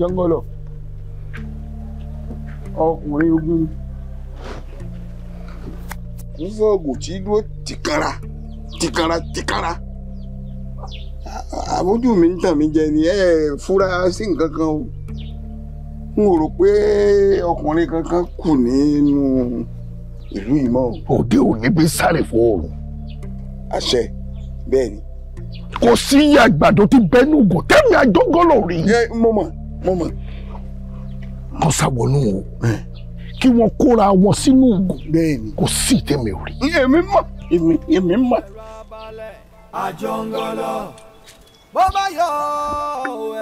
jọngọlọ ọkùnrin ogun ń fọ̀gùn tí dúró tìkara tìkara tìkara àbójú mi ń tàn mí jẹ ni ẹ fura sí nǹkan kan o n ò rò pé ọkùnrin kankan kù nínú ìlú yìí mọ́. òde òní bí sáré fún oòrùn. àṣẹ bẹ́ẹ̀ ni. kò sí iye àgbàdo tí bẹ́ẹ̀ ní ògùn tẹ́mi àjọngọ́lọ̀ rí. ẹ mọ̀mọ́. mo mọ̀. wọ́n sá wọnú o kí wọ́n kóra wọn sínú ògùn kò sí ìtẹ́mi ò èmi mọ̀ èmi èmi mọ̀. àjọngọlọ bó bá yọ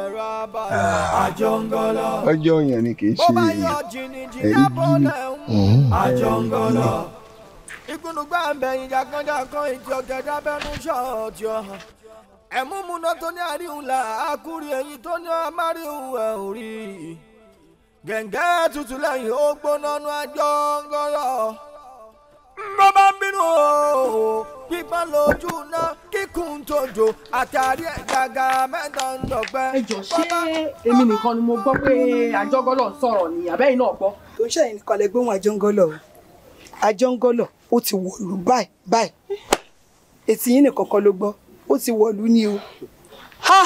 ẹ̀rọ abalẹ̀ ah. àjọngọlọ. ọjọ́ yẹn ni kì í ṣe èyí mm-hmm. àjọngọlọ. ìkùnùgbà ń bẹ̀yìn jàkánjàkán ìjọ gẹ̀dá bẹ́nu ṣọ́ọ̀tì ọ̀hún ẹ̀múmúná tó ní àríhùn là á kúrì ẹ̀yìn tó ní amáríhùn ẹ̀ ò rí i. gẹ̀ǹgẹ́ tutù lẹ́yìn ó gbóná nu àjọ ńgọ́rọ̀. bó bá ń bínú o pípa lójú náà kíkún tójò àtàrí ẹ̀gàgà mẹ́ta ń dọ̀gbẹ́. ẹ jọ ṣé èmi nìkan ni mo gbọ́ pé àjọngọ́lọ̀ ń ni àbẹ́yìn náà gbọ́. kò ṣe ẹ̀yìn nìkan lè gbóhùn àjọngọ́lọ̀ o àjọngọ́lọ̀ ó ti wọ̀lú báyìí báyìí ètí yín nìkan kan ló gbọ́ ó ti wọ̀lú ni o. ha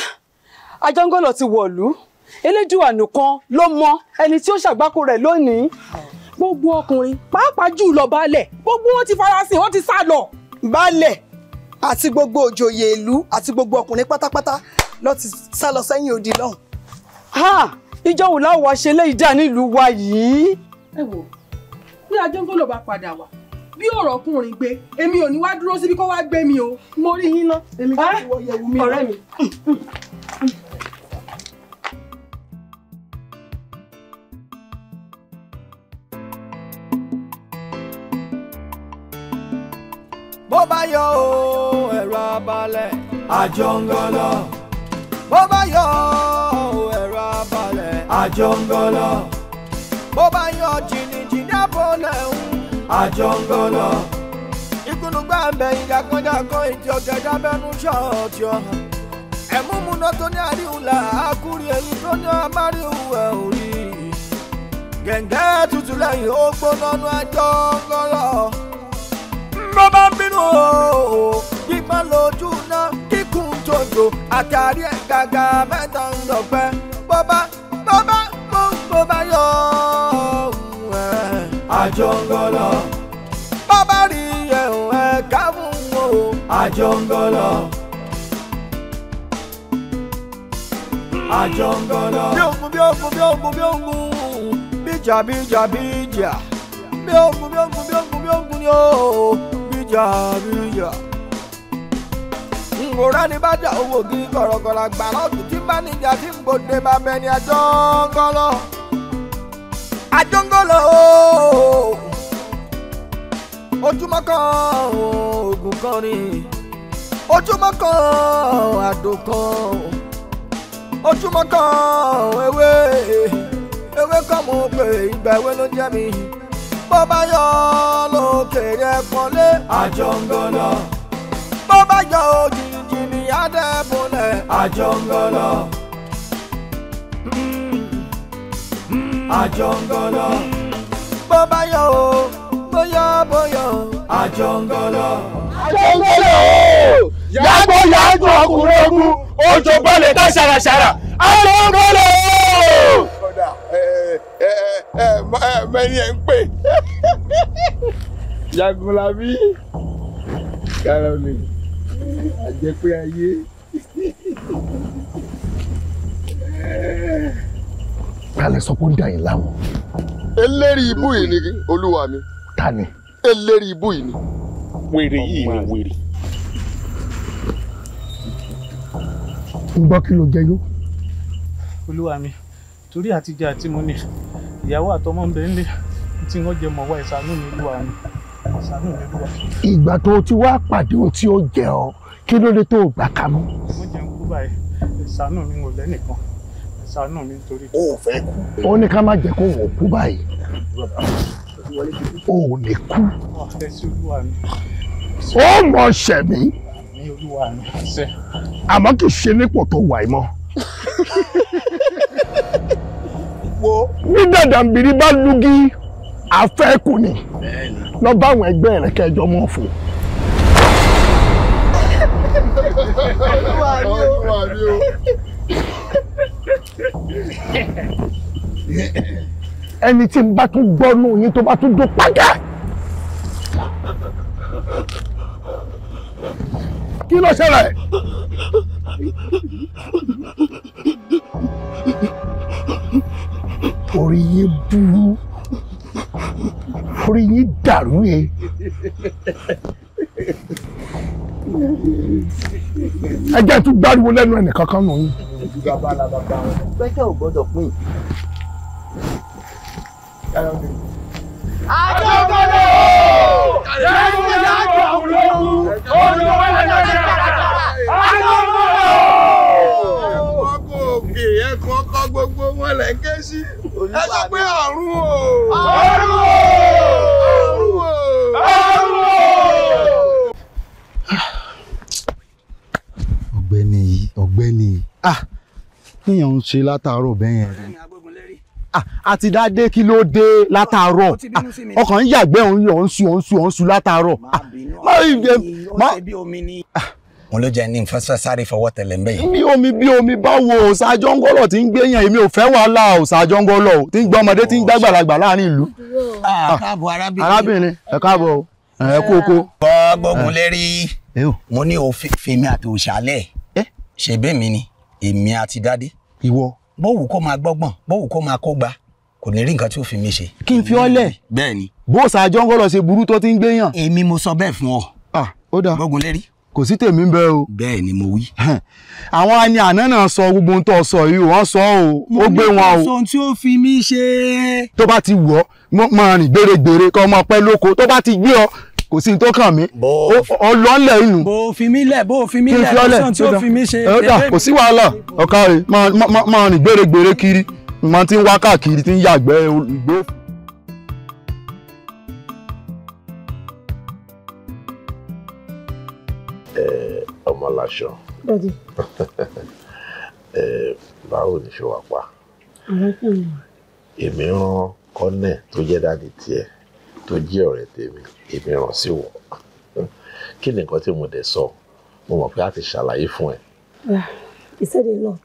Ajangolo ti wọ̀lú eléjúwà nìkan ló mọ ẹni tí ó ṣàgbákò rẹ̀ lónìí gbogbo ọkùnrin pàápàá jù lọ baálẹ̀ gbogbo wọn ti farasin wọn ti sá lọ. baálẹ̀ àti gbogbo òjòyè ìlú àti gbogbo ọkùnrin pátápátá ló ti sá lọ sẹ́yìn odi lọ́hùn. ha ìjọ wò láwọ ṣe léyìí dá nílùú wa yìí. ẹ wo bí Ajangolo bá padà wá bí ọ̀rọ̀ ọkùnrin gbé èmi ò ní wá dúró síbi kó wá gbé mi o mo rí yín ná èmi kò ní ah! wọ yẹ̀wò mi ọ̀rẹ́ mi. bó bá yọ o ẹ̀rọ abalẹ̀. àjọngọlọ. bó bá yọ ẹ̀rọ abalẹ̀. àjọngọlọ. bó bá yọ jù àjọngọ́lọ̀. ìkùnùgbà mẹ́yìn dàkọ́jà kan ìdí ọ̀gẹ̀dẹ̀ abẹ́nú ṣọ́ọ̀tì ọ̀hún. ẹ̀múmúná tó ní àríwúlà àkúrí èyí tó ní amáríwú ẹ̀ òrí. gẹ̀ǹgẹ́ tutù lẹ́yìn ó gbóná nu àjọngọ́lọ̀. bó bá ń bínú o gbígbọ́n lójú náà kíkún tòjò àtàrí ẹ̀ gàgà mẹ́ta ń lọ pẹ́ bó bá bó bá bó bá yọ àjọngọlọ. bàbá rí ẹ̀hún ẹ̀ka fún wọn o. àjọngọlọ. àjọngọlọ. bí ogun bí ogun bí ogun bí ogun bíjà bíjà bíjà bí ogun bí ogun bí ogun bí ogun ni o bíjà bíjà ngora ni bá jà owó gí kọ̀rọ̀kọ̀rọ̀ àgbà lọ́dún tí bá níjà tí ń gbòde àjọngọ́lọ̀ ojúmọ́ kan oògùn kan ni ojúmọ́ kan àdó kan ojúmọ́ kan ewé ewé kan mo pè ìgbà ewé ló jẹ́ mi bó bá yọ lókè rẹ pọ́nlé àjọngọ́lọ̀ bó bá yọ òjijì mi á dẹ́ bọ́lẹ̀ àjọngọ́lọ̀ àjọngọlọ. bó bá yọ o bóyọ bóyọ o àjọngọlọ. àjọngọlọ o yàgò yàgò ọkùnrin ogun ojò bọ́lẹ̀ tá ṣàràṣàrà àjọngọlọ o. ẹ̀ ń pè. Jagunlabi kára àjẹpé ayé ta lẹ sọ pé ó dà yín láwọn. eléri ibú yìí ni olúwa mi. ta ni. eléri ibú yìí ni. wèrè yìí ni wèrè. ń gbọ́ kí ló jẹ yó. olúwa mi torí àtijọ́ àti mo ní ìyàwó àtọmọ ń bẹ ń lé tí wọ́n jẹ mọ̀wá ìsànú mi olúwa mi ìsànú mi olúwa. ìgbà tó o ti wá pàdé ohun tí ó jẹ ọ kí ló dé tó o gbà kámú. mo jẹun kú báyìí ìsànú mi ò lẹ́nìkan ṣàánú mi nítorí. o ò fẹ́ kú. ó ní ká má jẹ́ kó wọ́n kú o ò lè kú. Ah, ó mọ̀ ṣẹ̀mí. àmọ́ kì í ṣe nípò tó wà í mọ́. ní dàdàǹbìrì bá lugi afẹ́kù ni lọ bá àwọn ẹgbẹ́ rẹ̀ kẹjọ mọ́ fún un. Olúwa ni ẹni tí n bá tún gbọ́nú yín tó bá tún dún pàgẹ́. kí ló ṣẹlẹ̀. orí yín burú orí yín dàrú ye. ẹ jẹ́ tún gbáriwo lẹ́nu ẹnì kankan nù yín. gbẹ́jọ́ ò gbọ́dọ̀ pín àjọgbọ́dọ̀ lẹ́yìn ìyájọ ológun olùwà nàìjíríà àjọgbọ́dọ̀. ẹ̀kọ́ ọkọ̀ gbogbo wọn lẹ̀ ń ké sí ẹ sọ pé ọ̀run o. ọ̀run o. ọ̀run ah níyàn ń ṣe látàárọ̀ bẹ́yẹn àti ah, dáadé kí ló dé látàárọ̀ ah, ọkàn ń yàgbẹ́ òun yọ̀ ń su òun su òun su látàárọ̀. mo ah, ló jẹ ní nfẹsẹ sáré fọwọ́ tẹ̀lé mbẹ yìí. mi omi bí omi báwo ṣàjọngọlọ tí ń gbé yàn èmi ò fẹ́ wàhálà ṣàjọngọlọ tí ń gbọ́ ọmọdé tí ń gbàgbàlagbà láàrin ìlú. káàbọ̀ arábìnrin ẹ káàbọ̀ o ẹ kú oko. kọ́ gbógun lérí mo ní òfin fèmí àti òṣàlẹ̀ ṣèbẹ́ mi ni èmi àti dáadé. ìwọ bówù kó máa gbọ́gbọ̀n bówù kó máa kó gba kò ní rí nǹkan tí ó fi mí ṣe. kí n fi ọ lẹ. bẹ́ẹ̀ ni. bó ṣàjọ ń kọlọ ṣe burú tó ti ń gbé yàn. èmi mo sọ bẹ́ẹ̀ fún ọ. ah ó dáa gbógun lérí. kò sí tèmi ń bẹ o. bẹ́ẹ̀ ni mo wí. àwọn ani àná náà sọ gbogbo ohun tó sọ yìí wọ́n sọ o ó gbé wọn o. mo ní sọ tí ó fi mí ṣe. tó bá ti wọ̀ ọ́ máa rìn gbèrègbèrè kọ́ ọmọ pẹ́ lóko tó bá ti gbé ọ kò sí tó kàn mí ọlọ́lẹ̀ inú. fi lẹ̀ tí fi ṣe. ẹ̀dá kò sí wàhálà ọ̀ka rẹ̀ gbèrègbèrè kiri màá ti ń wá káàkiri ti ń yàgbẹ́ ìgbó. ọmọ làṣọ báwo ni ṣe wà pa èmi rán tó jẹ́ tiẹ̀ tó jẹ́ ọ̀rẹ́ tèmi èmi ràn sí wọ kí ni nǹkan tí mo dẹ̀ sọ mo mọ̀ pé a ti ṣàlàyé fún ẹ. he ah, said a lot.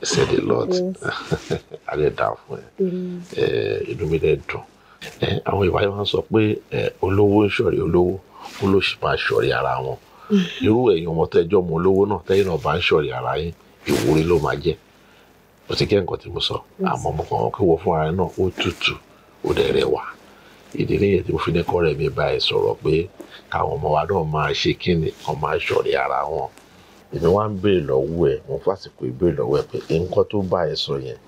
he said a lot a lè dà fún mm. ẹ inú mi lè dùn àwọn ìwà yìí máa ń sọ pé olówó ń ṣọ̀rí olówó kó ló sì máa ṣọ̀rí ara wọn mm. irú ẹ̀yin ọmọ tẹ́jọ́ ọmọ olówó náà tẹ́yìn náà bá ń ṣọ̀rí ara yín ìwúrí ló máa jẹ́ o ti kẹ́ nǹkan tí mo sọ àmọ́ mo kàn wọ́n kí wọ́n fúnra rẹ̀ náà ó tutù ó dẹ̀ rẹwà ìdí nìyẹn tí mo fi ní kọ́rẹ́ mi bá ẹ sọ̀rọ̀ pé káwọn ọmọ wa náà máa ṣe kíni kan máa ṣọ̀rẹ́ ara wọn èmi wá ń béèrè lọ́wọ́ ẹ mo fásitì ìbéèrè lọ́wọ́ ẹ pé nǹkan tó bá ẹ sọ yẹn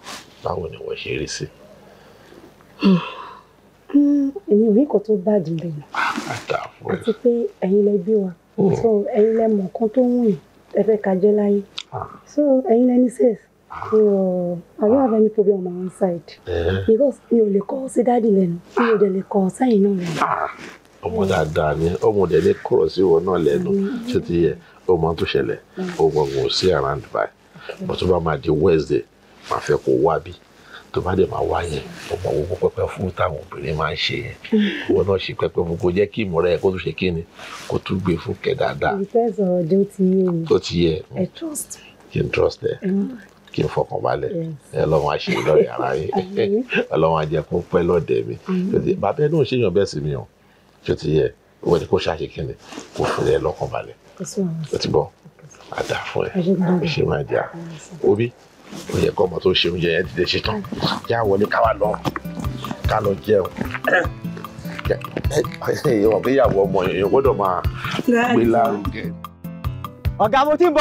báwo ni wọ́n ṣe rí sí. èyí ò rí nǹkan tó bá jùlọ yìí ah, àti pé ẹ̀yin lẹ bí wa oh. so ẹ̀yin lẹ mọ̀ nǹkan tó wù yìí ẹ fẹ́ kájẹ́ láyé ah. ẹ̀yin lẹ ní sẹ́ẹ̀sì. I don't have any problem on my own side. Eh? Because mi ò lè kọ́ sí dáàdì lẹ́nu, mi ò dẹ̀ lè kọ́ sẹ́yìn náà lẹ́nu. Ah. Ọmọ dáadáa ni ọmọ dẹ̀ lè kúrọ̀ sí ìwọ náà lẹ́nu mm-hmm. ṣé ti yẹ ọmọ tó ṣẹlẹ̀ mm. ọmọ ọ̀gùn sí around by. Bọ̀ tó bá máa di Wednesday, màá fẹ́ kó wá bí tó bá dẹ̀ máa wá yẹn ọmọ owó pẹpẹ fún táwọn obìnrin máa ń ṣe yẹn mm. wọn náà ṣe pẹpẹ fún kó jẹ́ kí ìmọ̀ra yẹn kó tó ṣe kí ni kó tún gbé fún kẹ dáadáa. ìfẹ́ sọ̀rọ̀ dé ó ti yé mi. ó ti yẹ. ẹ trust. kí n trust ẹ. Mm kí n fọkàn balẹ̀ ọlọ́run á ṣe lọ́rẹ̀ ara yín ọlọ́run á jẹ́ kó pẹ́ lọ́dẹ̀ mi bàbá ẹ náà ṣèyàn bẹ́ẹ̀ sí mi o ṣé ti yẹ wọ́n ti kó ṣáṣe kí ni kò fún ẹ lọ́kàn balẹ̀ ó ti bọ́ àdá fún ẹ ṣe máa jà obi o yẹ kó ọmọ tó ṣe oúnjẹ yẹn dìde ṣe tán já wọlé ká wá lọ ká lọ jẹun ìwọ̀n pé ìyàwó ọmọ èèyàn gbọ́dọ̀ máa gbé lárugẹ. ọ̀gá mo ti ń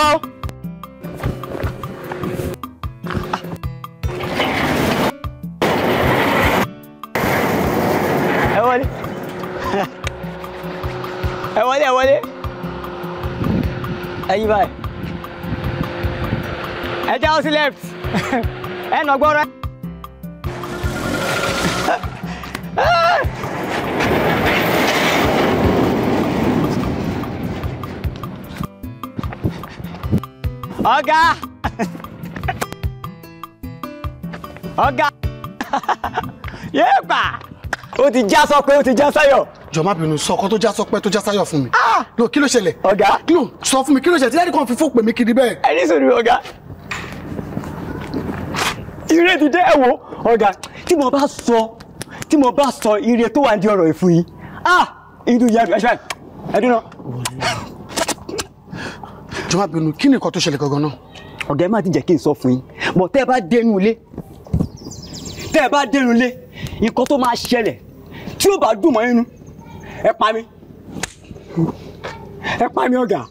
allez Elle y va Elle est down to left Elle n'a pas Oh gars Oh gars Yeah pa Oh tu jasses encore, tu jasses encore jọ má bínú sọ ọkọ tó já sọpẹ tó já sáyọ fún mi. Ah! no kí ló ṣẹlẹ̀. ọ̀gá. no sọ fún mi kí ló ṣẹlẹ̀ tí dáàdì kan fi fún pè mí kiri bẹ́ẹ̀. ẹ ní sọ̀rọ̀ ọ̀gá ire dídé ẹ wo ọ̀gá tí mo bá sọ tí mo bá sọ ire tó wà ní ọ̀rọ̀ ìfún yìí ah inú yẹ ẹ ṣe ẹ dúná. jọ má bínú kí ni nǹkan tó ṣẹlẹ̀ gangan náà. ọ̀gá ẹ má ti jẹ́ kí n sọ fún yín bọ̀ tẹ́ ẹ bá dénú ilé tẹ́ ẹ bá dénú ilé nǹkan tó máa ṣẹlẹ̀ tí ó bá dùn mọ́ inú ẹ pa mí ẹ pa mí ọ̀gá.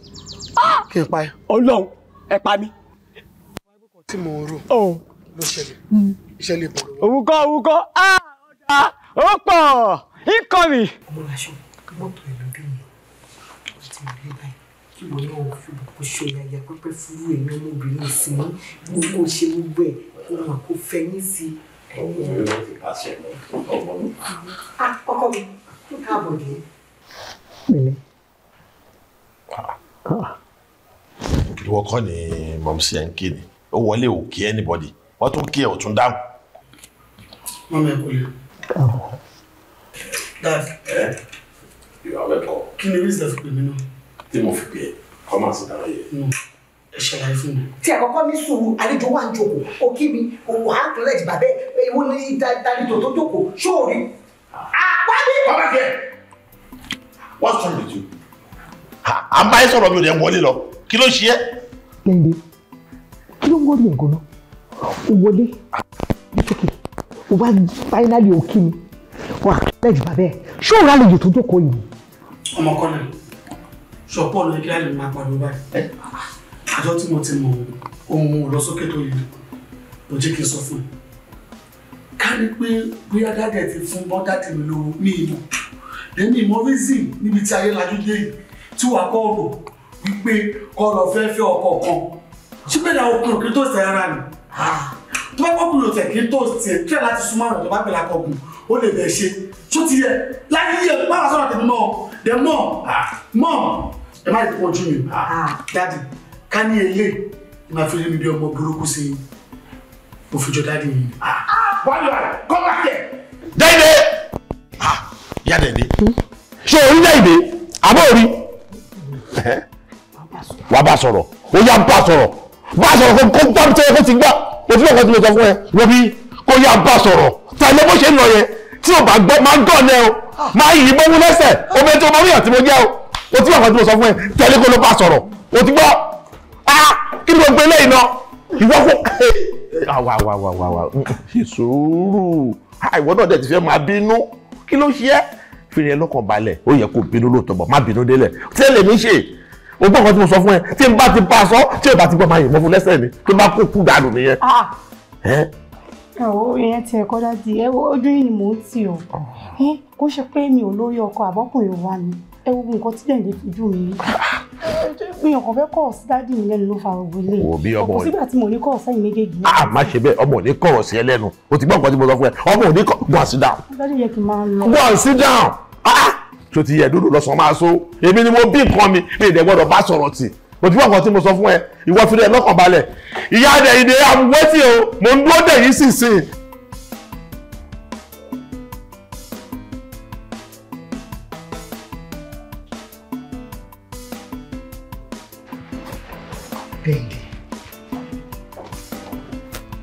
kí n pa ẹ. ọlọ́run ẹ pa mí. tí mo rò ló ṣẹlẹ̀ ìṣẹ̀lẹ̀ hmm. ìbò. òwúkọ́ òwúkọ́ ah, ọ̀gá ó pọ̀ ikọ̀ mi. ọmọ aṣọ mọ́tò ẹ̀ lójú mi àti ìrẹ́ báyìí kí wọ́n náà fi gbogbo ṣe yàyà pẹ́pẹ́ fúru èmi ọmọbìnrin sí mi gbogbo ṣe gbogbo ẹ̀ kó mà kó fẹ́ yín sí i. Ah, ọkọ mi kí káàbọ̀ dé. pẹ̀lẹ́. Ah. Ah. ìwọ kọ́ ni mọ̀mùsí ẹ̀ ń kí ni ó wọlé ò kí anybody wọ́n tún kí ẹ̀ ò tún dáhùn. mọ́mí ẹ̀ kò lè. Ah. dad ẹ ìwà mẹ́kọ̀ọ́. kí ni reason fi pè mí náà. tí mo fi pè é kọ́ máa sọ dára yẹ mm. ṣàlàyé fún mi. tí àkọ́kọ́ ní sùúrù àlejò wà ń jókòó òkì mi òwò àǹtọ̀lẹ́jì bàbẹ́ èwo ni ìdánilò tó jókòó ṣóòrí Come back What's wrong with you? À ń báyé sọ̀rọ̀ mi ò dẹ̀ wọlé lọ. Kí ló ṣe é? Gbẹ̀ndé, kí ló ń wọ́n mi ẹ̀gọ́ náà? O wọlé, ní ṣókè, o bá fáínálì òkè mi, wà lẹ́jù bàbá ẹ̀. Ṣé òun àlejò tó jókòó yìí? Ọmọ kọ́nà, ṣọ̀pọ̀ ọ̀nà ìkíra lè máa pariwo báyìí. Àjọ tí mo ti mọ̀ ohun lọ sókè tó yìí, lọ jẹ́ kí n sọ fún ẹ kárí pé bóyá dáadẹ̀ ti fún bọ́ dáadẹ̀ mi lówó ní ìlú lẹ́ni ìmọ̀ reason níbi tí ayé lajú dé yìí tí wàá kọ́ ọ̀rọ̀ wípé kọ́ lọ fẹ́ fẹ́ ọkọ kan ṣípẹ́lá ọkùnrin kí n tó sẹ́ ara nì tó bá kọ́kùnrin òtẹ̀ kí n tó tiẹ̀ kí ẹ̀ láti súnmọ́ àrùn tó bá gbẹ̀lá kọ̀ọ̀gùn ó lè bẹ̀ ṣe tó ti yẹ láyé yẹ má wàá sọ̀rọ̀ tẹ̀mí mọ́ dẹ̀ mọ́ mọ́ ẹ má while you are come back here. Dẹ́yìnde. Ah, ìyá Dẹ́yìnde. Ṣé o rí Dẹ́yìnde? Àbọ̀ rí. Wà á bá sọ̀rọ̀. Ó yá bá sọ̀rọ̀. Bá sọ̀rọ̀ kó gbá mi sọ̀rọ̀ kó ti gbà. Mo fi ọ̀kan tí mo sọ fún ẹ. Wọ́n fi kó yá bá sọ̀rọ̀. Tàlẹ́ bó ṣe ń lọ yẹn tí o bá gbọ́ máa ń gàn ẹ o. Máa yìí mọ́wú lẹ́sẹ̀. Omi tí o máa ń yàn tí mo jẹ́ o. Mo ti ọ̀kan tí mo sọ fún ẹ. Tẹ̀lé kó ló bá sọ̀rọ̀. O ti gbọ́. Ah! Kí ni mo gbé lẹ́yìn náà? Ìwọ́fọ̀ àwà àwà àwà àwà ṣe sùúrù àìwọ náà dẹ̀ ti fẹ́ máa bínú kí ló ṣe é fìrì ẹ lọ́kàn balẹ̀ ó yẹ kó bínú lóòótọ́ bọ̀ má bínú délẹ̀ tẹ́lẹ̀ mi ṣe o gbọ́ nǹkan tí mo sọ fún ẹ tí n bá ti bá a sọ tí o bá ti gbọ́ máa yìnbọn fún lẹ́sẹ̀ mi tó bá kú kú dànù nìyẹn. Ah. ẹ̀wọ̀ ìyẹn ti ẹ̀kọ́ dájú ẹ̀wọ̀ ojú yìí ni mò ń tì ọ́ oh. kó ṣe pé mi ò lórí ọkọ àbọ́kùnrin wa ni ẹ wo nǹkan tí dẹ̀ǹdé fojú mi mi ò kàn fẹ́ kọ̀ sí dádì mi lẹ́nu ló fa òwe lè ọkọ sígbà tí mo ní kọ̀ sẹ́yìn méjèèjì. a ah, má ṣe bẹ́ẹ̀ ọmọ ò ní kọ̀rọ̀ sí ẹ o ti gbọ́ nǹkan tí mo sọ fún ẹ ọmọ ò ní kọ̀ go and sit down. dádì yẹ kí n máa lọ. go and sit down tó ah! ti yẹ dúdú lọ́sàn-án máa so èmi ni mo bí nǹkan mi mi ìdẹ̀ gbọ́dọ̀ bá sọ̀rọ̀ tì mo ti gbọ́ nǹkan tí mo sọ fún ẹ ìwọ fi rẹ lọ́kàn balẹ̀ ìyá o mo ń dúró dẹ̀ yìí Kẹ́hìndé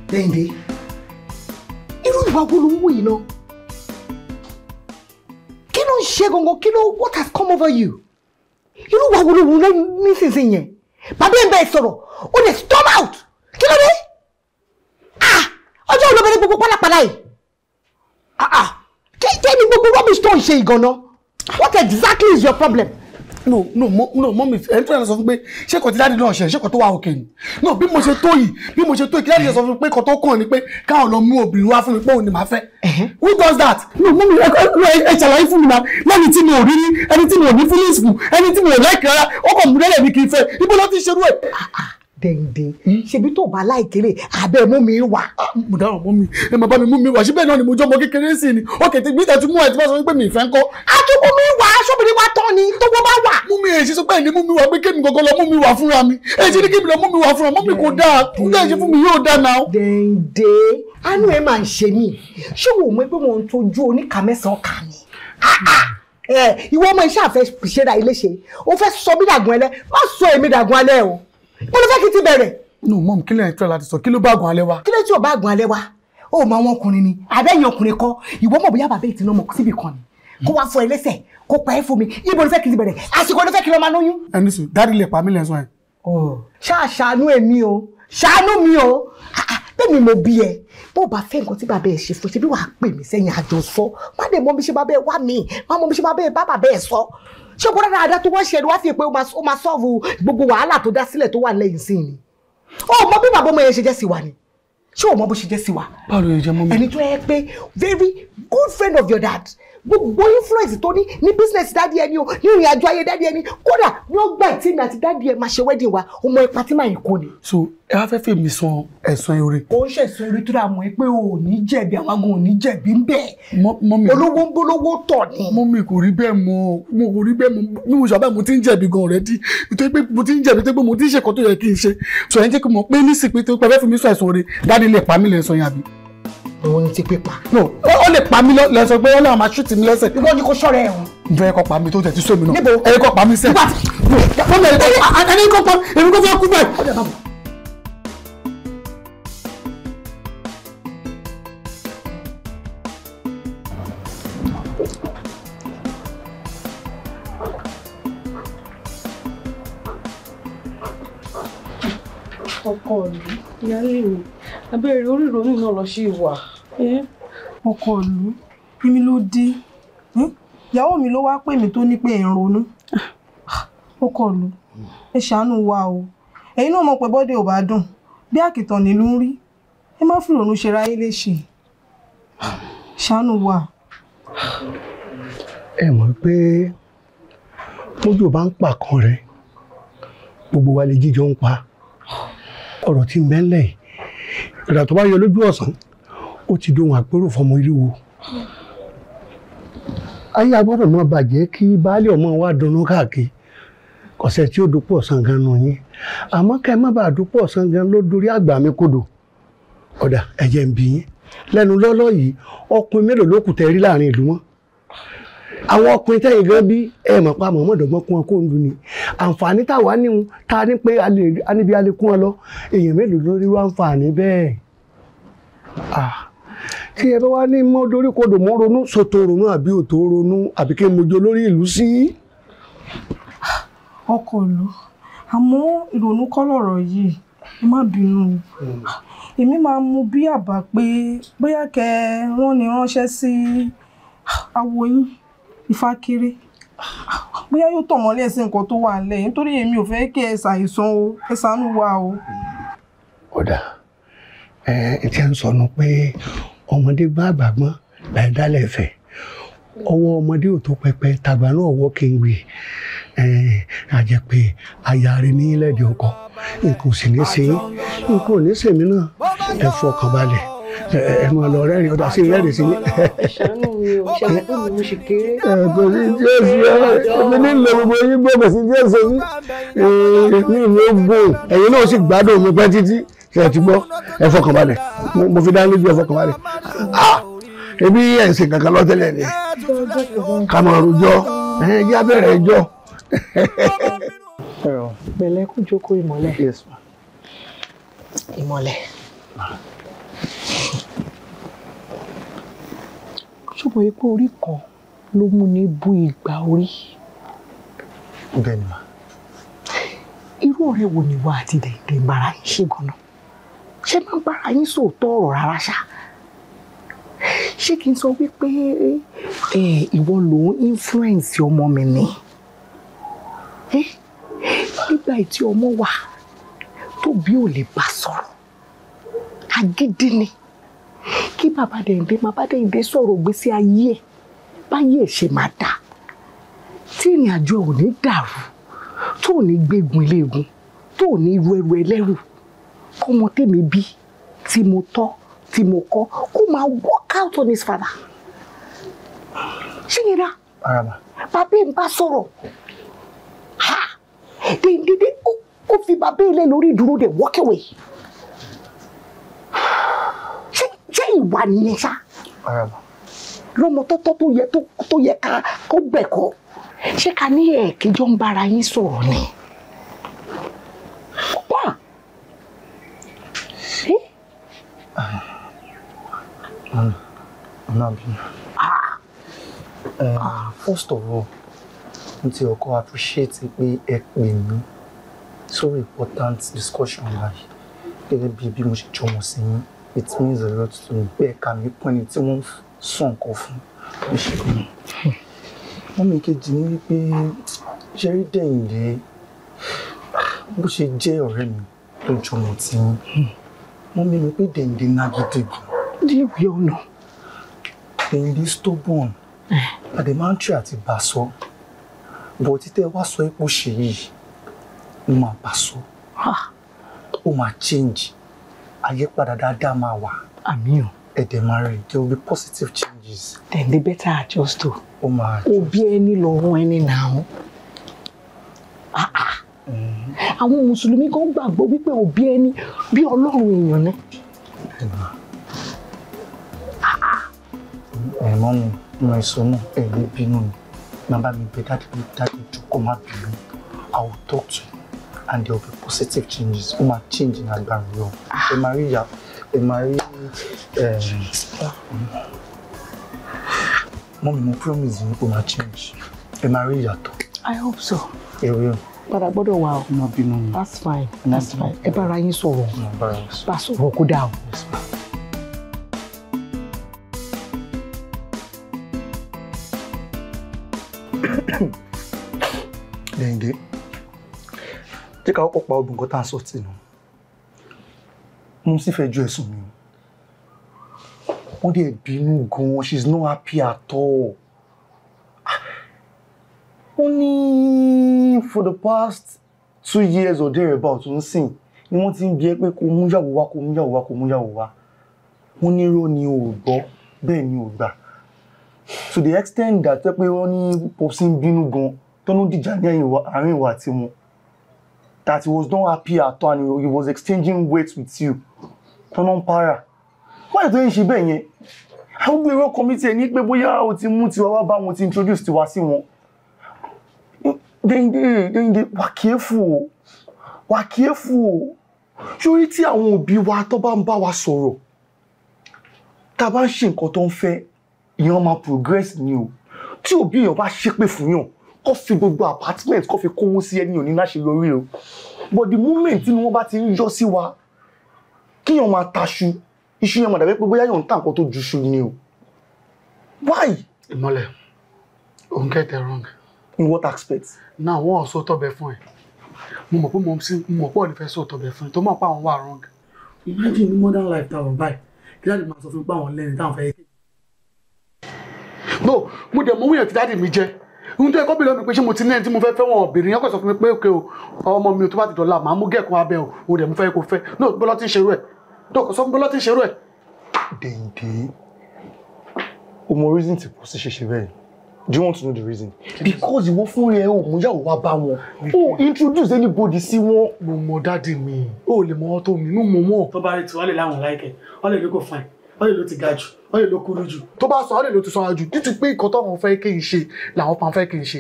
Kẹ́hìndé irú ìwà wo you know. wò yìí náà kí what has come over you You ìwà wo ló wù náà nísinsìnyí yẹn bàbá ẹ̀ ń bá ẹ sọ̀rọ̀ ó lè storm out kí ló dé ah ọjọ́ ìlọ́bẹ̀rẹ̀ gbogbo pálapàla yìí ah ah kí ni gbogbo rubbish tó ń ṣe ìgànnà what exactly is your problem no no mo no mọ́mì ẹni tó yàrá sọ fún pé ṣé kò tí dáàdì náà ṣe ṣé kò tó wà òkè ni no bí mo ṣe tó yìí bí mo ṣe tó yìí kí dáàdì sọ fún pé kò tó kàn ni pé káwọn lọ mú obìnrin wá fún mi pé òun ni màá fẹ́ who does that no mọ́mì ẹ ẹ ṣàlàyé fún mi na lẹ́ni tí mi ò rí rí ẹni tí mi ò ní feelings fún ẹni tí mi ò like rárá ó kàn mú lẹ́lẹ̀ mi kì í fẹ́ ibo ló ti ṣerú ẹ̀. Ah, ah dende hmm? ṣebí tó bá láìkéré abẹ́ mú mi wá. Ah, mo dáhùn mú mi ẹ máa bá mi mú mi wá síbẹ̀ náà ni mo jọ́ ọmọ kékeré sí ni ó kètè bí ìtẹ̀tù mú ẹ̀ tí wọ́n sọ pé mi ìfẹ́ ń kọ́. àtúkù mi wá aṣọ́bìnrin wa tán ni tó wọ́n bá wà. mú mi èsì sọ pé ẹni mú mi wá pé kémi gọ́gọ́ lọ mú mi wá fúnra mi èsì ni kémi lọ mú mi wá fúnra mọ́ mi kò dáa tó dáa ṣe fún mi yóò dáa náà. dèndé anú ẹ máa ń ṣe mí ṣé ah, ah. ìwọ ọmọ iṣẹ́ àfẹ́ ṣẹ́ra ilé ṣe o fẹ́ sọ mí dàgún ẹlẹ́ má sọ èmi dàgún alẹ́ o mo lọ fẹ́ kí n ti bẹ̀rẹ̀. no mom kí lẹ́yìn tí ọ̀la ti sọ kí ló bá gùn alẹ́ wa. kí lẹ́yìn tí ò bá gùn alẹ́ wa ó mọ àwọn ọkùnrin ni àbẹ́yìn ọkùnrin kọ́ ìwọ mọ̀ bóyá bàbá ìtìná mọ̀ síbi kan ni kó wá fọ ẹ lẹ́sẹ̀ kó pa ẹ́ fún mi ibo ló fẹ́ kí n ti bẹ̀rẹ̀ àsìkò ló fẹ́ kí ló máa lóyún. ẹni sùn dáàdì lè pa mí lẹ́sùn ẹ̀. ṣàṣàánú èmi o ṣàánú mi o ah, ah, bẹ́ẹ̀ ni mo bí ẹ bó bá fẹ́ nǹkan tí bàbá ẹ ṣe fún ṣe bí wàá pè mí sẹ́yìn àjọsọ má dé mọ bí ṣe bàbá ẹ wá mi má mọ bí ṣe bàbá ẹ bá bàbá ẹ sọ ṣé kó dáadáa dáa tó wọ́n ṣe wá fi pé ó máa sọ́ọ̀fù gbogbo wàhálà tó dá sílẹ̀ tó wà lẹ́yìn sí ni ó mọ bí bàbá ọmọ yẹn ṣe jẹ́ sí wa ni ṣé o mọ bó ṣe jẹ́ sí wa. báwo ló yẹ jẹ mọ́ mi. ẹni tó yẹ pé very good friend of your dad gbogbo influence tó ní ní business dáàdi ẹni o ní ìrìn àjò ayé dáàdi ẹni kódà ní ọgbà tí mi àti dáàdi ẹ máa ṣe wedding wa ọmọ ipa tí màá yìí kó ni. so ẹ wá fẹ́ fi mi san ẹ̀san eré. ó ń ṣẹ̀sán eré tó dáa mọ̀ pé o ò ní jẹ̀bi àwọn agun ò ní jẹ̀bi ń bẹ̀. olówó ń bólówó tọ̀ ni. mọ mi kò rí bẹ́ẹ̀ mọ mo kò rí bẹ́ẹ̀ mọ bí mo ṣàbẹ̀ mo ti ń jẹ̀bi gan rẹ̀ di nítorí pé mo ti ń jẹ̀bi tó pé mo ti ń ṣe nǹkan tó yẹ kí n ṣe òun ti pé pa. no ó lè pa mí lọ sọ pé ó lè máa ṣúùtì mi lẹ́sẹ̀. ìgbọ́n ni kò ṣọ́rẹ́ ẹ̀hún. ǹjọ́ ẹ̀kọ́ pa mi tó tẹ̀ tí sómi náà. níbo ẹ̀kọ́ pa mi sẹ́ẹ̀. nígbà tí mo ẹ̀kọ́ pa mi ẹ̀kọ́ pa mi ẹ̀kọ́ fẹ́ kú bẹ́ẹ̀. ọkọ mi ìyáálé mi abẹ́rẹ́ orí ìrònú náà lọ sí ìwà ọkọ ìlú èmi ló dé ìyàwó mi ló wá pè mí tó ní pé ń ronú ah, ọkọ ìlú ẹ ṣàánú wa o ẹ̀yin náà mọ̀ pé bọ́dẹ̀ ò bá dùn bí àkìtàn nílùú ń rí ẹ má fi ìrònú ṣe ráyé léṣe ṣàánú wa. ẹ mọ̀ pé mójú bá ń pa kan rẹ gbogbo wa lè jíjọ ń pa ọ̀rọ̀ tí ń bẹ́ńlẹ̀ ìrà tó bá yọ lójú ọ̀sán ó ti dohun àpérò fọmọ iríwo ayé agbọ́dọ̀ máa bàjẹ́ kí baálé ọmọ wa dunnú káàkiri kọ̀sẹ̀ tí ó dúpọ̀ sangan nù yín àmọ́ ká ẹ má bàa dúpọ̀ sangan ló dorí àgbà mi kodò ọ̀dà ẹ̀jẹ̀ ń bí yín lẹ́nu lọ́lọ́ yìí ọkùnrin mélòó ló kù tẹ́ rí láàrin ìlú mọ́ àwọn ọkùnrin tẹ́yìn gan bí ẹ mọ̀ pa mọ̀mọ́ ìdọ̀gbọ́n kún wọn kó ń dun ni àǹfààní táwa ní wọn ta ní pé a níbi a lè kún wọn lọ èèyàn mélòó ló wọn àǹfààní bẹ́ẹ̀ ah kí ẹ bá wá ní mọ́ doríkodò mọ́ ronú sòtò ronú àbí òtò ronú àbí kí n lórí ìlú sí. ọkọ ìlú ìrònú kọ́ lọ̀rọ̀ yìí ẹ má bínú èmi máa mú bí àbá pé bóyá kẹ rán ní ránṣẹ́ sí awo yín ìfakiri bóyá yóò tọ̀ mọ́lẹ̀ sí nǹkan tó wà nílẹ̀ nítorí èmi ò fẹ́ kí ẹ ṣàìsàn o ẹ ṣàánú wa o. ọ̀dà ẹ ẹ ti ń pé ọmọdé gbá àgbàgbọ́n gbàdálẹ̀ fẹ̀ ọwọ́ ọmọdé ò tó pẹpẹ tàgbà náà ọwọ́ kéwì àjẹpẹ ayáre ní ilẹ̀dẹ̀ ọkọ nǹkan ò sì ní ṣe nǹkan ò ní ṣèmi náà ẹ fọkàn balẹ̀ ẹ mọ lọ rẹ́rìn ọdọ sí rẹ́rìn sí. ṣàánú mi ò ṣàlàyé bí mo ṣe kéré. kò sí jésù ẹbí nílò gbogbo yín gbọ́dọ̀ sí jésù yín ní ìlú ogun ẹ̀yin náà sì gbádùn mi pẹ́ títí ṣe ẹ ti gbọ́ ẹ fọkànbalẹ̀ mo fi dá lójú ẹ fọkànbalẹ̀ ah! ebi ẹ̀ ń ṣe kankan lọ́tẹ́lẹ̀ ni kàmọ̀rù jọ ẹ̀ jẹ́ abẹ́rẹ́ jọ. pẹ̀lẹ́ kó jókòó ìmọ́lẹ̀ ìmọ́lẹ̀ ṣùgbọ́n ipò orí kan ló mú ní bú ìgbà orí. bẹ́ẹ̀ ni ma. irú ọ̀rẹ́ wo ni wà á ti dẹ̀ ìgbà ara ṣe gan-an ṣé máa ń bára yín sòótọ́ ọ̀rọ̀ rárá ṣá ṣé kí n sọ wípé ìwọ ló ń influence ọmọ mi ni nígbà tí ọmọ wà tóbi ò lè bá sọ̀rọ̀ agídí ni kí bàbá dẹ̀ǹdé bàbá dẹ̀ǹdé sọ̀rọ̀ gbèsè ayé ẹ̀ báyé ẹ̀ ṣe máa dà tí ìrìn àjò ò ní dàrú tó ò ní gbégun iléegun tó ò ní ru ẹrù ẹlẹ́rù kọ́mọ tèmi bí tí mo tọ́ tí mo kọ́ kó máa work out on his father ṣé yẹn náà bàbá ń bá sọ̀rọ̀ ha dèndéndé ó fi bàbá ilé lórí ìdúró dé walk away ṣé ìwà nìyẹn ṣá lọ́mọ tọ́tọ́ tó yẹ ká kó bẹ̀kọ́ ṣé ká ní ẹ̀ẹ́kẹjọ́ ń bára yín sọ̀rọ̀ ni. Ọlábí. Ah. Eh, ah. First of all, I want to appreciate pé ẹ pè mí sórí important discussion báyìí baby, bí bí mo ṣe jọmọ̀ sí It means a lot to me. Bẹ́ẹ̀ ká mi pọ́n ni tí wọ́n ń sàn nǹkan fún. Mo ṣe kàn mí. Wọ́n mi kejì ní wípé ṣẹ́rí dẹ̀yìnlé bó ṣe jẹ́ ọ̀rẹ́ mi ló jọmọ̀ tí yín. Wọ́n hmm. Kẹ́hìndé stubborn eh. àdè máa ń tì àti bá sọ bọ̀ títẹ́ wá sọ epo ṣe yìí mo máa bá sọ ó máa change àyípadà dáadáa máa wà. àmín o. ẹ̀dẹ̀ máa rẹ̀ there will be positive changes. then they better adjust o. ó máa jọ òbí ẹni lọ́rùn ẹni náà ah, ah. Mm-hmm. àwọn mùsùlùmí kan gbàgbọ́ wípé òbí ẹni bí ọlọ́run èèyàn ni ẹ̀mọ́ mi mo ẹ̀sọ́ náà ẹ̀mí bínú mi bàbá mi bẹ dáàdì mi dáàdì jù kó má bínú I will talk to you and there will be positive changes ó máa change ní agbára yọ ẹ máa rí ìyá ẹ máa rí mọ́ mi mo promise yín ó máa change ẹ máa rí ìyàtọ̀. I hope so. èrè o padà gbọ́dọ̀ wà ọ́. ọmọ bínú mi. that's fine that's fine ẹ bára yín sọ̀rọ̀ bá sọ̀rọ̀ kó dáa o. Dẹ̀yìndé, jẹ́ ká kọ́kọ́ pa ọgbọ̀n kan tá a sọ tì nù. Mo sì fẹ́ ju ẹ̀sùn mi. Wọ́n dẹ̀ bínú gan she's not happy at all. Ó ní for the past two years or thereabout ń sìn ni wọ́n ti ń bi ẹ́ pé kò múyàwó wá kò múyàwó wá kò múyàwó wá. Wọ́n ní irọ́ ni ò gbọ́, bẹ́ẹ̀ ni ò gbà to the extent that pé wọ́n ní popsi ń bínú gan tọ́nú dìjà ní àárín ìwà àti wọn that he was not happy at all and he was exchanging weight with you tọ́nà ń para Why ètò yìí she be? yẹn àwọn be kọ́mítì ẹ̀ ní pé bóyá o ti mú tiwa wá bá wọn ti introduce tiwa sí wọn déndé déndé wà kíyèfù careful. wà careful. o sórí tí àwọn òbí wa tó bá ń bá wa sọ̀rọ̀ tá a bá ń ṣe nǹkan tó ń èèyàn máa progress ni o tí òbí èèyàn bá ṣépè fún yàn kó fi gbogbo apartment kó fi kówó sí ẹni òní láṣeyọrí o but the moment tí wọ́n bá ti ń yọ sí wa kíyàn máa taṣu iṣu yẹn mọ̀dàbí pé bóyá yóò ń tà nǹkan tó ju ṣu ni o why. ìmọ̀lẹ̀ òun it wrong. in what aspect. náà wọ́n ọ̀ sóòótọ́ bẹ fún ẹ mo mọ̀ pé mo mọ̀ pé òní fẹ́ sóòótọ́ bẹ fún ẹ tó mọ̀ pé àwọn wà wrong. imagine modern life táwọn báyìí kí láti máa sọ fún pé àwọn lẹ́ni táwọn fẹ́ yé kéèké no mo dẹ̀ mọ wíyàn tí dáàdì mi jẹ́ ohun tó yẹ kó bìrì lọ́mọ pé ṣé mo ti ní ẹni tí mo fẹ́ fẹ́ wọn obìnrin yẹn sọ fún mi pé òkè o ọmọ mi ò tó bá ti dọ̀la màá mú gẹ̀kún abẹ́ o ò dẹ̀ mo fẹ́ kó fẹ́ no bọ́lá ti ń ṣerú ẹ̀ tó sọ fún bọ́lá ti ń ṣerú ẹ̀. dèndé o mọ reason tí kò sí ṣeṣe bẹ́ẹ̀ do you want to know the reason. because ìwọ fún rẹ o mo yàwó wá bá wọn o introduce anybody sí wọn. mo mọ dáàdi mi o lè mọ ọtọ mi inú mo mọ. tó bá rí tiwọn lè láwọn láìkẹ ọ lè ní kò fine ọ̀lẹ ló ti ga jù ọ̀lẹ ló kúrú jù tó bá sọ ọ̀lẹ ló ti sanra jù títí pé nǹkan tọ́wọ́n fẹ́ kí n ṣe làwọn pa fẹ́ kí n ṣe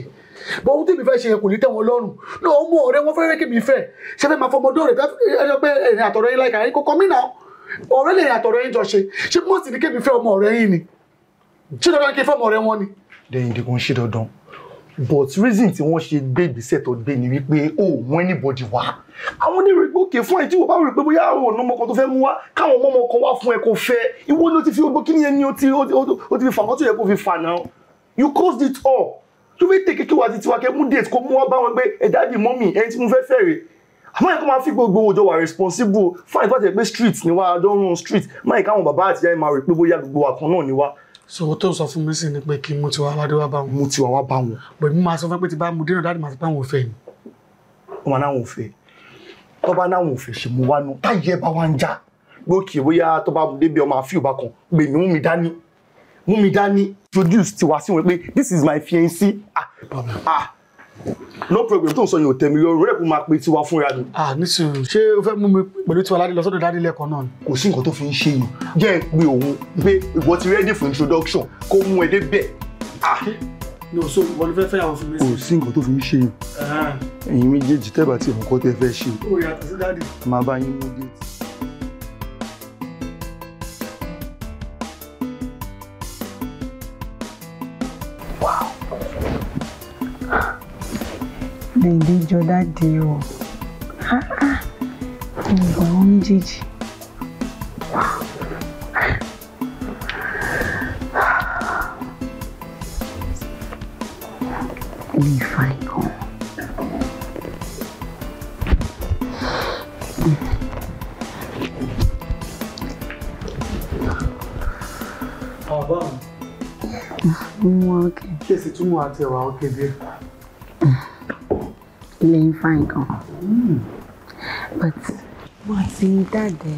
bọ́n ohun tí mi fẹ́ ṣe yẹn kò ní tẹ́ wọn lọ́rùn náà ó mú ọ̀rẹ́ wọn fẹ́rẹ́ kí mi fẹ́ ṣe fẹ́ máa fọmọdé rẹ̀ ẹjọ́ pé ẹ̀rìn àtọ̀rọ̀ yín láìka ẹ̀rín kò kọ́ mí náà ọ̀rẹ́ lè àtọ̀rọ̀ yín jọ ṣe ṣé mọ́ọ̀sì ni kébì fẹ́ ọmọ ọ̀rẹ́ yín ni ṣé dandan kí fẹ́ ọmọ ọ̀rẹ́ wọn ni. dẹ́yìn dẹ́kun ṣé dandan but reason tí wọ́n ṣe gbé ìgbésẹ̀ tó gbé ni wípé ó oh, mú anybody wá àwọn onírò ìgbó òkè fún ẹ tí wọ́n bá rò pé No àwọn ọ̀nà to tó fẹ́ mú wá káwọn ọmọ ọmọkan wá fún ẹ kó fẹ́ ìwọ ló ti fi gbogbo kí ni ẹni o ti fi fà wọ́n tó yẹ kó fi fà náà you caused it all tó fi tèké kí wà á ti tiwa kẹ mú date kó mú wá bá wọn gbé ẹ dáàdi mọ́mì ẹni tí mo fẹ́ fẹ́ rè àmọ́ ẹ̀kọ́ máa fi gbogbo òjò wà responsible fine tó bá ti pé street ni wá adọ́run street máa ì so o tó sọ fún mi sí ni pé kí Mútiwá wá dé wá bá wọn. Mútiwá wá bá wọn. bẹ̀rẹ̀ mi máa sọ fún pé ti bá mu dínà dáàdì máa sọ pé àwọn ò fẹ́ ni. wọn náà wọn ò fẹ́ tó bá náà wọn ò fẹ́ ṣe mú wá nu táyé bá wá ń já gbókè bóyá tó bá débi ọmọ àfi bá kan pè mí mú mi dání mú mi dání introduce tiwa sí wọn pé this is my fiancé ah ah no problem tó ń sọ yẹn ò tẹ̀mí lọ́rùn rẹ̀ kó máa pe tiwa fúnra ni. à ní sùúrù ṣé o fẹ́ mú mi pẹ̀lú tiwa ládé lọ sọ́dọ̀ dádé lẹ́ẹ̀kan náà ni. kò sí nǹkan tó fi ń ṣe yìí jẹ́ ẹ pé òun pé ìwọ ti ready for introduction kó mú ẹ dé bẹ́ẹ̀. Ah. no so ìwọ ló fẹ́ fẹ́ àwọn fún mi. kò sí nǹkan tó fi ń ṣe yìí ah. ẹ̀yin méjèèjì tẹ́bà tí nǹkan tẹ́ fẹ́ ṣe. ó yàtọ̀ sí dádì. máa bá yín mú déètì. dèdè jọ dáde o Ha, wọn méjèèjì. mi fa ikọ̀. ọ̀bá mi. mo wá òkè. kí èsì túmọ̀ àti ẹ̀wà òkè díẹ̀ ilé yín fine gan. Hmm. but wọn àti dáàdẹ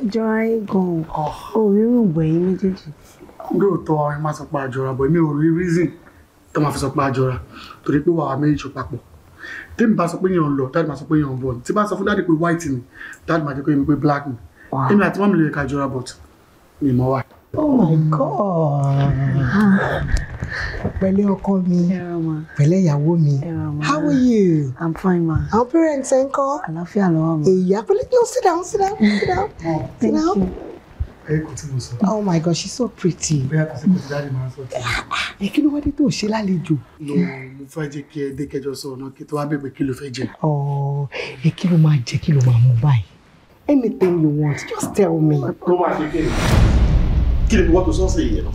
ẹjọ́ ayé gan ah. o rírun gbẹ̀yìn méjèèjì. lóòótọ́ ẹ máa sọ pé àjọra bọ̀ èmi ò rí reason tó máa fi sọ pé àjọra torí pé wàá méjì jọ papọ̀ tèmi bá sọ pé yàn ń lọ dáàdì máa sọ pé yàn ń bọ̀ tí bá sọ fún dáàdì pé white ni dáàdì máa jẹ́ pé èmi pé black ni èmi àti mọ́mi lè ka àjọra bọ̀ mi mọ́ wa. oh my god. Ah pẹ̀lẹ́ ọkọ mi pẹ̀lẹ́ ìyàwó mi how are you. i'm fine ma. our parents ẹ ń kọ́. àlàáfíà lọ́wọ́ mi. èyí àpẹẹrẹ yóò sit down sit down sit down. Oh, thank you. Oh my God, she's so pretty. Bẹ́ẹ̀ kò sí kò sí dáàdi máa ń sọ ti. Ah, ah, ẹ kí ló wá dé tó ṣe lálejò? Lo mo fẹ́ jẹ́ kí ẹ dé kẹjọ sọ ọ̀nà kí tó wá bèbè kí ló fẹ́ jẹ. Ọ̀ oh, ẹ kí ló máa jẹ kí ló máa mú báyìí? Anything you want, just tell me. Ló máa ṣe kí ni? Kí ni mo wọ́n tó sọ́ọ̀sì yẹn?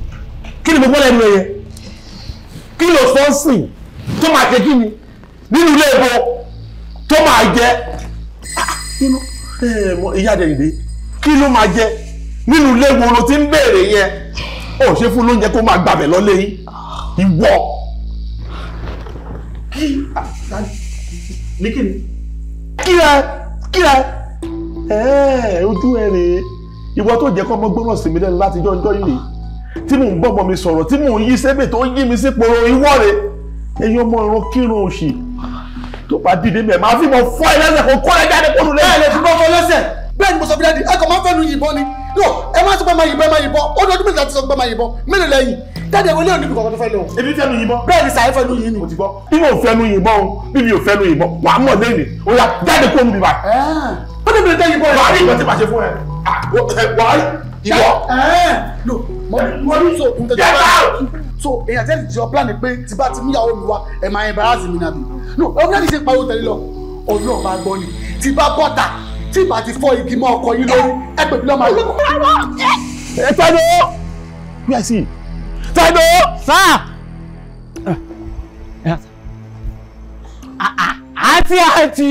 Kí ni mo gbọ́ lẹ́nu ẹ̀yẹ? kí ló sọ ń sìn tó máa jẹ kí ni nínú ilé epo tó máa jẹ eh, ìyá dẹ̀dẹ̀ kí ló máa jẹ nínú ilé epo ló ti ń béèrè yẹn ó ṣe fún lóúnjẹ kó máa gbàbẹ̀ lọ́lé yìí ìwọ. ní kí ni. kí ẹ kí ẹ ẹ eh, ojú ẹ rèé ìwọ tó jẹ kọ́ ọmọ gbọ́rọ̀ sí mi lẹ́nu láti jọ́ ọjọ́ yìí tí mò ń bọ́mọ mi sọ̀rọ̀ tí mò ń yí sébè tó ń yí mi sípòrò ìwọ́re ẹ̀yin ọmọ ọ̀run kírun òṣì tó bá dìde mẹ́ máa fi mọ fọ́ ẹ lẹ́sẹ̀ kó kọ́ ẹ jáde kó lulẹ̀. bẹ́ẹ̀ lè fi bọ́ fọ́ lẹ́sẹ̀ bẹ́ẹ̀ ni mo sọ fi dáadé ẹ kò máa ń fẹ́nu yìnbọn ni no ẹ máa sọ pé máa yìnbọn máa yìnbọn ó lọ́dún mẹ́ta ti sọ pé máa yìnbọn mélòó lẹ́yìn dáadé ìwé lẹ́yìn níbi kọ̀ọ̀kan tó fẹ́ lọ. ebi fẹ́nu yìnbọn. bẹ́ẹ̀ ni sàyẹ fẹ́nu yìí ni. mo ti gbọ́ bí mo fẹ́nu yìnbọn o bí mi ò fẹ́nu yìnbọn wà á mọ̀ lẹ́yìn o yà jáde kó mi bá. ó ní mi ò tẹ́ yìnbọn rẹ̀. wàá rí ìwọ tí màá ṣe fún mo ní so nǹkan tó bá so èèyàn tẹ́lẹ̀ ti sọ plan pé tí bá ti níyàwó mi wá ẹ̀ máa embarrass mi nàbí no ọ̀gbìn àti ṣe pariwo tẹ̀lé lọ ọ̀yọ́ máa gbọ́ ni tí bá bọ́tà tí bá ti fọ́ igi mọ́ ọkọ yín lórí ẹ pè mí lọ́ọ́ máa lọ. ẹ tẹ́lẹ̀ o wíwá sí i tẹ́lẹ̀ o sá. àti àti.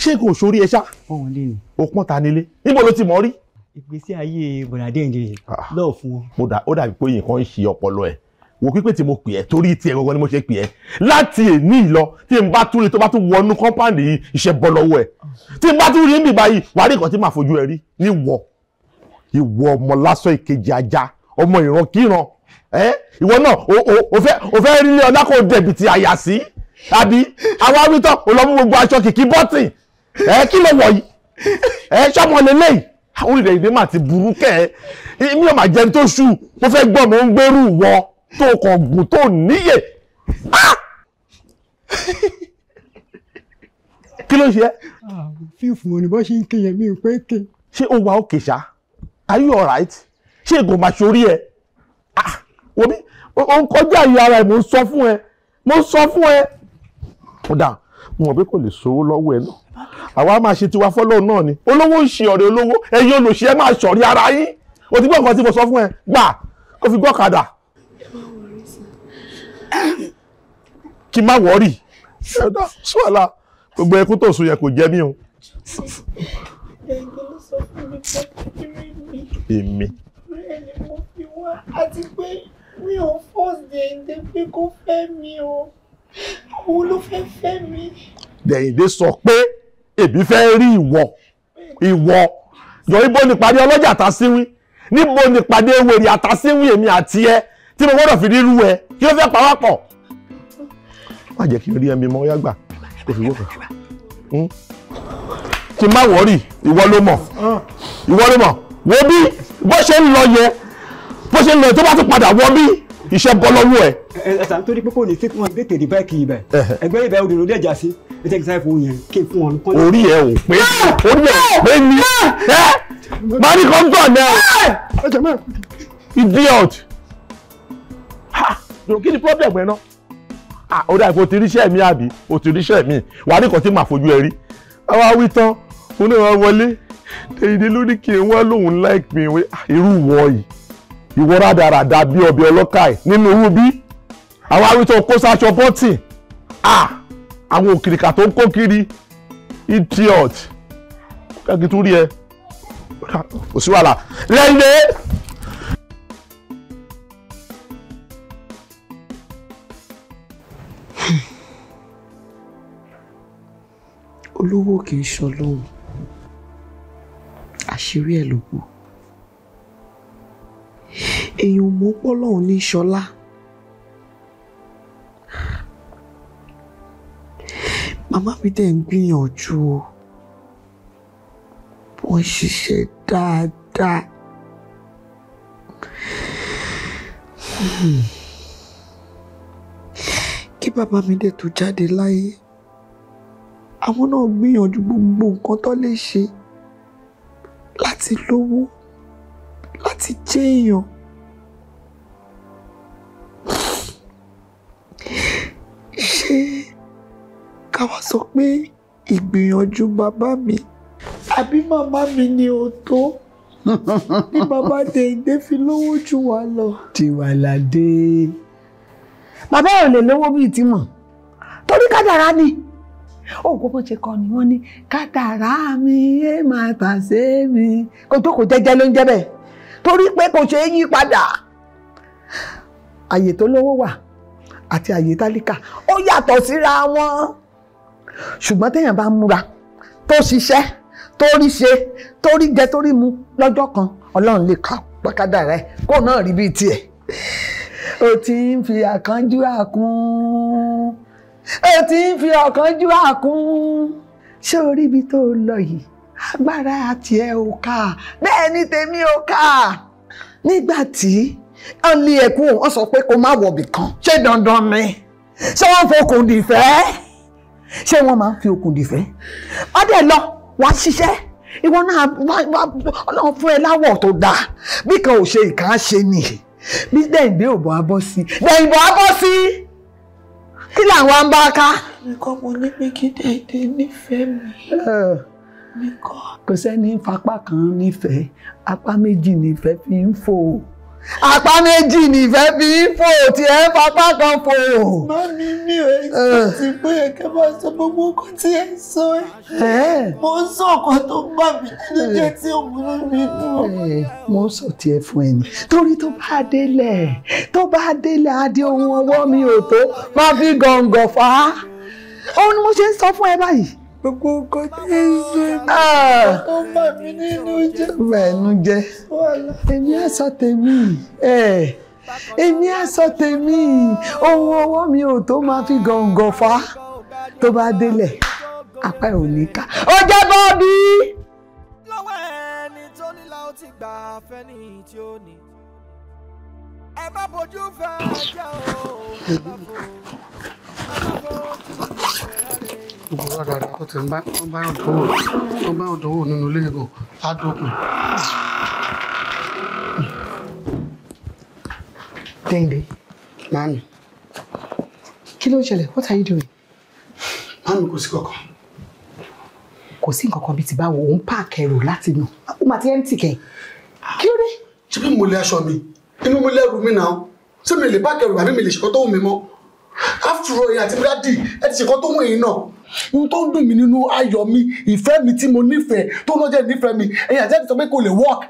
ṣé kò sórí ẹ ṣá. ọ̀hún lé ni. òpọ́n ta nílé níbo ló ti mọ̀ rí ìgbésí ayé bọ̀dà Dénjì ah. lọ́ọ̀ fún wọn. ó dàbí pé yìí kan ń ṣe ọpọlọ ẹ̀ wò pípé tí mo pè ẹ́ torí tiẹ̀ gangan ni mo ṣe pè ẹ́ láti èní lọ tí n bá tún rí tó bá tún wọnú kọ́ńpáàndì yìí iṣẹ́ bọ́ lọ́wọ́ ẹ̀ tí n bá tún rí ń bì báyìí wàá rí nǹkan tí màá fojú ẹ rí níwọ ìwọ ọmọ lásán ìkejì ajá ọmọ ìran kíran ẹ ìwọ náà o fẹ́ rí ilé ọlá kò dẹ̀bi ti àyà sí àbí àwa wítọ́ olọ́mú gbogbo aṣọ kìkì bọ́tì ẹ kí ló wọ̀ yìí ẹ ṣọ́mọ lélẹ́yìí orílẹ̀-èdè mà ti burú kẹ́ ẹ mi ò mà jẹun tó ṣù mo fẹ́ gbọ́ mo ń gbẹ́rù wọ tó kàn gùn tó níyè. kí ló ṣe. Ah, fífún mo ní bó ṣe ń kéèyàn mi ò pé ké. ṣé o wà òkè ṣá are you alright ṣé ègò mà ṣorí ẹ ah, wò mí o ń kọjá àyè ara ẹ mo ń sọ fún ẹ mo ń sọ fún ẹ. kódà mo mọ̀ pé kò lè sówó lọ́wọ́ ẹ náà àwa máa ṣe tiwa fọ́lọ́run náà ni olówó ń ṣe ọ̀rẹ́ olówó ẹ̀yin olùṣẹ́ máa ṣọ̀rí ara yín o ti gbọ́ nǹkan tí mo sọ fún ẹ gbà kó fi gbọ́kadà. kí má wọ́ọ̀rì ṣọdá ṣọlá gbogbo ẹkún tó sùn yẹn kò jẹ mí o. ẹ̀gbọ́n sọ fún mi pé kéré mi. èmi. bẹ́ẹ̀ ni mo fi wá àti pé mi ò fọ́ọ̀sì ẹ̀ǹdẹ́ pé kó fẹ́ mi o àwọn ló fẹ́ fẹ́ mi. Dẹ̀yìndé sọ pé èbí fẹ́ rí ìwọ ìwọ yọ ibo nípàdé ọlọ́jà àtàsíwín níbo nípàdé wèrè àtàsíwín èmi àti ẹ tí mo gbọ́dọ̀ fi rírú ẹ kí ló fẹ́ pa wá pọ̀. má jẹ́ kí n rí ẹmi mọ́ yá gbà kó fi wọ́pọ̀ hmm? kí n má wọ́rì ìwọ ló mọ̀ ìwọ ló mọ̀ wo bí bó ṣe ń lọ yẹ bó ṣe ń lọ yẹ tó bá tún padà wọ bí iṣẹ́ bọ́ lọ́wọ́ ẹ̀. ẹ ẹ sàn torí pé kò ní sí fún wọn bí tètè báyìí kì í bẹ ẹgbẹ́ ibẹ̀ òdòdó dẹ̀ já sí ẹ jẹ́ kí sáyẹ̀ fún yẹn kí n fún wọn. orí ẹ ò pé ah! orí ẹ ò ah! pé ni mari kọ́ńtọ̀ náà idiot jò kí ni problem ẹ ná ah, ó dà ìfò tí ríṣẹ́ mi àbí o ti ríṣẹ́ mi wà á ní kan tí màá fojú ẹ rí àwa wí tán mo náà wọlé Dèyídé ló ní kí n wá lóun láìpẹ́ irú wọ yìí ìwọ rádaràda bí ọbẹ̀ ọlọ́kà ẹ̀ nínú owó bí àwọn awítọ̀ kó sáṣọ bọ́tì àwọn òkìrìkà tó ń kó kiri idiot kẹ́kì tún rí ẹ kò sí wàhálà lẹ́yìn olówó kì í ṣọlọ́hún àṣírí ẹ̀ ló kù èèyàn mọ̀ pọ́ lọ́hùn ní ṣọlá màmá mi dẹ̀ ń gbìyànjú o wọ́n ṣiṣẹ́ dáadáa. kí bàbá mi dẹ̀ tó jáde láyé àwọn náà gbìyànjú gbogbo nǹkan tó lè ṣe láti lówó láti jẹ́ èèyàn wá sọ pé ìgbìyànjú bàbá mi àbí màmá mi ni ò tó ní bàbá Dèjì fi lówó jù wá lọ. Tiwalade. bàbá ò lè lówó bíi tìmọ̀ torí kádàrá ni òògùn bó ṣe kọ ni wọ́n ní kádàrá mi ẹ máa tàṣé mi kó tó kò jẹ́jẹ́ ló ń jẹ́ bẹ́ẹ̀ torí pé kò ṣe é yí padà àyè tó lówó wà àti àyè tálíkà ó yàtọ̀ síra wọn ṣùgbọ́n téèyàn bá múra tó ṣiṣẹ́ tó rí ṣe tó rí jẹ tó rí mu lọ́jọ́ kan ọlọ́run lè ká pàkádà rẹ kó náà rí bíi tiẹ̀ o ti ń fi àkànjú àkún o ti ń fi àkànjú àkún ṣé o rí ibi tó lọ yìí agbára tiẹ̀ ò ká bẹ́ẹ̀ ni tèmi ò ká nígbà tí ọ̀nlé ẹ̀kún wọn sọ pé kó má wọ̀bì kan ṣé dandan ni ṣé wọ́n fokùn dìfẹ́ ṣé wọ́n máa ń fi okùn dìfẹ́ ọdẹ lọ wá ṣiṣẹ́ ìwọ náà ọlọ́run fún ẹ láwọ̀ tó dáa bí kan ò ṣe ìkà ṣe nì bí dẹ̀yìnbé ò bọ̀ á bọ́ sí dẹ̀yìnbó á bọ́ sí kí làwọn ń bá ká. mi kọ́ mo ní pé kí dẹ̀yìnbé nífẹ̀ẹ́ mi. mi kọ́. kò sẹ́ni fapá kan nífẹ̀ẹ́ apá méjì nífẹ̀ẹ́ fi ń fò ó apá méjì nìfẹ́ fi ń fò tí ẹ fapá kan fò. mami mi ò ẹ̀sìn pé ẹ̀kẹ́ máa sọ gbogbo nǹkan tí ẹ sọ ẹ eh. mo ń sọ ọ̀kan tó bá mi níjẹ́ eh. tí òmùnú mi dùn. Eh, mo ń sọ tiẹ̀ fún ẹ ní torí tó bá délẹ̀ tó bá délẹ̀ adé ohun ọwọ́ mi ò tó máa fi gàngàn fà á òun ni mo ṣe ń sọ fún ẹ báyìí gbogbo nǹkan tí ń ṣe mí ah! ó bà mí nínú jẹ́. bà ẹnu jẹ́ èmi àṣà tèmi èmi àṣà tèmi ohun ọwọ́ mi ò tó máa fi gàngàn fa tó bá délẹ̀ apá ẹ̀ ò ní ká ó jẹ́ bọ́ọ̀bì. lọ́wọ́ ẹni tó nílá ó ti gbà fẹ́ni tí ó ní ẹ má bójú fẹ́ ajá o gbogbo àdàrà tó ti Dende. Mami. Kí ló What are you doing? Mami kò sí kankan. Kò sí nkankan bíi ti báwo, òun páàkì ẹrù láti nù. Ó mà ti empty kẹ̀. Kí ló dé? Ṣé bí mo lè aṣọ mi? Inú mi lẹ́rù mi náà. Ṣé mi lè páàkì ẹrù àbí mi lè After all, ẹ̀yìn ti ṣèkọ́ tó wù yín náà ohun tó ń dùn mí nínú ayọ̀ mi ìfẹ́ mi tí mo nífẹ̀ẹ́ tó lọ́jọ́ nífẹ̀ẹ́ mi ẹ̀yìn àti ẹ̀dí sọ pé kò lè work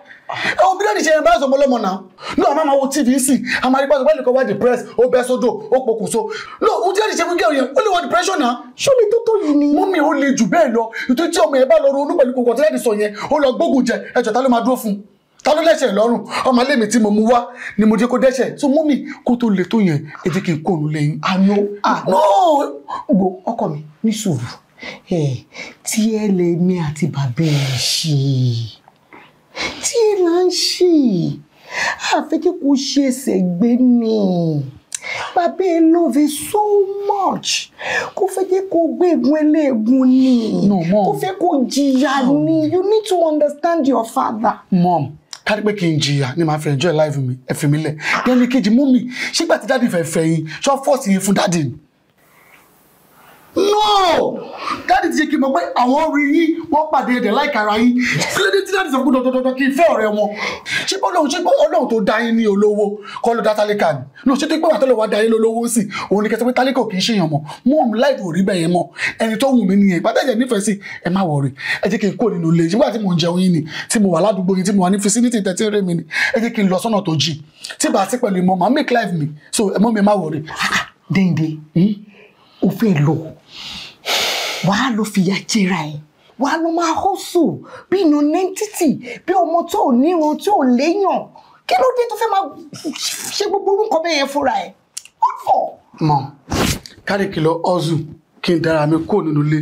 ẹ obi lẹ́nu ìṣẹ̀yìn báyìí sọmọ lọ́mọ náà náà a máa ma wo tv sí a máa rí báyìí wẹ́ẹ̀lì kan wá depress ó bẹ́ sódò ó pokùnso náà ohun tí ẹ̀dí ṣe fún gẹ̀rù yẹn ó lè wọ depression náà. sómi tó tó yìí ni. mọ́mí ó le jù bẹ́ẹ̀ lọ ìtútí ọmọ yẹn bá lọ ronú pẹ̀lú kòkòtò ẹ̀dí sọ yẹn ó lọ gbógun jẹ ẹ̀jọ̀ ta ló máa dúró fún un ta ló lẹ́sẹ̀ lọ́rùn ọmọ alẹ́ mi tí mo mú wá ni mo jẹ́ kó dẹ́sẹ̀ tó mú mi kó tó le tó yẹn ẹ kí n kóònù lẹ́yìn. àná àná ah, ọkọ mi ní sùúrù tí ẹ lè mi àti bàbá ẹ ṣe tí ẹ là ń ṣe àfẹ́kẹ́ kò ṣe ẹsẹ̀ gbé ni bàbá ẹ love you so much kò fẹ́ jẹ́ kó gbégun eléegun ni kò fẹ́ kó jìyà ni you need to understand your father. mom kárí pé kí n jìyà ni màá fi enjoy life mi ẹ fi mi lẹ̀ kẹ́ni kejì mú mi ṣígbà tí dáàdì fẹ́ fẹ́ yín ṣọ́ fọ́ọ̀sì yín fún dáàdì ni no dáàdì ti ṣe kí n mọ̀ pé àwọn rí yín wọ́n pàdé ẹ̀dẹ̀ láìka ara yín kílódé tí dáàdì sọ pé dandandan kí n fẹ́ ọ̀rẹ́ wọn ṣé bọ́ lóhun ṣé bọ́ ọlọ́run tó dá yín ní olówó kọ́ ló dá tálíkà ni no ṣé tó pé wà tó lè wá dá yín lólówó sí òun ni kẹsàn-án pé tálíkà kì í ṣe èèyàn mọ́ mọ́ mi láì rò rí bẹ́ẹ̀ yẹn mọ́ ẹni tó wù mí nìyẹn ìgbà tẹ̀yẹ nífẹ̀ẹ́ sí ẹ má wọ̀rì ẹ jẹ́ kí n kó nínú ilé nígbà tí mò ń jẹun yín ni tí mo wà ládùúgbò yín tí mo wà ní facility tẹ̀tí rẹ̀ mi ni ẹ jẹ́ kí n lọ sọ́nà tó jì tí bàá sí pẹ̀lú ìmọ̀ màá make life mi so ẹ mọ́ mi má wọ̀rì. Ah, ah, Dèndé hmm? o fẹ́ lọ wàá lọ fìyà jẹra ẹ̀ wàá lọ máa hustle bí nonentity bí ọmọ tó ò níran tó ò léèyàn kí ló dé tó fẹ́ máa ṣe gbogbo orúkọ bẹ́ẹ̀ yẹn fúnra ẹ̀ wọ́n fọ̀. mọ kárí kìlọ̀ ọ̀zù kí n dára mi kó nínú ilé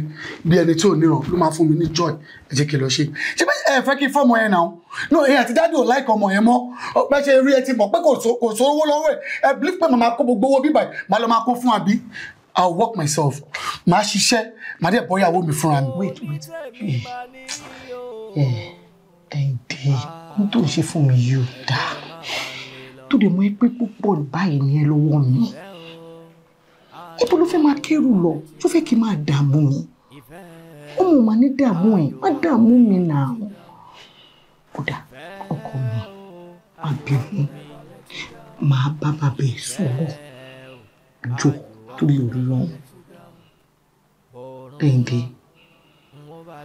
bí ẹni tí ò níran ló máa fún mi ní joy ẹ jẹ́ kí n lọ ṣe ṣé bẹ́ẹ̀ ẹ fẹ́ kí n fọ́mọ yẹn náà no ẹ àti dáàdì ò láìka ọmọ yẹn mọ́ ọpẹ́ ṣe rí ẹ ti mọ̀ pé kò sówó lọ́wọ́ ẹ ẹ believe pé màmá kó gbogbo owó bíbà màá lọ máa kó fún àbí I'll walk myself. Ma, she Màá my dear boy, I won't be mi. Wait, wait. Eh, eh, Ẹ̀ǹdẹ̀, n tó ṣe fún mi yóò dáa. Tó dẹ̀ mọ̀ ẹ́ pé púpọ̀ yellow ni People who mi. Ibo ló Who máa kẹ́rù lọ? Tó fẹ́ kí n máa dààmú mi. Ọmọ màá ní dààmú ẹ̀, má dààmú mi náà. Kódà ọkọ mi, má bínú, màá torí Ọlọ́run Àyìndé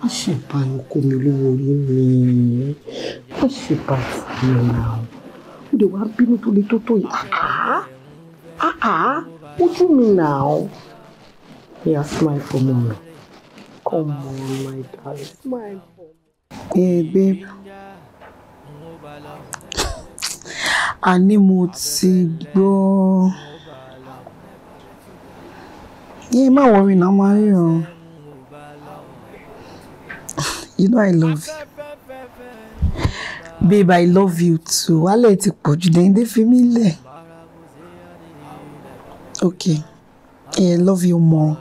má ṣe bá ọkọ mi olówó orí mi má ṣe bá tìmí ọ̀nà ó lè wá bínú tó lè tó tó yìí àá ah, àá ah, ah, ojú mi nà ó yà smile for me come on my darling smile for me. Hey, babe. àní mo ti gbọ́. Yeah, my worry now, my You know I love you. Babe, I love you too. I let ti put you in the family. Okay. Yeah, I love you more.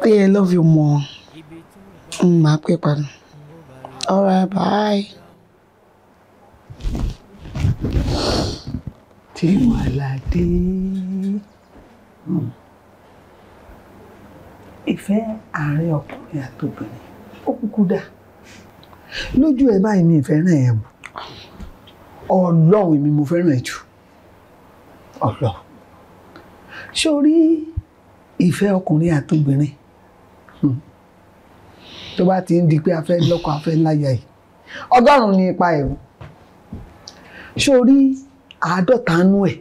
yeah, I love you more. Mm, I'll All right, bye. ṣé wàhálà dé hmm. ìfẹ́ àárín ọkùnrin àtobìnrin ó kúkú dà lójú ẹ báyìí mi fẹ́ràn ẹ wò ọlọ́run mi mo fẹ́ràn ẹ jù ọlọ́run ṣé o rí ìfẹ́ ọkùnrin àtobìnrin hmm. tó bá ti ń di pé a fẹ́ lọ́kọ a fẹ́ láya yìí ọgọ́rùn-ún ni ipa ẹ̀ ṣé àádọ́ta nú ẹ̀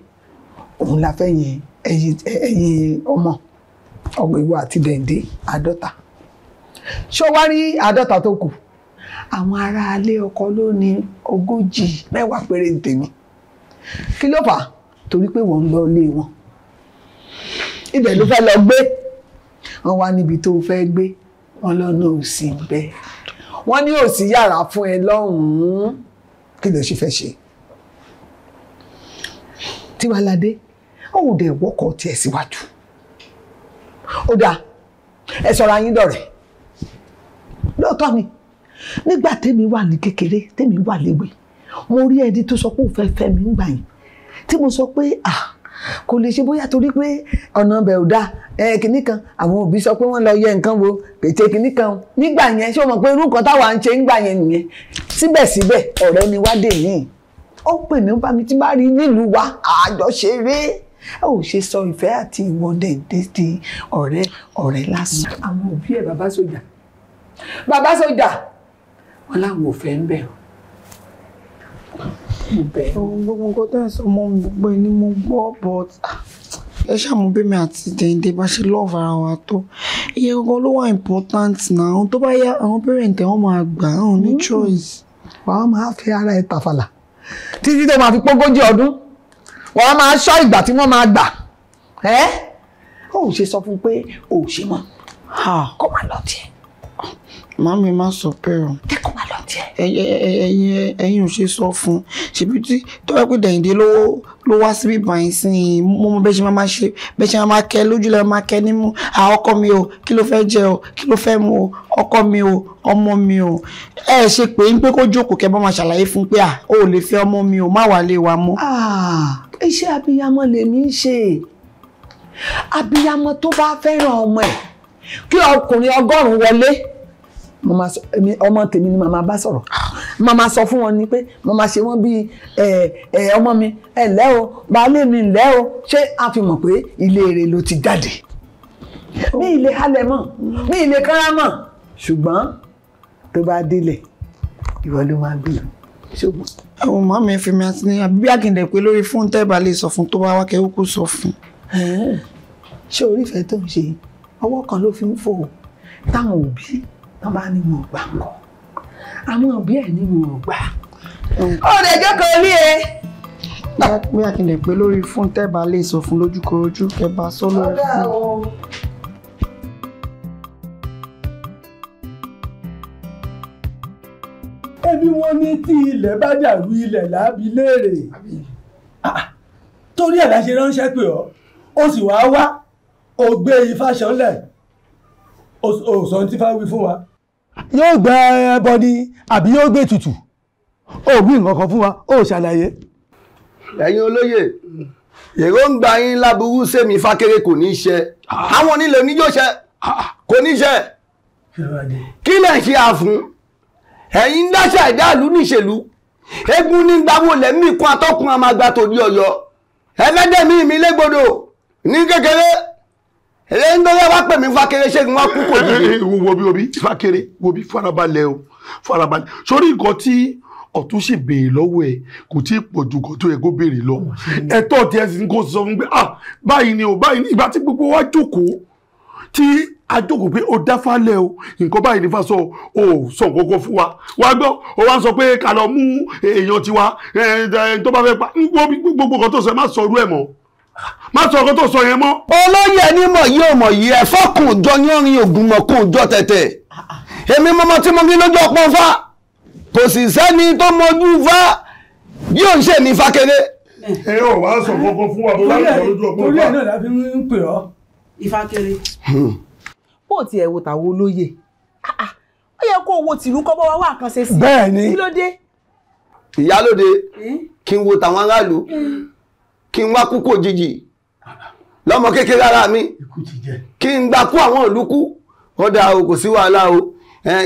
òun la fẹ́ yìn ẹ̀yìn ọmọ ọmọ ìwọ àti dẹ̀ǹdé àádọ́ta ṣó wá rí àádọ́ta tó kù àwọn aráalé ọkọ ló ní ogójì mẹ́wàá péré ní tèmi kí ló fà á torí pé wọ́n ń lọ ilé wọn ibẹ̀ ló fẹ́ lọ gbé wọ́n wá níbi tó fẹ́ gbé wọ́n lọ́nà òsì bẹ́ẹ̀ wọ́n ní òsì yàrá fún ẹ lọ́hùn-ún kí ló ṣe fẹ́ ṣe tiwalade ó ò dẹ̀ wọ́kọ̀ tiẹ̀ síwájú ó dáa ẹ sọ̀rọ̀ ayín dọ̀rẹ́ lóòótọ́ ni nígbà tẹ́mi wà ní kékeré tẹ́mi wà léwe mo rí ẹni tó sọ pé òun fẹ́ fẹ́ mi ń gbà yín tí mo sọ pé ah kò lè ṣe bóyá torí pé ọ̀nà ọbẹ̀ ò dáa ẹ kìíní kan àwọn òbí sọ pé wọ́n lọ yẹ nǹkan wo kètè kìíní kan o nígbà yẹn ṣé o mọ̀ pé irú nǹkan táwa ń ṣe ń gbà yẹn nìyẹn síbẹ̀síbẹ̀ ọ̀rẹ́ ni wá dè yìí ó pè mí bá mi tí bá rí nílùú wa àjọṣeré ẹ ò ṣe sọ ìfẹ́ àti ìwọ́de dédé ọ̀rẹ́ ọ̀rẹ́ lásán. àwọn òbí ẹ bàbá sójà bàbá sójà wọn làwọn ò fẹ́ ń bẹ̀ ọ́ gbogbo nǹkan tẹ́ ẹ̀ sọ mọ́ mi gbogbo ẹni mo gbọ́ but ẹ ṣàmú bẹ́mi àti dèndé bá ṣe lọ́ọ̀fù ara wa tó iye gbogbo ló wà important náà àwọn tó bá yá àwọn parent ẹ̀ wọ́n máa gbà àwọn ní mm. choice. wàá máa fi ara ẹ tàfàlà títí tó máa fi pógójì ọdún wọ́n máa ṣọ́ ìgbà tí wọ́n máa gbà ẹ́ ó ṣe sọ fún pé ó ṣe mọ́ kó má lọ tiẹ̀. màmí má sọ pé o. ẹ kó má lọ jẹ. ẹyin ẹyin ò ṣe sọ fún un ṣèbí tí tó bá pè dẹ̀yìndé ló ló wá síbí báyìí sí i mo mọ bẹ́ẹ̀ ṣe máa ṣe bẹ́ẹ̀ ṣe máa kẹ lójú lẹ́ẹ̀ máa kẹ nímú à ọkọ mi o kí ló fẹ́ jẹ o kí ló fẹ́ mu o ọkọ mi o ọmọ mi o ẹ ṣe pé ń pé kó jókòó kẹ bá máa ṣàlàyé fún pé à o ò lè fẹ́ ọmọ mi o má wàá lè wà mọ́. iṣẹ́ abiyamọ lèmi ń ṣe abiyamọ tó bá fẹ́ràn ọmọ ẹ̀ kí ọkùnrin ọgọ́rùn-ún wọlé mo máa sọ èmi ọmọ tèmi ni màmá bá sọ̀rọ̀ màmá sọ fún wọn ni pé màmá ṣe wọ́n bíi ẹ ẹ ọmọ mi ẹ o baálé mi lẹ́ o ṣé a fi mọ̀ pé ilé rẹ̀ ló ti jáde ní ilé halẹ̀ mọ̀ ní ilé kárá mọ̀ ṣùgbọ́n tó bá délẹ̀ ìwọ ló máa gbé ṣùgbọ́n. àwọn ọmọ mi fi mi àti ní àbíbí àgìndẹ̀ pé lórí fún tẹ́ẹ̀bà lè sọ fún tó bá wá kẹ́kọ̀ọ́ kó sọ fún. ṣé orífẹ́ tó ń ṣe ọwọ́ kan ló fi ń fò táwọn òbí tó bá ní wọn gbà kọ àwọn òbí ẹ ní wọn gbà. ó lè jókòó orí ẹ. bí a kì í lè pé lórí fún tẹ́ẹ̀bà lè sọ fún lójúkorojú kẹba sọ lórí fún. ẹbí wọn ní tí ilẹ̀ bá dàrú ilẹ̀ láàbí léèrè ah, torí ẹ̀ la ṣe ránṣẹ́ pé ọ́ ó sì wá wá ó gbé ifá ṣánlẹ̀ ó sọ ní tífá wí fún wa yóò gbẹ ẹbọ ni àbí yóò gbé tutù ó wí nǹkan kan fún wa ó ṣàlàyé. ẹ̀yin olóyè èròǹgbà yín láburú sẹ́mi fákéré kò ní í ṣe àwọn onílé oníjọ́ṣẹ́ kò ní í ṣe kí lẹ̀ ṣe àfún ẹ̀yin dáṣà ìdáàlú níṣèlú egun ní gbàwó lẹ́mìí kún atọ́kùn àmàgbà tòdí ọ̀yọ́ ẹlẹ́dẹ̀mí mi légbodò ní kékeré. Ele ń gbọ́dọ̀ wá pè mí fákéré ṣégun wá kú kò jíjẹ. wo bí obi fákéré wo bí farabalẹ̀ o farabalẹ̀ sórí nǹkan tí ọ̀tún sì béèrè lọ́wọ́ ẹ̀ kò tí ì pọ̀ ju nǹkan tó yẹ kó béèrè lọ ẹ̀tọ́ tí ẹ sì ń kó sọ fún pé ah báyìí ni o báyìí ni ìgbà tí gbogbo wa jókòó tí a jókòó pé o dáfálẹ̀ o nǹkan báyìí ní fásọ o sọ kókó fún wa wá gbọ́ o wá sọ pé ká lọ mú èèyàn tiwa tó bá fẹ́ pa gbogbo nǹkan tó sọ ẹ má sọ ọrú ẹ̀ mọ́ má sọ ọkọ tó sọ yẹn mọ́. olóyè ni mọ̀ yí ò mọ̀ yí ẹ̀fọ́ kùn jọ yánrin ògùn mọ̀ kùn jọ tẹ̀tẹ̀ èmi mọ́mọ́ tí mo ní lójú ọpọ́n fá kò sì sẹ́ni tó mọjú fá yí ò ń ṣe ní fákéré. ẹ ò wá sọ kókó fún wa tó láti sọ lójú ọpọ́n fá. torí ẹ̀ náà la fi ń pè ọ́ ìfákéré. Hmm. bó o tiẹ̀ wo tàwọn olóyè ah, ah. ó yẹ kó owó tìlú kọ́ bọ́ wá wá àkànṣe sí i kí ló dé. ìyálóde hmm? kí n wo tàwọn aráàlú hmm kí n wá kú kò jìjì lọ́mọ kékeré ara mi kí n gbà kú àwọn ìlú kú ọ̀dà o kò sí wàhálà o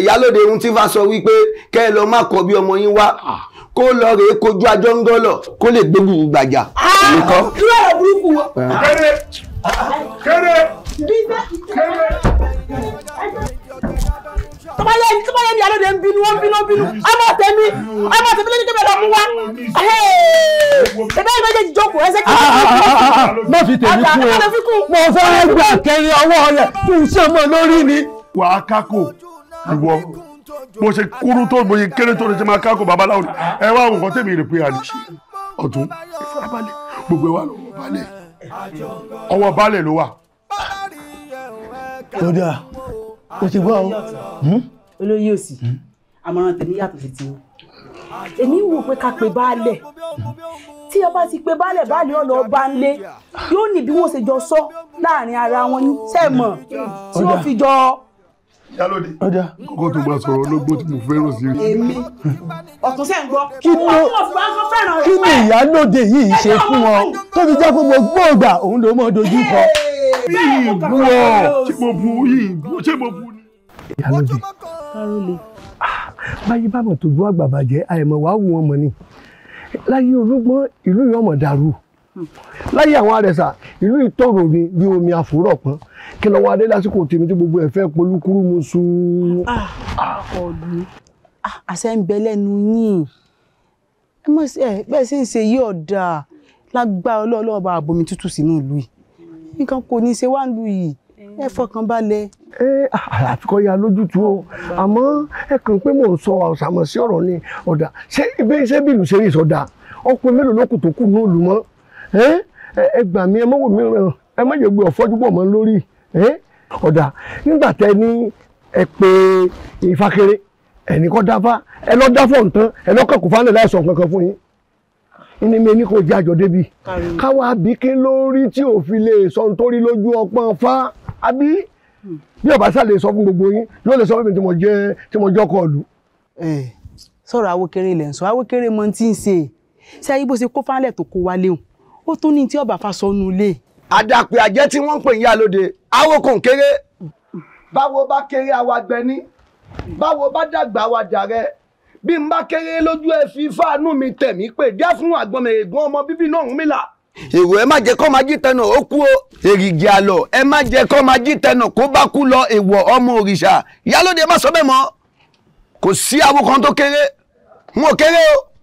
ìyálòde ohun tí bá sọ wípé kẹ́ ẹ lọ má kọ bí ọmọ yín wá kó lọ rèé kojú ajọ́ ń gọ́lọ̀ kó lè gbógun gbàjà. kéré kéré kéré tọ́ba yẹ ẹni tọ́ba yẹ ẹni alóde ń bínú ó ń bínú ó ń bínú ọmọ tèmi ọmọ tèmi lójú kébẹ̀ lọ mú wa ẹ̀bẹ̀ yìí méjèèjì jókòó ẹsẹ̀ kí má fi tèmi kú o mo fẹ́ gbà kẹrin ọwọ́ rẹ kí n ṣe ọmọ lórí ni. wàá kákò ìwọ bó ṣe kúrú tó bó ṣe kéré tó ṣe máa kákò babaláwo ẹ wá nǹkan tèmi rè pé àlè ṣe ọ̀tún ìfarabalẹ̀ gbogbo ẹ wà lọ́wọ́ balẹ̀ ọwọ́ balẹ̀ ló wà. kódà o ṣe gbọ́ ọ. Hmm? olóyè òsì hmm? àmọ̀ràn tèmi yàtọ̀ sí tiwọn èmi wò pé ká pè baálẹ̀ tí ọba ti pè baálẹ̀ baálẹ̀ ọ̀nà ọba ńlẹ̀ yóò ní bí wọ́n ṣe jọ sọ láàrin ara wọn ní sẹ́ẹ̀mọ̀ tí wọ́n fi jọ yálòdì. ọjà kókó tó gba sọ̀rọ̀ ológbò tí mo fẹ́ràn sí rí. èmi ọ̀tún sẹ́ ń gbọ́. kí ni kí ni ìyálòdì yìí ṣe fún ọ tó fi jẹ́ gbogbo gbòògbà òun ló mọ̀ dojú kọ. yìí bú ọ ṣé mo bú yìí bú ṣé mo bú ni. ìyálòdì báyìí bá mọ̀ tó gbọ́ àgbàbàjẹ́ àìmọ̀ wàá wù wọn mọ̀ ni láyé olúgbọ́n ìlú yọ̀ọ̀mọ̀ dàrú láyé àwọn àrẹ̀sà ìlú ìtọ̀rọ̀ ni bí omi àfòrọ̀ pọ́n kí lọ́wọ́ adé lásìkò tèmi tí gbogbo ẹ̀ fẹ́ polúkúrú mu sùn. Ah, ọ̀dùn ah, àṣẹ ń bẹ lẹ́nu yín ẹ mọ̀ sí ẹ bẹ́ẹ̀ sì ń ṣe yí ọ̀dà lágbára ọlọ́ọ̀lọ́wọ́ bá bomi tútù sínú ìlú yìí nǹkan kò ní í ṣe wá ń lu yìí ẹ fọkàn balẹ̀. ẹ àfikọ́ ya lójútu o àmọ́ ẹ kàn pé mò ń sọ àṣàmọ̀ sí ọ̀rọ̀ ni ọ̀dà ṣé ibi iṣẹ́ bí ìlú ṣe rí ìsọdà ọkùnrin mélòó ló kù tó kù ní òlùmọ́ ẹ gbà mí ẹ mọ wò mí ràn ẹ mọ yẹ gbé ọ̀fọ́jú pọ̀ mọ́ lórí ọ̀dà nígbà tẹ ní ẹ pé ìfakere ẹnì kọ́ dáfá ẹ lọ dáfọ̀ ntán ẹ lọ́kàn kò fánlẹ̀ láìsọ̀ kankan fún yín ní mi ní kò jẹ́ àjọ débi káwa àbí kí lórí tí ò fi lè sọ nítorí lójú ọpọ́n fá àbí hmm. bí ọba sá lè sọ fún gbogbo yín ló lè sọ fún mi tí mo jẹ́ tí mo jọkọ ọ̀lù. sọ̀rọ̀ awókéré ilẹ̀ ń sọ awókéré mọ́ ti ń ṣe ṣé ayé bó ṣe kó fánlẹ̀ tó kó wá léwu ó tún ní tí ọba fa sọnù lé. àdàpè àjẹ́ tí wọ́n ń pè ń yá lóde awokùn kéré báwo bá kéré awagbẹ ní báwo bá dàgbà awajà rẹ bí n bá kéré lójú ẹ fi fáànù mi tẹ̀mí pé díẹ̀ fún àgbọ̀mọ̀ ègún ọmọ bíbí náà ń mìlà. èrò ẹ má jẹ́ kó máa jí tẹnu ó kú o èrìgì àlọ ẹ má jẹ́ kó máa jí tẹnu kó bá kú lọ èèwọ̀ ọmọ òrìṣà yálóde má sọ bẹ́ẹ̀ mọ́ kò sí awo tó kéré n kéré o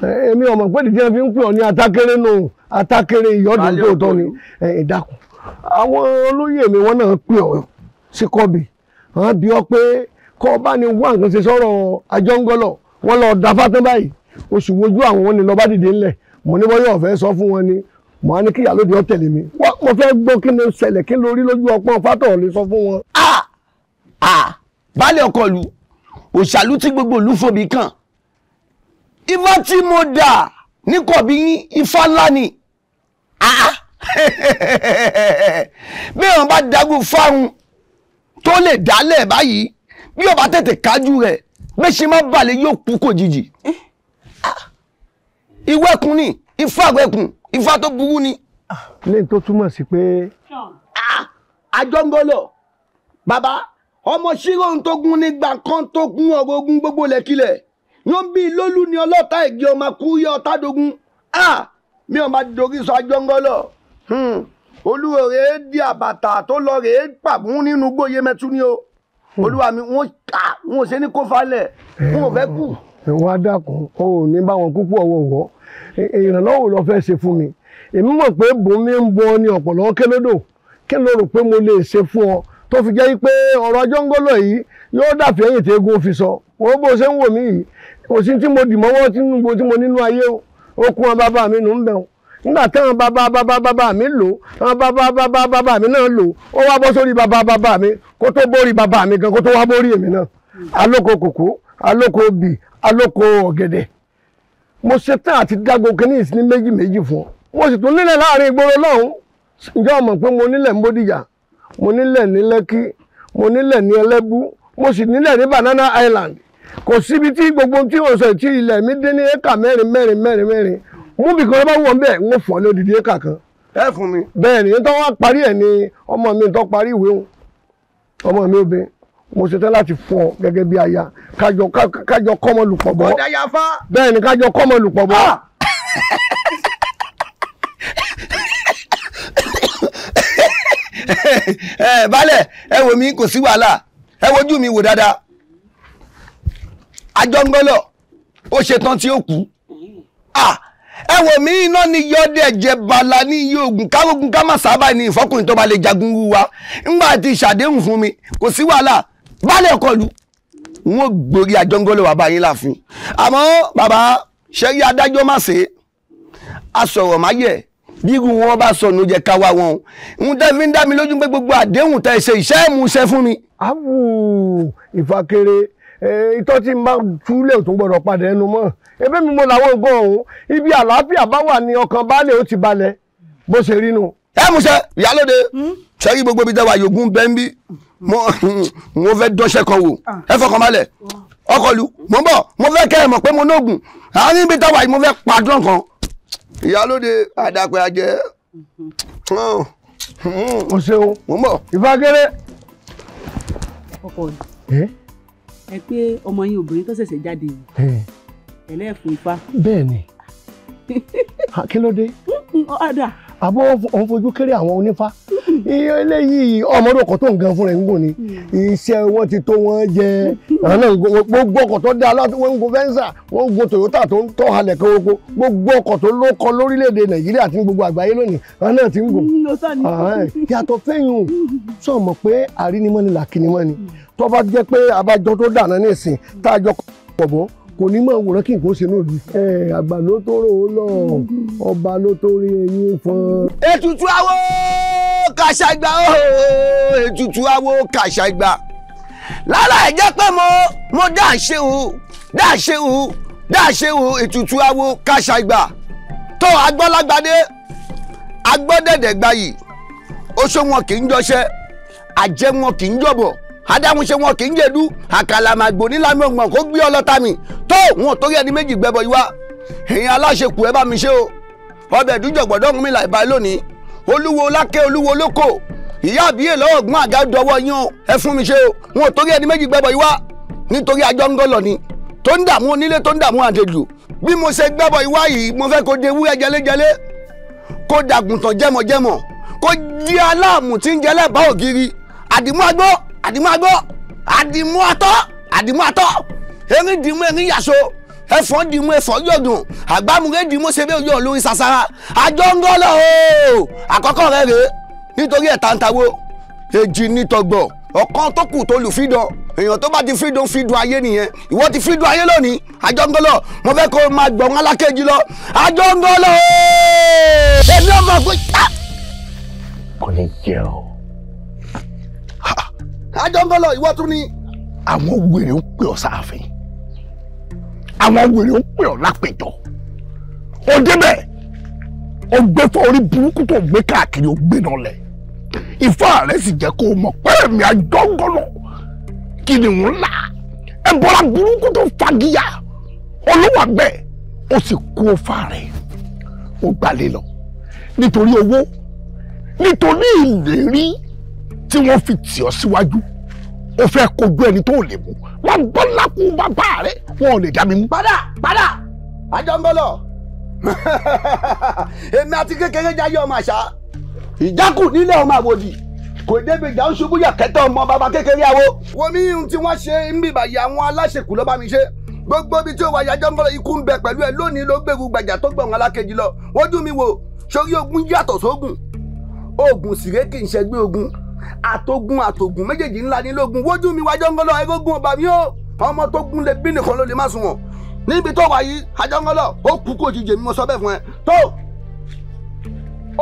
èmi ọmọ pé dídí ẹ fi ń pè ọ ní atákéré nù atákéré ìyọdún tó tọ ni ìdákun àwọn olóyè mi wọn náà pè ọ sí kọbì wọn bí ọ pé kọ bá ní wá nǹkan ṣe sọ̀rọ̀ àjọngọlọ wọn lọ dá fátán báyìí oṣù wojú àwọn wọn ni lọ bá dìde ńlẹ̀ mo ní bọyọ ọ̀fẹ́ sọ fún wọn ni mo á ní kíyà lóde ọ tẹ̀lé mi mo fẹ́ gbọ́ kí ni ṣẹlẹ̀ kí lórí lójú ọpọ́n fátọ lè sọ fún wọn. a ah! a ah! baálé ọkọ lu òṣàlù tí gbogbo olúfòmí kàn ifá tí mo dà ní kọ̀bí ifá ńlá ni ah, ah. bí wọn bá dagun fáwọn tó lè dálẹ̀ báyìí bí wọn bá tètè kájú rẹ̀ bẹ́ẹ̀ ṣe má balẹ̀ yóò kú kò jìjì ah. ìwẹ́kun ni ifá àwẹ́kun ifá tó burú ni. lẹ́yìn tó túmọ̀ sí pé. àjọngolo bàbá ọmọ ṣírò ń tó gún nígbà kan tó gún ọ̀rọ̀ ogun gbogbo lẹ́kílẹ̀ yan bí lólú ni ọlọ́ta ìgì ọmọ akúyọ ọ̀tàdógún mi ò máa dorí sọ ajọ́ngọ́lọ̀ hmm, olúwo rèé di àbàtà tó lọ rèé pàbùn nínú gbòye mẹ́tú ni o hmm. olúwa mi wọn kà wọn ò ṣe ní kó falẹ̀ wọn ò fẹ́ kù. ìwọ hmm. adakun o ò ní bá wọn kúkú ọwọ́ wọ ìrànlọ́wọ́ lọ fẹ́ ṣe fún mi èmi mọ̀ pé bùnmi ń bọ ni ọ̀pọ̀lọ́ kélédò kí ló rò pé mo lè ṣe fún ọ tó fi jẹ́ pé ọ̀rọ̀ ajọ́ngọ́lọ̀ yìí yóò dàbí ẹ̀yìn tí eégún fi sọ wọ́n bó ṣe ń wò mí yìí kò sí tí mo dì mọ́wọ́ tí mo tí mo nínú ayé o okun àwọn bàbá mi nù ń bẹ̀ wọn nígbà táwọn bàbá bàbá bàbá mi lò àwọn bàbá bàbá bàbá mi náà lò ó wá bọ́ sórí bàbá bàbá mi kó tó bórí bàbá mi gan kó tó wá bórí èmi náà alóko kòkó alóko obì alóko ọ̀gẹ̀dẹ̀ mo ṣetán àti dágbo kínní ìsinmi méjì méjì fún ọ mo sì tún nílẹ̀ láàrin ìgboro lọ́hùn ǹjẹ́ o mọ̀ pé mo nílẹ̀ ń Bódìjà mo nílẹ̀ ní Lẹ́kí mo nílẹ̀ ní Ẹlẹ́bú mo sì nílẹ̀ ní Banana Island kò síbi tí gbogbo tí o sọ tí ilẹ̀ mi dín ní éka mẹ́rin mẹ́rin mẹ́rin mẹ́rin mú bí kan bá wọ̀ ń bẹ̀ ń fọ́ ní odidi éka kan. ẹ fún mi. bẹ́ẹ̀ ni tó wá parí ẹ̀ ni ọmọ mi tó parí ìwé òun ọmọ mi obìnrin mo ṣetán láti fún ọ gẹ́gẹ́ bí aya kájọ kọ́mọ lùpọ̀ ọ̀dà ya fa. bẹ́ẹ̀ ni kájọ kọ́mọ lùpọ̀ bọ́. ẹ balẹ̀ ẹ wò mí kò sí wàhálà ẹ wojú mi wò dáadáa àjọngbọ́lọ̀ ó ṣetán tí ó kú ẹ wò mí iná ni yọdẹ ẹjẹ bala ní iye ogun káwọgùn ká má sábà ní ìfọkùnrin tó bá lè jagun wíwá ńgbà tí ìṣàdéhùn fún mi kò sí wàhálà baálẹ̀ kọlù wọn ò gbòrí àjọngbọ́lọ̀ bàbá yín láàfin àmọ́ bàbá ṣẹ́rí adájọ́ má ṣe asọ̀rọ̀ máyẹ̀ bírú wọn bá sọnù jẹ ká wá wọn ń tẹ́fí ń dá mi lójú pé gbogbo àdéhùn tẹ́ ṣe iṣẹ́ fún mi. àwù ìfakere ìtọ́ tí n bá túlẹ̀ tó gbọ́dọ̀ padà ẹnu mọ́ ebí mi mo làwọn nǹkan ọ̀hún ibi àlàáfíà bá wà ní ọkàn baálé ó ti balẹ̀ bó ṣe rí nu. ẹ musẹ ìyálóde sẹ́yìn hmm? gbogbo ibi tẹ́wà yògùn bẹ́ńbí mo fẹ́ dọ́ṣẹ́ kan wò ah. ẹ fọkàn balẹ̀ ọkọlù mo ń bọ̀ mo fẹ́ kẹ́ ẹ mọ̀ pé mo nógùn àárín ibi tẹ́wà yìí mo fẹ́ padrọ̀ kan ìyálóde àdàpẹ́ àjẹ́ hmm. hmm. o ṣeun mo ń bọ̀ ìfagéré. ọkọ yìí ẹ pé ọmọ yín obìnrin tó ṣẹ̀ṣẹ̀ jáde yìí ẹ̀lẹ́ fún ifá. bẹ́ẹ̀ ni kí ló dé. ọ̀dà. àbọ̀ òun fojú kéré àwọn onífá iye eléyìí ọmọdé ọkọ̀ tó nǹkan fúnra ẹ̀ ń gùn ni mm. iṣẹ́ wọn ti tó wọn jẹ àná gbogbo ọkọ̀ tó dá aláwọ̀ wọn ń gun fẹ́ńsà wọn ń gun Toyota tó ń tọ́ halẹ̀ kan oko gbogbo ọkọ̀ tó ló kọ lórílẹ̀‐èdè Nàìjíríà àti gbogbo àgbáyé lónìí àná ti ń gùn mm, yàtọ̀ fẹ́yìn o sọ mọ̀ pé àrínimọ́ni làkínimọ́ni mm tó bá jẹ́ pé abájọ tó dànù ní ìsìn tá a jọ pọ̀ mọ́ kò ní máa wòrán kí nǹkan ó ṣe náà ẹ àgbà ló tó rò ó lọ ọba ló tó rí eyín fún. ètùtù awo kàṣàgbà ooo ètùtù awo kàṣàgbà lára ẹ jẹ́ pé mo mo dá ṣe o dá ṣe o dá ṣe o ètùtù awo kàṣàgbà tó agbọ́lágbádé agbọ́dẹ̀dẹ̀ gbayì ó ṣó wọn kì í jọṣẹ́ àjẹ́ wọn kì í jọ̀bọ̀ adáhunṣe wọn kì í jẹ̀dú àkàlàmàgbò nílànà ọgbọ̀n kó gbé ọlọ́ta mi tó wọn torí ẹni méjì gbẹbọ yìí wá èèyàn aláṣekù ẹ bá mi ṣe o ọbẹ̀ ìdújọ̀gbọ̀dọ̀ ọ̀hún mi là ìbá lónìí olúwo lákè olúwo lóko ìyá àbíyè lọ́wọ́ ọ̀gbọ́n àga dọwọ́ yín o ẹ fún mi ṣe o wọn torí ẹni méjì gbẹbọ yìí wá nítorí ajọ ń gọlọ ni tó ń dààmú onílé tó ń dààmú àdèjù bí mo ṣe gbẹbọ yìí wá yìí mo fẹ́ kó de ewúrẹ́ jẹlẹ́jẹlẹ́ kó dàgùntàn jẹmọ̀jẹmọ̀ kó di aláàmù tí ń jẹlẹ́ bá ògiri àdìmú agbó àdìmú agbó àdìmú atọ́ àdìmú atọ́ erin dìmú erin yàso ẹfọn dìmú ẹfọn yóò dùn àgbàmúre dìmú ṣe bẹ́ẹ̀ yóò lórí sasara àjọ ń gọ́lọ̀ o àkọ́kọ́ rẹ̀ rèé nítorí ẹ̀ tàǹtàwó èjì nítọgbọ̀ ọ̀kan tó kù tó lù fídàn èèyàn tó bá ti fídùn fídùn ayé nìyẹn ìwọ ti fídùn ayé lónìí àjọngọlọ mo fẹ́ kó o máa gbọ̀n alákejì lọ àjọngọlọ èmi ọmọ pé. kò ní jẹ́ o ajọ́ngọ́lọ̀ ìwọ tún ni. àwọn wèrè ń pè ọ́ sáàfin àwọn wèrè ń pè ọ́ lápẹjọ ó débẹ̀ ó gbé fọ orí burúkú tó gbé káàkiri ó gbé náà lẹ̀ ìfọ́ rẹ sì jẹ́ kó o mọ̀ pé èmi ajọ́ngọ́lọ̀ kìnìún ńlá ẹ̀bọ̀ra burúkú tó fagíyà olówó àgbẹ̀ ó sì kú ọfà rẹ̀ ó gbalẹ̀ lọ nítorí owó nítorí ìlérí tí wọ́n fi tì ọ́ síwájú o fẹ́ kojú ẹni tó lè mú wọ́n gbọ́ lákùn bàbá rẹ wọn ò lè dá mi mú. padà padà ajọ ń bọ́ lọ èmi àti kékeré jáyé ọmọ àṣà ìjákù nílé ọmọ àwòdì kò débi ìjà ń ṣubú yà kẹtẹ ọmọ bàbá kékeré àwo. wọ́n ní ohun tí wọ́n ṣe ń bìbà yà àwọn aláṣekù ló bá mi ṣe gbogbo ibi tí ó wà yájọ́ ńkọ́ ikú ń bẹ pẹ̀lú ẹ lónìí ló gbẹ̀gù gbàjà tó gbọ̀n alákejì lọ wọ́n dún mi wò sórí ogun yàtọ̀ sógun ogun sì ré kì í ṣẹgbẹ́ ogun àtògùn àtògùn méjèèjì ńlá nílógún wójú mi wájọ́ ńgọ́lọ́ egógún ọba mi ó ọmọ tó gún lè bí nìkan ló lè má sùn wọ̀n níbi tó wà yìí àjọngọ́lọ́ ó kú kó jíjẹ mi mo sọ bẹ́ẹ̀ fún ẹ tó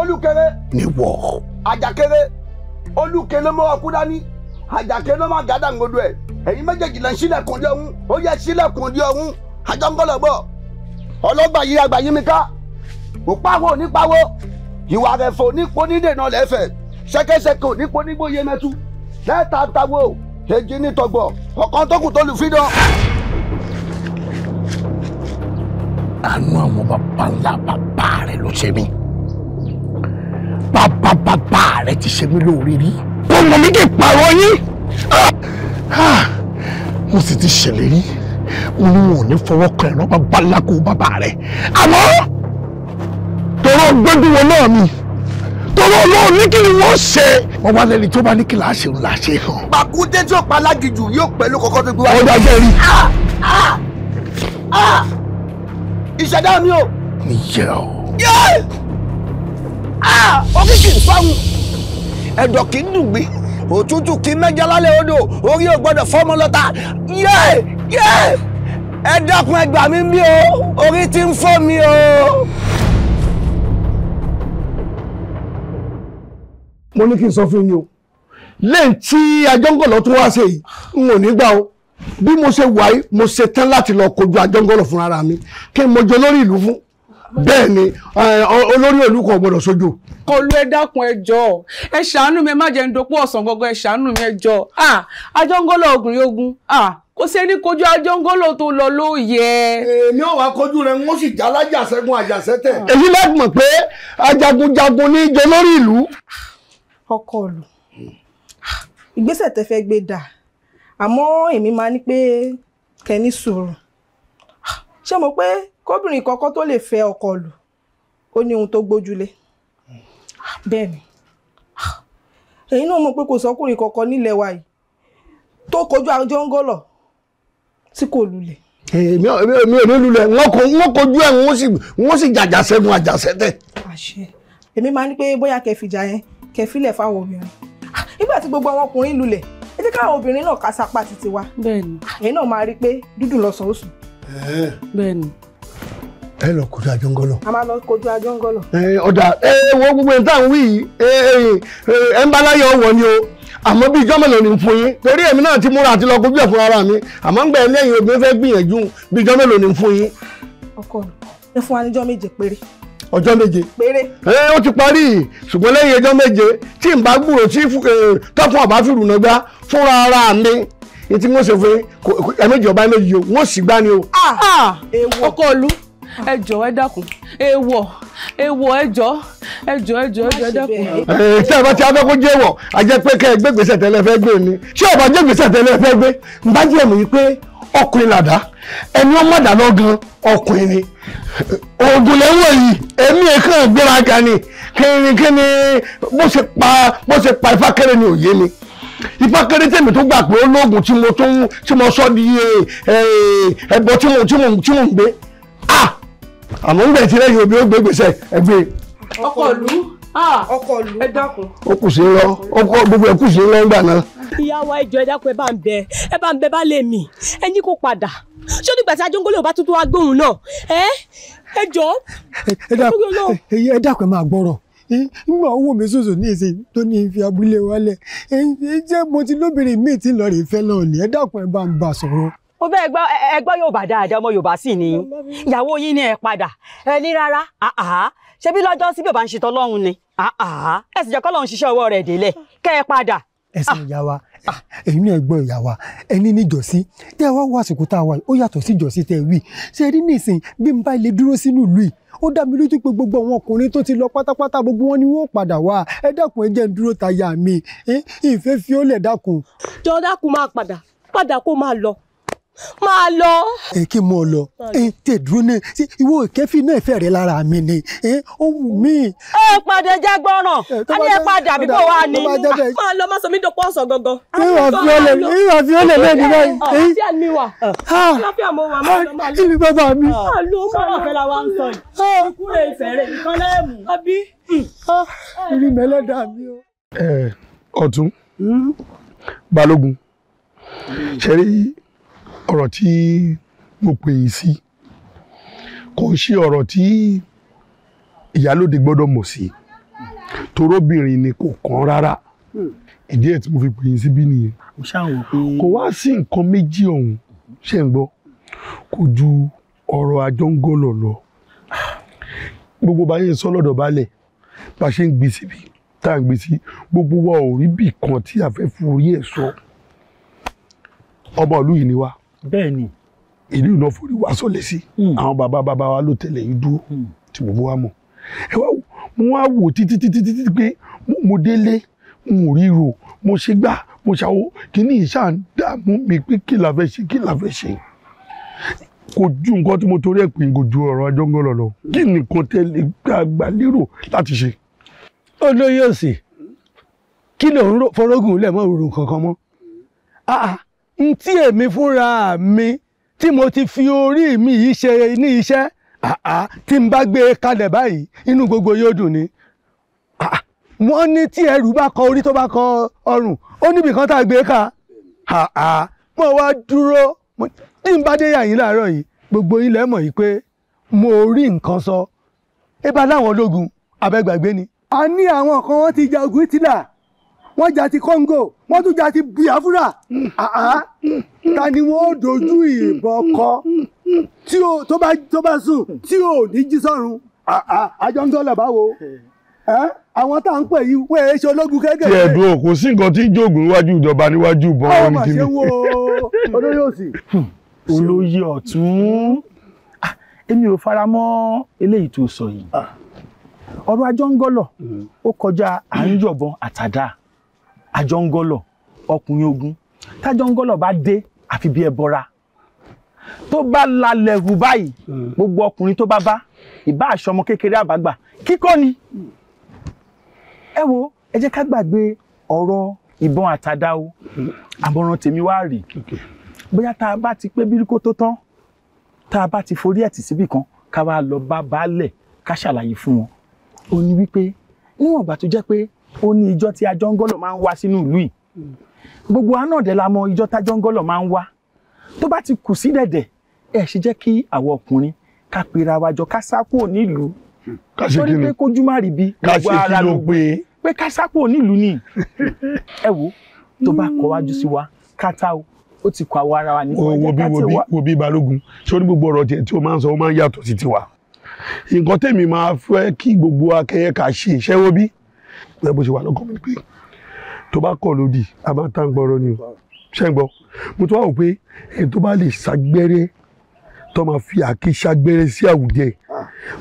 olùkéré ni wọ́ àjàkéré olùkéré mọ́ ọkú dání àjàkéré ló má gàdá ńgodo ẹ̀ ẹ̀yin méjèèjì lẹ́ ń sílẹ̀kùn dí ọ̀hún ó yẹ sílẹ̀kùn dí ọ̀hún àjọngọ́lọ́ gbọ́ ọlọ́gbà yìí àgbà yìí mi ká òpáwó nípáwó ìwà rẹ̀ fò nípo nídènà lẹ́fẹ̀ẹ́ ṣẹkẹṣẹkẹ òní ponígbó yé mẹtu lẹ́ẹ̀ta tawo èjì ní tọgbọ̀ ọ̀kan tó kù tó lù fídàn. àánú àwọn bàbá ńlá bàbá rẹ ló ṣe mí bàbá bàbá rẹ ti ṣe mí lóore rí. bọ́ọ̀lù mi kì í pààrọ̀ yín. mo sì ti ṣèlérí mo ní wọn ò ní fọwọ́ kan ẹ̀rọ bàbá ńlá kó bàbá rẹ àmọ́ tọrọ gbẹ́dúwọ̀ náà mi tọrọ ọlọ́run ní kí ni wọ́n ṣe. wọ́n wá lẹ́ni tó bá ní kí láṣẹ òun láṣẹ hàn. pàkúté tí ó pa alágijù yóò pẹ̀lú kọ́kọ́ tó gbé wá. ọjà jẹ́ rí. Ah, ah, ah. ìṣẹ̀dá mi o. níyà o. òkìkí fáwọn ẹ̀dọ̀ kì í dùn mí òtútù kì í mẹ́jọ lálẹ́ odò orí ò gbọ́dọ̀ fọ́mọ lọ́ta ẹ dákun ẹ gbà mí mi o orí ti ń fọ́ mi o. mo ní kí n sọ fún yín o lẹ́yìn tí ajọ́ngọ̀lọ́ tó wá ṣe yìí n ò ní gbà o bí mo ṣe wà yìí mo ṣe tán láti lọ kojú ajọ́ngọ̀lọ́ fúnra ra mi kí n mọjọ lórí ìlú fún bẹ́ẹ̀ ni olórí òlú gbọ́dọ̀ sójú. kọlu ẹ dákun ẹ ṣàánú mi ẹ má jẹ ń dopó ọ̀sán gangan ẹ ṣàánú mi ẹ ajọ́ngọ̀lọ́ ọgùnrin ogun kò sẹ́ni kojú ajọ́ngọ́lò tó lọ lóye. èmi ò wá kojú rẹ wọn sì já lájàṣẹ́gun àjàṣẹ́tẹ̀. èyí lẹ́gbọ̀n pé ajagunjagun ní jọ lórí ìlú ọkọ lù ìgbésẹ̀ tẹ́ fẹ́ gbé dà àmọ́ èmi máa ní pé kẹ́ ní sùúrù ṣé mo pé kóbìnrin kọ́kọ́ tó lè fẹ́ ọkọ lù ó ní ohun tó gbójúlé bẹ́ẹ̀ ni èyí náà mọ̀ pé kò sọ́kùnrin kọ̀ọ̀kan nílẹ̀ wa yìí tó kojú àjọngọ́lọ̀ tí kò lulẹ̀. èmi ò èmi ò ní lulẹ̀ wọ́n kojú ẹ̀ wọ́n sì jàjà sẹ́nu àjàsẹ́tẹ̀. àṣẹ èmi máa ń ní pé bóyá kẹ́ fìjà yẹn kẹfílẹ̀ fáwọn obìnrin ah, nígbà tí gbogbo àwọn ọkùnrin lulẹ̀ ẹ jẹ́ káwọn obìnrin náà ká sapá títí wa bẹ́ẹ̀ni ah, ẹ̀yin náà máa rí i pé dúdú lọ́sàn ó sùn. bẹ́ẹ̀ni. ẹ lọ kojú ajọngọlọ. a máa lọ kojú ajọngọlọ. ọ̀dà ẹ wo gbogbo ẹ̀ táwọn wí yìí ẹ ń bá láyọ̀ wọ̀ ni o àmọ́ bíi jọ́mọ̀lẹ̀ ní fún yín torí èmi náà ti múra àti lọ kojú ẹ̀ fún ara mi àmọ́ ń gbẹ lẹ́yìn obìnrin fẹ́ gbìyànjú bíi jọ́mọ̀lẹ̀ ní fún yín. ọkọ mi ẹ fún wa níjọ́ méje péré ọjọ́ méje. péré. ẹ ó ti parí ṣùgbọ́n lẹ́yìn ọjọ́ méje tí n bá gbúrò tí tọ́kùn ọ̀bá fìrù náà gbá fúnra ara mi ní tí mo ṣe fún ẹ̀mẹ́jì ọba ẹ̀mẹ́jì o wọ́n sì gbá ni o. Ah! Ah! ọkọ olú ẹ jọ̀ọ́ ẹ dákun èèwọ̀ èèwọ̀ ẹ jọ̀ọ́ ẹ jọ̀ọ́ ẹ jọ̀ọ́ ẹ jọ̀ọ́ tí a bá ti abẹ́ kó jẹ́ wọ̀ a jẹ́ pé kẹ́ ẹ gbé gbèsè tẹ́lẹ̀ fẹ́ gbé ni ṣé ọba jẹ́ gbèsè tẹ́lẹ̀ fẹ́ gbé ń bá jẹ́ mọ̀ yìí pé ọkùnrin làdá ẹni ọmọ dàlọ́ gan ọkùnrin ni oògùn lẹ́wọ̀ yìí èmi èkán gbéraga ni kínníkínní bó ṣe pa bó ṣe pa ìfákẹ́rẹ́ ni òye mi ìfákẹ́rẹ́ tèmi tó gbà pé olóògùn tí mo tó ń tí mo sọ di ẹbọ tí mo tí mo tí mo ń gbé ah àmọ́ ń gbẹ̀ tí lẹ́yìn obì ó gbé gbèsè ẹgbẹ́. ọkọ̀ lu. Ah, ọkọ̀ lu ẹ dákun. ọkọ gbogbo ẹ kù sí lọ ńgbà náà. wa ìjọ ẹ dákun ẹ bá ń bẹ ẹ bá ń bẹ bá lè mì padà tí tuntun wá náà ẹ ẹ jọ. ẹ dákun ẹ máa nígbà owó mi ṣoṣo ní tó ní abúlé jẹ́ mo ti lóbìnrin lọ rè fẹ ẹ dákun ẹ bá ń bà sọ̀rọ̀ mo ṣebí lọ́jọ́ sí bí ò bá ń ṣe tọ́lọ́run ni ẹ sì jẹ́ kọ́lọ́run ṣiṣẹ́ ọwọ́ rẹ̀ délẹ̀ kẹ́ ẹ padà. ẹsìn ìyá wa èyí ah, náà gbọ́ ìyá wa ẹni níjọ́sí tẹ́ ẹ wá wá àsìkò tá a wà ó yàtọ̀ sí ìjọ́sí tẹ́ ẹ wí ṣe rí nísìn bí n bá lè dúró sínú ìlú yìí ó dá mi lójú pé gbogbo àwọn ọkùnrin tó ti lọ pátápátá gbogbo wọn ni wọn ò padà wá ẹ dákun ẹ jẹ́ ń dúró taya mi ìfẹ́ fi ó lẹ̀ dákun. jọ dákun máa padà padà kó máa lọ máa lọ. ẹ kí mo lọ ẹ tẹ dúró náà ṣé ìwọ ìkẹfì náà ìfẹ́ rẹ lára mi ni ẹ ó wù mí. ẹ padà já gbọràn a ní ẹ padà bí kò wá ní máa lọ má sọ mí dọpọ ọsàn gangan. ìwà fi ó lè ìwà fi ó lè lẹ́nu báyìí. ọ̀hún tí a ní wà láfíà ah, mo wà bàbá mi. máa lọ máa lọ ah, fẹ́ra wa ń sọ yìí ìkúrè ah, ìfẹ́ rẹ̀ nìkan lẹ́ẹ̀mú. àbí rí mẹ́lẹ́dà mi o. Eh, ọ̀tún hmm? balógun hmm. ṣe rí ọ̀rọ̀ tí mo pè yín sí kò ń ṣe ọ̀rọ̀ tí ìyálóde gbọ́dọ̀ mọ̀ sí torobìnrin ni kò kàn rárá ìdí ẹ̀ tí mo fi pè yín síbí nìyẹn kò wá sí nǹkan méjì ọ̀hún ṣe ń gbọ́ kò ju ọ̀rọ̀ àjọngọ́lọ̀ lọ gbogbo bá yẹn sọ lọ́dọ̀ balẹ̀ bá ṣe ń gbé síbi tá à ń gbé sí gbogbo wa ò rí bì kan tí a fẹ́ forí ẹ̀ sọ ọmọ ìlú yìí ni wá bẹ́ẹ̀ni ìlú iná forí wá sọlẹ sí hmm. àwọn bàbá bàbá wa ló tẹlẹ yìí dúró hmm. tí gbogbo wa mọ̀ ẹ wá mo wá wò títí títí títí pé mo délé mo ríro mo ṣe gbá mo ṣàwo kíní ìṣáà ń dààmú mi pé kí la fẹ́ ṣe kí la fẹ́ ṣe kò ju nǹkan tí mo torí ẹ̀ pín kò ju ọ̀rọ̀ Ajọ́ngọ́lọ̀ lọ kí nìkan tẹ́lẹ̀ gbàgbà lérò láti ṣe. olóyè òsì kí ló ń forógùn lẹ̀ mọ́ òru kankan mọ́ ah, ah n tí èmi fúnra mi tí mo ti fi orí mi yìí ṣe ní iṣẹ́ àá tí n bá gbé e kalẹ̀ báyìí inú gbogbo yóò dùn ni wọ́n ní tí ẹrù bá kọ orí tó bá kọ ọrùn ó níbi kan tá a gbé ka àá mo wá dúró tí n bá dé yàyín láàárọ̀ yìí gbogbo ilẹ̀ mọ̀ yìí pé mo rí nǹkan sọ ẹ bá láwọn ológun abẹ́gbàgbé ni. a ní àwọn kan wọ́n ti jagun tìlà wọ́n jà ti Congo wọ́n tún jà ti Biafra mm. ah, ah. ta ni wọ́n dojú ìbọn kọ tí o tó bá tó bá sùn tí o ní jí sọ́run ah, àjọ ń tọ́lọ̀ báwo àwọn tá à ń pè yí wọ́n É, ṣe ológun kéékèèké. tiẹ̀ dùn kò sí nǹkan tí jóògùn níwájú ìjọba níwájú ìbọn wọn ní kíni. ọmọ ṣe wo olóyè òsì. Hmm. olóyè ọ̀tún èmi ò fara mọ́ eléyìí tó sọ yìí ọ̀rọ̀ ajọ́ngọ́lọ̀ hmm. ó kọjá à àtàdá àjọngọlọ ọkùnrin ogun tájọngọlọ bá dé àfi bí ẹbọra tó bá lalẹ̀ hù báyìí hmm. gbogbo ọkùnrin tó bá bá ìbá aṣọ ọmọ kékeré àbágbà kíkọ́ ni ẹ wo ẹ jẹ́ ká gbàgbé ọ̀rọ̀ ìbọn àtàdá o hmm. àmọ̀ràn tèmi wá rèé bóyá tá a bá ti pé bíríkó tó tán tá a bá ti forí ẹ̀tì síbì kan ká wá lọ bá baálẹ̀ ká ṣàlàyé fún wọn ó wípé níwọ̀n ìgbà tó jẹ́ pé ó ní ìjọ tí ajọ́ngọ́lọ̀ máa ń wá sínú ìlú yìí gbogbo àná ọ̀dẹ̀ la mọ ìjọ tí ajọ́ngọ́lọ̀ máa ń wá tó bá ti kù sí dẹ̀dẹ̀ ẹ̀ ṣe jẹ́ kí àwọn ọkùnrin ká pera wa jọ ká sá kúrò nílùú torí pé kójú má rí bí gbogbo ara ló gbé pé ká sá kúrò nílùú ni ẹ wo tó bá kọ wájú sí wa kátá o ó ti kọ àwọn ara wa ní ọjà ká tẹ wá. wo bí balógun sórí gbogbo ọ̀rọ̀ tí o máa ń sọ o máa ń yàtọ̀ sí tiwa nǹkan tèmi máa fẹ́ kí gbogbo akẹ́yẹ ká ṣe ìṣẹ́wó bí bó ṣe wà lọ́kàn mi pé tó bá kọ̀ lódì a máa tá ń gbọ́rọ̀ ni ṣe ń gbọ́ mo tún wá wò pé ẹni tó bá lè ṣàgbẹ́rẹ́ tó máa fi àáké ṣàgbẹ́rẹ́ sí àwùjẹ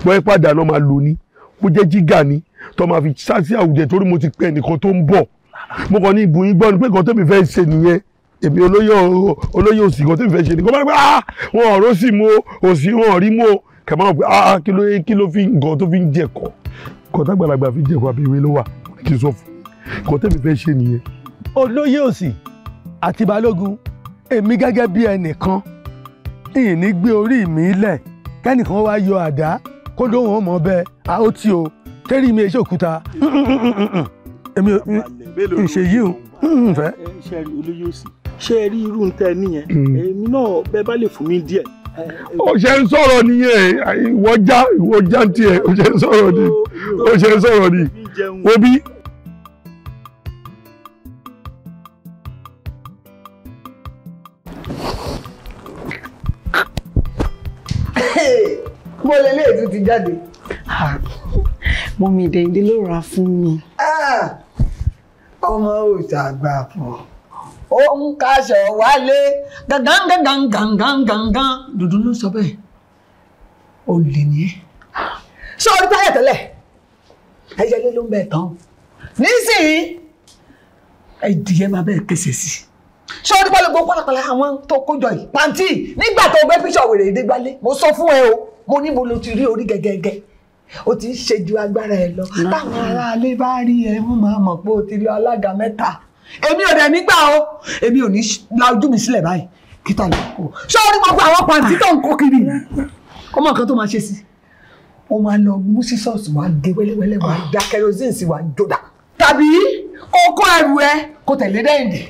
bóyá padà náà máa lò ní bó jẹ́ jígà ni tó máa fi ṣá sí àwùjẹ torí mo ti pẹ́ nìkan tó ń bọ̀ mo kàn ní ìbùyín gbọ́ ni pé nǹkan tẹ́mi fẹ́ ṣe nìyẹn èmi olóyè òsì nǹkan tẹ́mi fẹ́ ṣe nìkan bá pẹ́ ah wọn ọ̀rọ̀ sì mú òsì wọn ọ̀rí mú kẹ̀mọ́ pé ah, ah kí ló fi nǹkan tó fi ń jẹ̀kọ́ nǹkan tágbàlagbà fi jẹ̀kọ́ àbí ìwé ló wà kì í sọ fún kò tẹ́mi fẹ́ ṣe nìyẹn. olóyè òsì àti balógun èmi gẹ́gẹ́ bí ẹnìkan ìní gbé orí mi lẹ̀ kẹ́nìkan wá yọ àdá kó lóun ó bẹ́ẹ̀ a ó tí o kẹ́rì mi èso òkúta èmi ìṣe yìí o nfẹ́. ṣe rí olóyè òsì ṣe rí irú ntẹ nìyẹn mm. èmi náà bẹ́ẹ̀ bá lè fún mi díẹ̀ ó ṣe ń sọ̀rọ̀ nìyẹn ìwọ já ìwọ já ń tiẹ̀ ó ṣe ń sọ̀rọ̀ ni ó ṣe ń sọ̀rọ̀ ni obi mo lè lè tún ti jáde. Ah, mọ́mí ìdẹ̀yìndé ló ra fún mi. Ah, ọmọ òòtà àgbà pọ̀ ó ń kaṣọ wálé gangangangangangangangan dùdú ló sọ bẹ́ẹ̀ ó lè ní ẹ́. ṣé orí táyà tẹ́lẹ̀ ẹyẹ lé ló ń bẹ tán nísìnyí ẹdìyẹ máa bẹ́ẹ̀ kése sí i ṣé orí pálọ̀ gbogbo pálapàla àwọn tó kójọ yìí pàǹtí nígbà tó gbé píṣọ̀ wèrè ìdégbálé mo sọ fún ẹ o mo ní mo lo ti rí orí gẹ́gẹ́gẹ́ o ti ń ṣe ju agbára ẹ lọ táwọn aráalé bá rí ẹ mú màá mọ̀ pé o ti lọ alága mẹ́ta èmi ò dẹ̀ nígbà o èmi ò ní la ojú mi sílẹ̀ báyìí kíta lè kó ṣé orí gbogbo àwọn pàǹtí tó ń kó kiri ọmọ nǹkan tó máa ṣe sí o máa lọ mú sísọ́ọ̀sì wàá gé wẹ́lẹ́wẹ́lẹ́ wàá da kerosene sí wàá jòdà tàbí kó kó ẹrù ẹ kó tẹ̀lé dẹ́yìn dì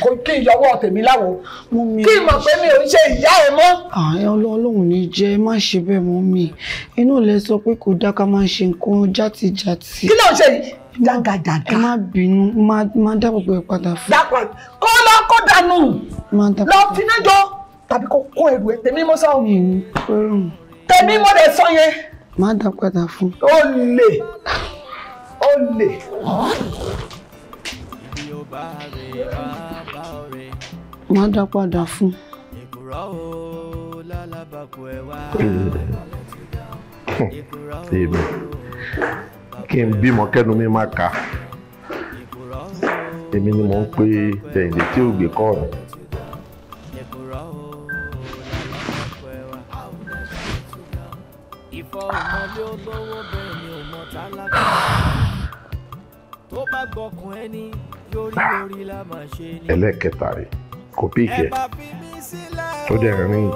kò kí ìyàwó tèmi láwo kí n mọ̀ pé mi ò ń ṣe ìyá ẹ mọ́. àyàn ọlọ́run ní jẹ́ má ṣe bẹ́ẹ̀ mọ́ mi inú ilẹ̀ sọ pé kò dá ká máa ṣe nǹkan játijàti. kí ló ń ṣe yìí jàgàjàgà. ẹ má bínú máa dábò pé padà fún. dápò kó lọ kó dànù lọ finájọ tàbí kó kó ẹrù ẹ tèmi mo sọ. mi ní pẹ́rù. tèmi mo dẹ̀ sọ yẹn. má dá padà fún. ó lè ó lè wọ́n á dá padà fún. èmi kí n bímọ kẹ́nu mi máa kà èmi ni mò ń pe tẹ̀yìndé tí ò gbé kọ́ mi. ẹlẹ́kẹta rèé kò píìkì ẹ̀ tó dẹ̀ rìn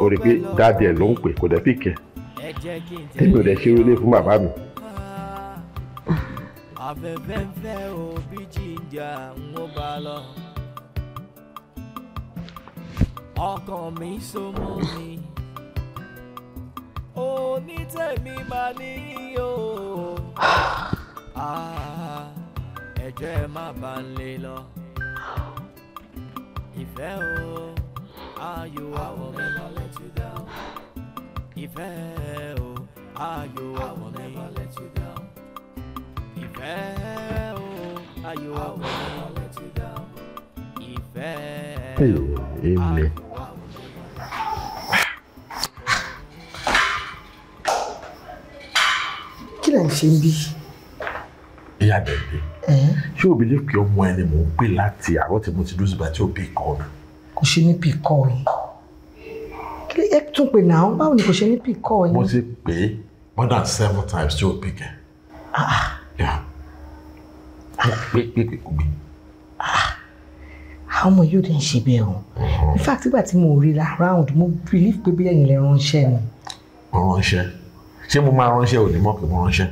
ó rí i pé dáàdì ẹ̀ ló ń pè kò dẹ̀ píìkì ẹ̀ tèmi ò dẹ̀ ṣerú ilé fún bàbá mi. ọkàn mi so mọ́ mi onítẹ̀mí máa ní yó ah, ẹ̀jẹ̀ má bá ń lé lọ ìfẹ́ o ayò àwọ̀ mi ìfẹ́ o ayò àwọ̀ mi ìfẹ́ o ayò àwọ̀ mi ìfẹ́ o ayò àwọ̀ mi. kí ló ń ṣe ń bí. ìyá bẹ̀rẹ̀ Eh? ṣé òbí lè pè ọmọ ẹni mò ń pè láti àárọ̀ tí mo ti dúró sígbà tí ò bí kọ́ mi. kò ṣe ní bí kọ́ yìí kí ẹ tún pè náà báwo ni kò ṣe ní bí kọ́ yìí. mo ti pè é more than seven times tí ò bí kẹ́. Ah, ah. ah, àwọn ọmọ yóò dé ń ṣe bẹ́ẹ̀ o uh-huh. in fact nígbà tí mo rí la round mo believe pé bí ẹ̀yin lè ránṣẹ́ mi. mo ránṣẹ́ ṣé mo máa ránṣẹ́ òní mọ́ pé mo ránṣẹ́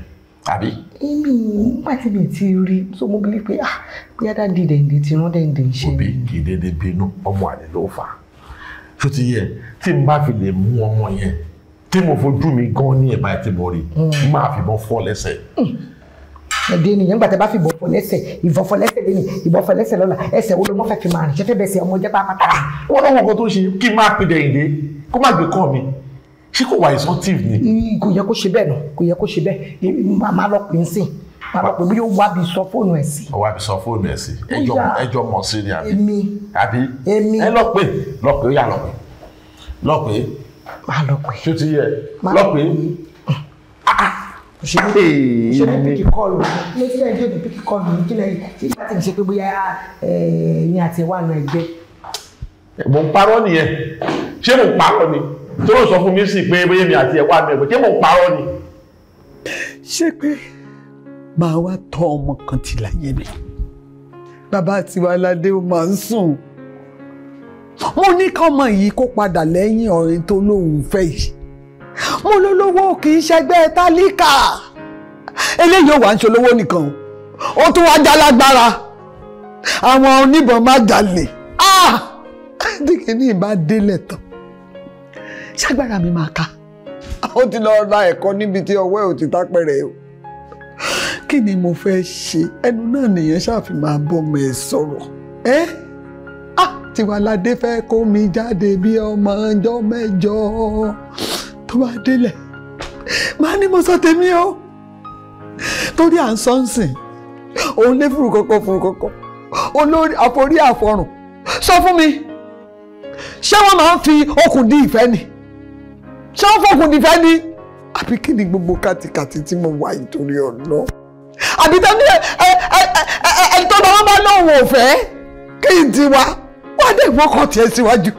àbí èmi nígbà tí mi ti rí so mo believe pé ah bí adá di dẹ̀ǹdẹ̀ ti rán dẹ̀ǹdẹ̀ ṣe. òbí kì í dédé bínú ọmọ àlè ló fà á tó ti yẹ tí n bá fi lè mú ọmọ yẹn tí mo fojú mi gan ní ẹ̀bá tí mo rí máa hmm. fìbọn fọ́ lẹ́sẹ̀. Hmm. ẹ̀dẹ́ nìyẹn gbàtẹ́ bá fìbọn fọ́ lẹ́sẹ̀ ìbọn fọ́ lẹ́sẹ̀ lẹ́nu ìbọn fọ́ lẹ́sẹ̀ lọ́la ẹsẹ̀ wo ló mọ́ fẹ́ fi máa rìn ṣẹ́fẹ́ bẹ́sẹ̀ ọmọ jẹ́ pátá. wọ́n náà wọ́n kọ́ tó ṣe kí n máa pè dẹ̀yìn dé kó má gbé kọ́ mi ṣé kò wà ìsọ́tìf ni. Mm, kò yẹ kó ṣe bẹ́ẹ̀ nà kò yẹ kó ṣe bẹ́ẹ̀ máa lọ pè é sìn máa lọ pè bí yóò wá bí sọ fóònù ẹ̀ sí. wá bí sọ fóònù ẹ̀ sí ẹjọ́ mọ̀ sí ni àbí. èmi àbí èmi ẹ lọ pè lọ pè ó yà lọ pè lọ pè. máa lọ pè. ṣé o ti yẹ lọ pè. Ah, ah. ṣe ní píkì kọlù ní ilé ẹjọ́ ní píkì kọlù ní kílẹ̀ yìí láti ṣe pé bóyá ẹ̀yìn àti ẹ̀wà nù ẹ̀gbẹ́. mo parọ́ nìyẹn ṣé mo parọ́ ni tó lọ sọ fún mi sí pé bóyá mi àti ẹ̀wà mi ẹ̀gbẹ́ tí mo parọ́ ni. ṣé pé màá wá tọ́ ọmọ kan ti láyé mi bàbá tiwa ládé ó máa ń sùn mo ní kọ́mọ yìí kó padà lẹ́yìn ọ̀rẹ́ tó lóun fẹ́ yìí mo lólówó kì í ṣẹgbẹ́ tálíkà eléyìí ò wá ń ṣolówó nìkan ó tún wá já lágbára àwọn oníbọn má jalè ah díkì ní ìbá délẹ̀ tán ṣágbára mi máa ka. ó ti lọ ra ẹ̀kọ́ níbi tí ọwọ́ ẹ̀ ò ti tápẹ̀rẹ̀ o. kí ni mo fẹ́ ṣe ẹnu náà nìyẹn ṣàfi máa bọ́mọ ẹ̀ sọ̀rọ̀ ẹ́ tiwalade fẹ́ kó mi jáde bí ọmọ ọjọ́ mẹ́jọ tó bá délẹ̀ máa ní mo sọ tèmi o torí à ń sọ ń sìn òun lé furukọkọ furukọkọ olórí àforí àfọrùn sọ fún mi ṣé wọ́n máa ń fi okùn dí ìfẹ́ ni ṣé wọ́n fọkùn nìfẹ́ ni àbí kí ni gbogbo kàtìkàtì tí mo wà nítorí ọ̀nà àbí tẹ́lẹ̀ ẹ ẹ ẹ ẹ tó lọ́wọ́ bá náà wò fẹ́ kí n ti wá wá dé ìgbọ́kàn tiẹ̀ síwájú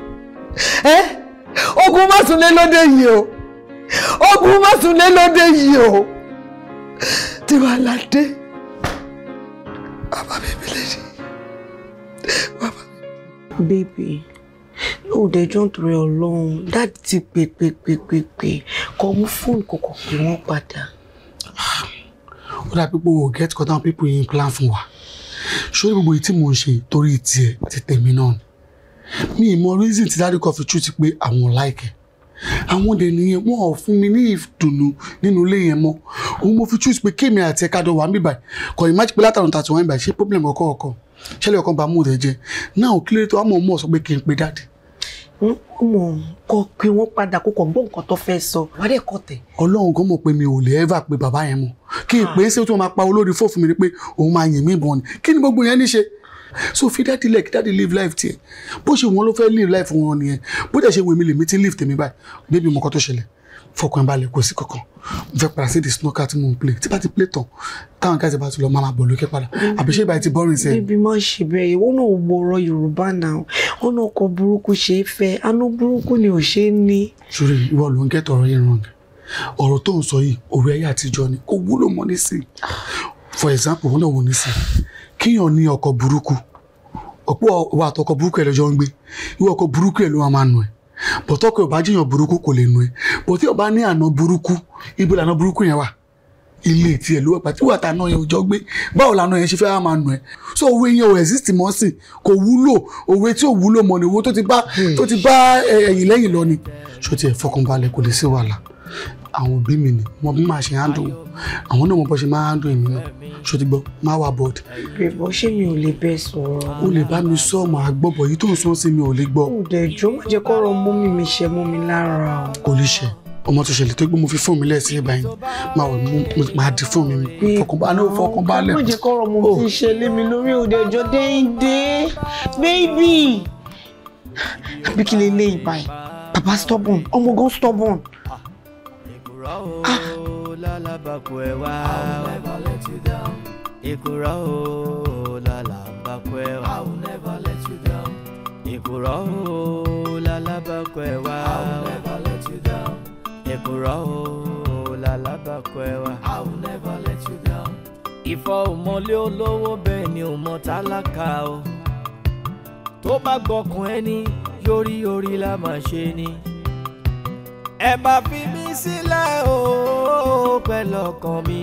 ẹ ogun másùnlé lóde yìí o ogun másùnlé lóde yìí o Tiwalade bàbá mi mi lè ṣe bàbá. bébì yóò dẹjọ́ nítorí ọlọ́run dáàdì ti pè pè pè pè pè kọ mú fóònù kò kò pè wọ́n padà. ó dàbí pé o get cut down people yìí ń plan fún wa ṣórí gbogbo èyí tí mò ń ṣe torí tiẹ̀ àti tèmi náà mi ì mọ reason ti dáàdì kan fi tú ti pé àwọn láìkẹ́ àwọn dẹ̀ nìyẹn wọn ò fún mi ní ìdùnnú nínú ilé yẹn mọ́ òun mo fi choose pé kémi àti ẹ̀ka dọ̀ wà ń bíbà kọ̀ ìmájì pé látàrún tàtí wọ́n ń bà ṣe problem kọ̀ọ̀kan ṣẹlẹ̀ ọkàn bá mood ẹ jẹ náà kí lóde tó wà mọ̀ mọ̀ sọ pé kí n pe dáàdì. mo kọ pé wọ́n padà kó kọ̀ gbọ́ nǹkan tó fẹ́ sọ wà á dẹ̀ kọ tẹ̀. ọlọ́run gan mọ̀ pé mi ò lè ẹ́fà pé bàbá yẹn mọ̀ kí n pè é ṣé tí wọ́n máa pa olórí fófin mi ni pé òun máa yìn mí ìbọn ni kí ni gbogbo yẹn ní ṣe so fi dáàdì lẹ̀ kí dáàdì live life tiẹ̀ bó ṣe wọn ló fẹ́ live life wọn nìyẹn bó dẹ̀ ṣe wèmi lèmi ti live tèmi báyìí bébí mo kọ́ tó ṣẹlẹ̀ fọkàn balẹ̀ kò sí kankan mo fẹ́ padà sí di snooker tí mo ń play tí bá ti play tán táwọn guys bá ti lọ máa bọ̀ lókè padà àbí ṣé ìbá ti bọ́rin sẹ́yìn. bíbí má ṣe bẹ́ẹ̀ wọn náà mọ ọ̀rọ̀ yorùbá náà wọn náà kọ burúkú ṣe é fẹ́ àánú burúkú ni ò ṣe é ní. sori ìwọ ló ń gẹ́ tọrọ yẹn ràn ọ̀rọ̀ tó ń sọ yìí òwe ayé àtijọ́ ni kò wúlò mọ́ nísìnyí for example wọn náà wò nísìnyí kíyàn ní ọkọ̀ burúkú ọ̀pọ̀ wà àtọkọ̀ burúkú ẹ̀ bọ̀tọ́ pé ọba jíyàn burúkú kò lè nu ẹ bọ̀tí ọba ní àná burúkú ibi làná burúkú yẹn wà ilé tiẹ̀ ló wà pàtí wà tàná yẹn ò jọ gbé báwo làná yẹn ṣe fẹ́ máa nù ẹ so òwe yẹn ò exist mọ́ sí kò wúlò òwe tí ò wúlò mọ́ ni owó tó ti bá ẹ̀yìn lẹ́yìn lọ ni ṣó tiẹ̀ fọkànbalẹ̀ kò lè sí wàhálà àwọn òbí mi ni mo bí máa ṣe handle àwọn náà mo bọ́ ṣe máa handle èmi náà ṣòtìgbọ́ máa wà board. bèbọ ṣé mi ò lè bẹ́ẹ̀ sọ̀rọ̀. o lè bá mi sọ ọmọ àgbọbọ yìí tó ń sún sí mi ò lè gbọ́. òde ìjọ má jẹ́ kọrọ mú mi mi ṣe mú mi lára o. kò lè ṣe ọmọ tó ṣẹlẹ̀ tó gbé mo fi fóònù mi lẹ́sìn ìbá yẹn máa wọ máa di fóònù mi fọkànbalẹ̀ fọkànbalẹ̀. má jẹ́ kọrọ mo ti ṣe lé mi lórí òde ìjọ déńdé bébì àbíkí lè lé ìbá yẹn bàbá Ah. lálàbàkù ẹ wá. I will never let you down. Ìkùrọ̀ o lálàbàkù ẹ wá. I will never let you down. Ìkùrọ̀ o lálàbàkù ẹ wá. I will never let you down. Ìkùrọ̀ o lálàbàkù ẹ wá. I will never let you down. Ìfọ̀ òmọ̀lé olówó bẹ́ẹ̀ ni òmọ̀ tálákà o. Tó bá gbọ́kàn ẹni, yórí yórí la máa ṣe ni. Ẹ bá fi mí sílẹ̀ o pẹ̀lú ọkàn mi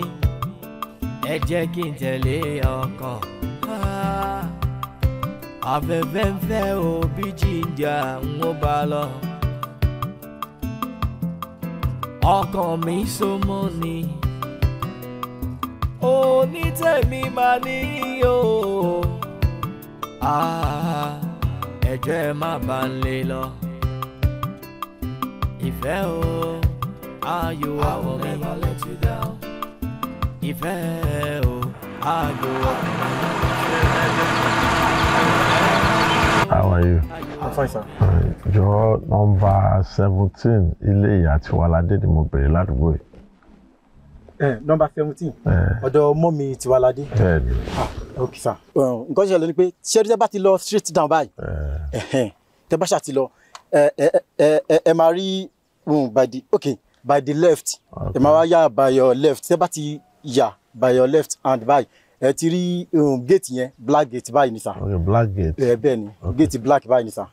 ẹ jẹ́ kí n tẹ̀lé ọkàn. Ah, afẹ́fẹ́ ń fẹ́ o bí jíjà ń bá lọ. ọkàn mi so mọ́ ni onítẹ̀mí máa ní o. Ah, ẹjọ́ ẹ má bá ń lé lọ ìfẹ́ o ayò àwọn mi. Ìfẹ́ o, ayò àwọn mi. How are you? I'm fine, sir. Jọ nọmba seventeen ilé ìyá Tiwaladé ni mo bèrè ládùúgbò yìí. Ẹ eh, nọmba seventeen eh. ọ̀dọ̀ ọmọ mi Tiwaladé. Bẹ́ẹ̀ni. Ah, ok sir. Nǹkan ṣẹlẹ̀ ni pé ṣé ẹ bá ti lọ straight down báyìí? Eh. Tẹ bá ṣàti lọ ẹ ẹ ẹ ẹ máa rí by okay by the left ẹ máa wá yà by your left tẹ́ bá ti yà by your left hand by ẹ ti rí um, gate yẹn black gate By ni sà. Oh, black gate ẹ bẹ́ẹ̀ ni gate black By ni sà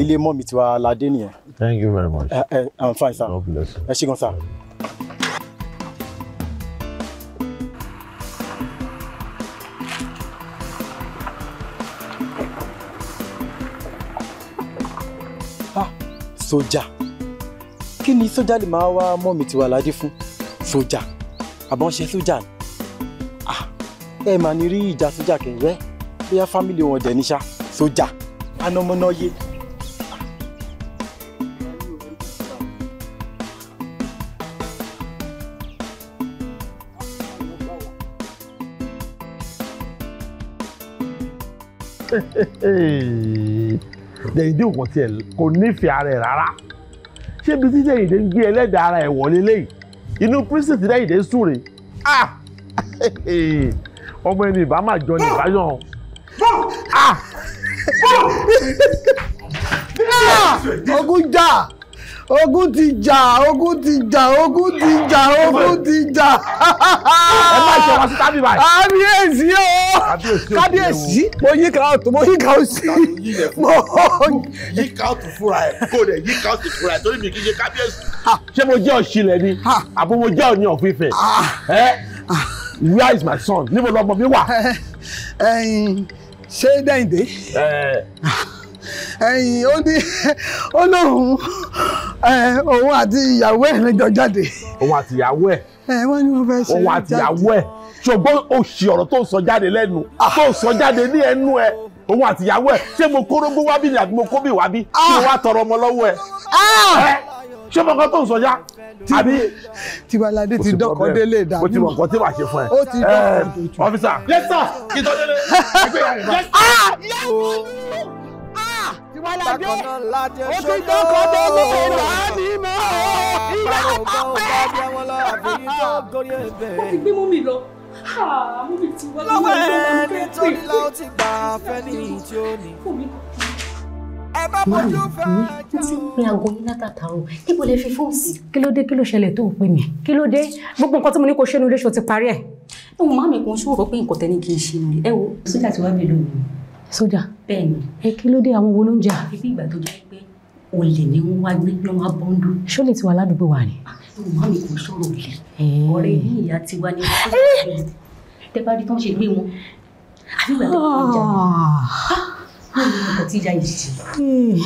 ilé mọ́ mi ti wá ládé nìyẹn. thank you very much. ẹ ẹ i'm fine sir. God bless you. ẹ ṣe sir. ah sójà. ja kí ni sójà lè máa wá mọ́ mi tiwa ládé fún sójà àbọ̀nṣe sójà ni ah, ẹ mà ní rí ìjà sójà kẹ̀yẹ́ bóyá fámìlì wọn dẹ̀ níṣà sójà anamọ́náyé. dẹ̀yìn dé òkùnkùn tiẹ̀ kò nífẹ̀ẹ́ ara ẹ̀ rárá ṣé ibi tí Ṣèyíndé ń gbé ẹlẹ́dàá ara ẹ̀ wọlé lẹ́yìn inú prison ti Ṣèyíndé sùn rè ah ọmọ ẹni ìbá máa jọ ní ìbáyọ̀ ah ogun jà ogun ti jà ogun ti jà ogun ti jà ogun ti jà. ẹ má jẹ wá sí tábìlì báyìí. kábíyèsí o kábíyèsí mo yí ká ọ̀tún mo yí ká òsì. mo yí ká ọ̀tún fúnra ẹ̀ kó o dẹ̀ yí ká ọ̀tún fúnra ẹ̀ torí mi kì í ṣe kábíyèsí. ṣé mo jẹ́ ọ̀ṣìlẹ̀ ni àbí mo jẹ́ ọ̀ní ọ̀fífẹ́ where is my son níbo lọmọ mi wà. ṣé dẹ́yìndé ẹ̀yìn ó ní ó lóun òun àti ìyàwó ẹ̀ lẹ́jọ́ jáde. òun àti ìyàwó ẹ̀. ẹ wọ́n ní wọ́n fẹ́ ṣe é jáde. òun àti ìyàwó ẹ̀ ṣùgbọ́n òṣì ọ̀rọ̀ tó ń sọ jáde lẹ́nu ah. tó ń sọ jáde ní ẹnu ẹ̀ òun àti ìyàwó ẹ̀ ṣé mo kórógbó wábí ni àbí mo kóbì wábí kí ah. mo wá tọrọ ọmọ lọ́wọ́ ẹ̀. Ah. ṣé mo kàn tó ń sọ já. àbí Tibalade ti dọkọ délé ìdààmú. mo ti mọ nǹkan tí màá ṣe fún ẹ. ó ti dọkọ délé. ọfíìsà yẹsà kí n tọ́jú lé. ìwàlàdé ó ti dọ́kọ̀ dọ́kọ̀ ìlà ní mọ́ ìyá ọ̀pẹ. ó ti gbé mú mi lọ lọ́wọ́ ẹni tó ní la ó ti gbà fẹ́ ní ìtí ó ní. ẹ bá bójú fẹ́ ajá o. ti pin aago yín látàtàrọ níbo lè fi fóònù sí. kí ló dé kí ló ṣẹlẹ̀ tó o pè mí kí ló dé gbogbo nǹkan tí mo ní kó ṣe nílé ṣo ti parí ẹ̀. ẹ wo màmí kan ṣòro pé nǹkan tẹ́ ní kí n ṣe nìyẹn ẹ wo sójà tí wàá bèèrè òun sójà. bẹ́ẹ̀ni. ẹ kí ló dé àwọn wo ló ń jà. àfi bí ìgbà tó jẹ́ pé olè ni wọ́n wá gbé lọ́wọ́ bọ́ńdú. ṣó lè ti wà ládùúgbò wa ni. màmá ah, mi kò sọ̀rọ̀ òlè. ọ̀rẹ́ ní ìyá ti wá ní ọjọ́ ìgbà tán ṣe gbé wọn. àfi ìgbà tó kọjá ah! Ah! ọkọ̀ tí ìjà yìí ti.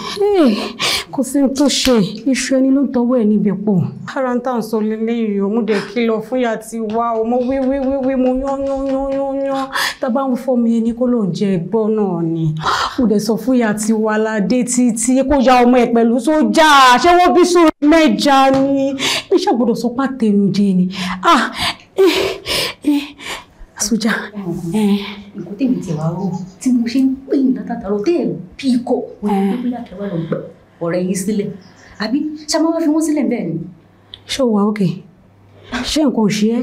kò sí ohun tó ṣe iṣu ẹni ló ń tọwọ́ ẹ̀ níbi pò. ara ń tà ń sọ lélẹ́yìí o mú dẹ̀ kìlọ̀ fún ìyá ti wá o mo wí wí wí wí mo yán yán yán yán yán tábà ń fọ́ mi ẹni kó ló ń jẹ ẹgbọ́ náà ni. mo dẹ̀ sọ fún ìyá ti wá ládé títí kó ya ọmọ ẹ̀ pẹ̀lú sójà ṣé wọ́n bí sórí mẹ́ja ni iṣẹ́ gbọ́dọ̀ sọ pàtẹ́nu jẹ ni. Ah, eh sójà. nǹkan tèmi ti wá o, tí mo ṣe ń pè ní látàtàrọ tẹ́ ẹ̀ bí kò wọ́n ní bóyá kẹwàá lọ gbà ọ̀rẹ́ yín sílẹ̀ àbí ṣá máa wá eh. fi wọ́n sílẹ̀ bẹ́ẹ̀ ni. ṣé o wà òkè ṣé nǹkan ò ṣe é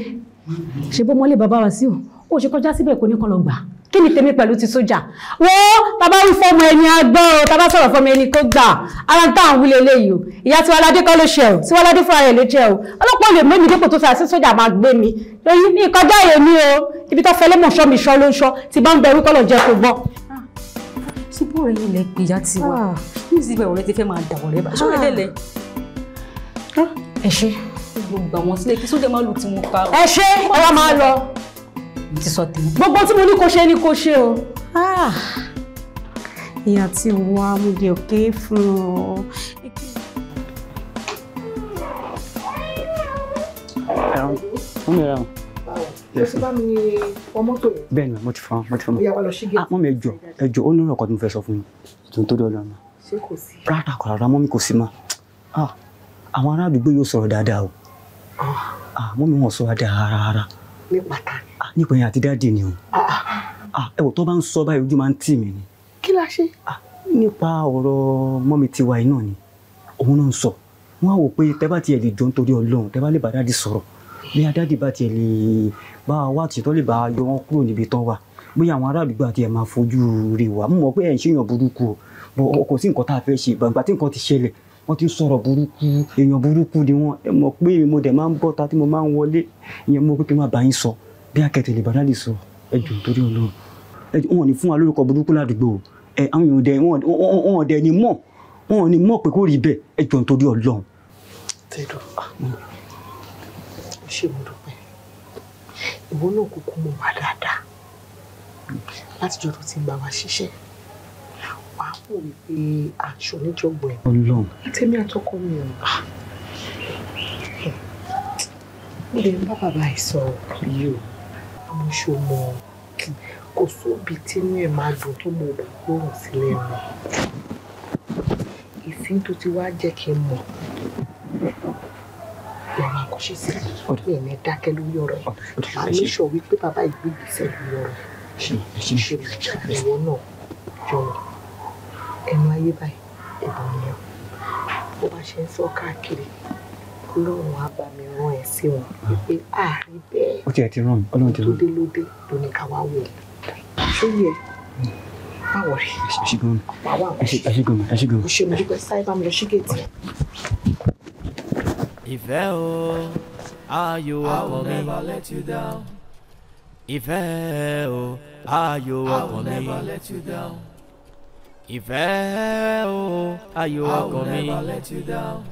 ṣe bó mọ́lẹ̀ bàbá wa sí o ó ṣe kọjá síbẹ̀ kò ní kọ́ lọ gbà kí ni tèmi pẹ̀lú ti sójà wo tàbá wí fọmọ ẹni agbọ́ tàbá sọ̀rọ̀ fọmọ ẹni kó gbà ara ń tà ń wílé eléyìí o ìyá Tiwaladé kọ́ ló ṣe o Tiwaladé fúnra rẹ̀ ló jẹ́ o ọlọ́pàá lè mú mi dípò tó sàásí sójà máa gbé mi lóyún ní ìkọjá yẹn ni o ibi tó fẹlẹ́ mọ̀ mi ṣọ́ ló ń ṣọ́ ti bá ń bẹ orúkọ lọ́jọ́ kó gbọ́. síbú rẹ̀ yìí lẹ pè ya ti wá ah. níṣìbẹ̀ ọ̀rẹ́ ti fẹ́ máa dà ọ̀rẹ́ bá ah. ṣọ́rẹ́ lẹ́lẹ̀. ẹ ṣe. gbogbo àwọn sílẹ̀ kí sójà máa lù tí mo pa. ẹ ṣe ọwọ́ máa lọ mo ti sọ tèmi. gbogbo tí mo ní kó ṣe ni kó ṣe o. Ah, ìyá ti wá mo jẹ òkè fún ọ. ẹran fún mi ẹran. bẹ́ẹ̀ ni mo ti fọ́n mo ti fọ́n mọ́ ah, mi ẹjọ́ ẹjọ́ ó ní ọ̀rọ̀ kan tí mo fẹ́ sọ fún yín tuntun tó dọ̀dọ̀ náà. rárá kò rárá mọ́ mi kò sí mọ́ ah, àwọn ará àdúgbò yóò sọ̀rọ̀ dáadáa o mọ́ mi wọ́n sọ̀rọ̀ dáadáa rárá. ní pàtàkì nípa yẹn àti dáàdì ni o ah, ah. ah, ẹ wò tó bá ń sọ báyìí ojú máa ń tì mí ni. kí la ṣe. nípa ọ̀rọ̀ mọ́mi tiwa iná ni òun náà ń sọ wọn á wò pé tẹ bá tiẹ̀ lè jọ nítorí ọlọ́run tẹ bá lè bá dáàdì sọ̀rọ̀ bí adáàdì bá tiẹ̀ lè bá wa tìtọ́ lè bá yọ wọn kúrò níbi tán wa bóyá àwọn aráàlú gbà tiẹ̀ máa fojú rè wá mọ̀ pé ẹ̀ ń ṣèyàn burúkú o kò sí nǹkan tá a fẹ́ ṣe gbàgbà tí nǹkan ti ṣẹlẹ̀ wọ́n ti ń sọ̀rọ̀ burúkú èèyàn burúkú ni wọ́n ẹ mọ̀ pé mo dẹ̀ máa ń bọ́ta tí mo máa ń wọlé ìyẹn mo pé kí n má bá yín sọ bí akẹ́tẹ̀ lè bàdá lè sọ ẹ jù torí ọlọ́run ẹ jù wọn ni fún wa lórúkọ burúkú ládùúgbò ẹ àwọn èèyàn dẹ wọn ò dẹ ni mọ̀ wọn ò ní mọ̀ pé kó rí bẹ́ẹ̀ ẹ jù torí ọlọ́run. tẹ́lọ̀ ó ṣe mo dúpẹ́ ìwọ náà kúkú mọ̀ wá dáadáa látijọ́ tó ti ń bá wa ṣiṣẹ́ wàá mọ̀ wípé aṣọ níjọ̀gbọ̀n ẹ̀. ọlọ́run tèmi àtọkọ mi ò ah. mo lè ń bá bàbá ẹ sọ̀rọ̀ yìí o ṣó mọ kò sóbi tínú ẹ̀ máa dùn tó mo bá gbóhùn sílẹ̀ mi ìfín tó ti wá jẹ́ kí n mọ̀ lọ́wọ́ àkọ́ṣe sí mi ní dákẹ́ lórí ọ̀rọ̀ yìí a ní sọ wípé bàbá ìgbégbèsè lórí ọ̀rọ̀ yìí ṣe ìwọ náà jọ̀wọ́ ẹnu ayé báyìí ẹ̀bùn ni bó bá ṣe ń sọ káàkiri ọlọ́run á bá mi rán ẹ sí wọn ah. pé àárín bẹ́ẹ̀ ó tiẹ̀ ti rán mi ọlọ́run ti rán mi lóde lóde ló ní ká wá wò ó ṣó yẹ báwo rí àṣìgùn àṣìgùn àṣìgùn ó ṣe mo mi lọ sí gèètì. ìfẹ́ o ayò ọkọ mi ìfẹ́ o ayò ọkọ mi ìfẹ́ o ayò ọkọ mi.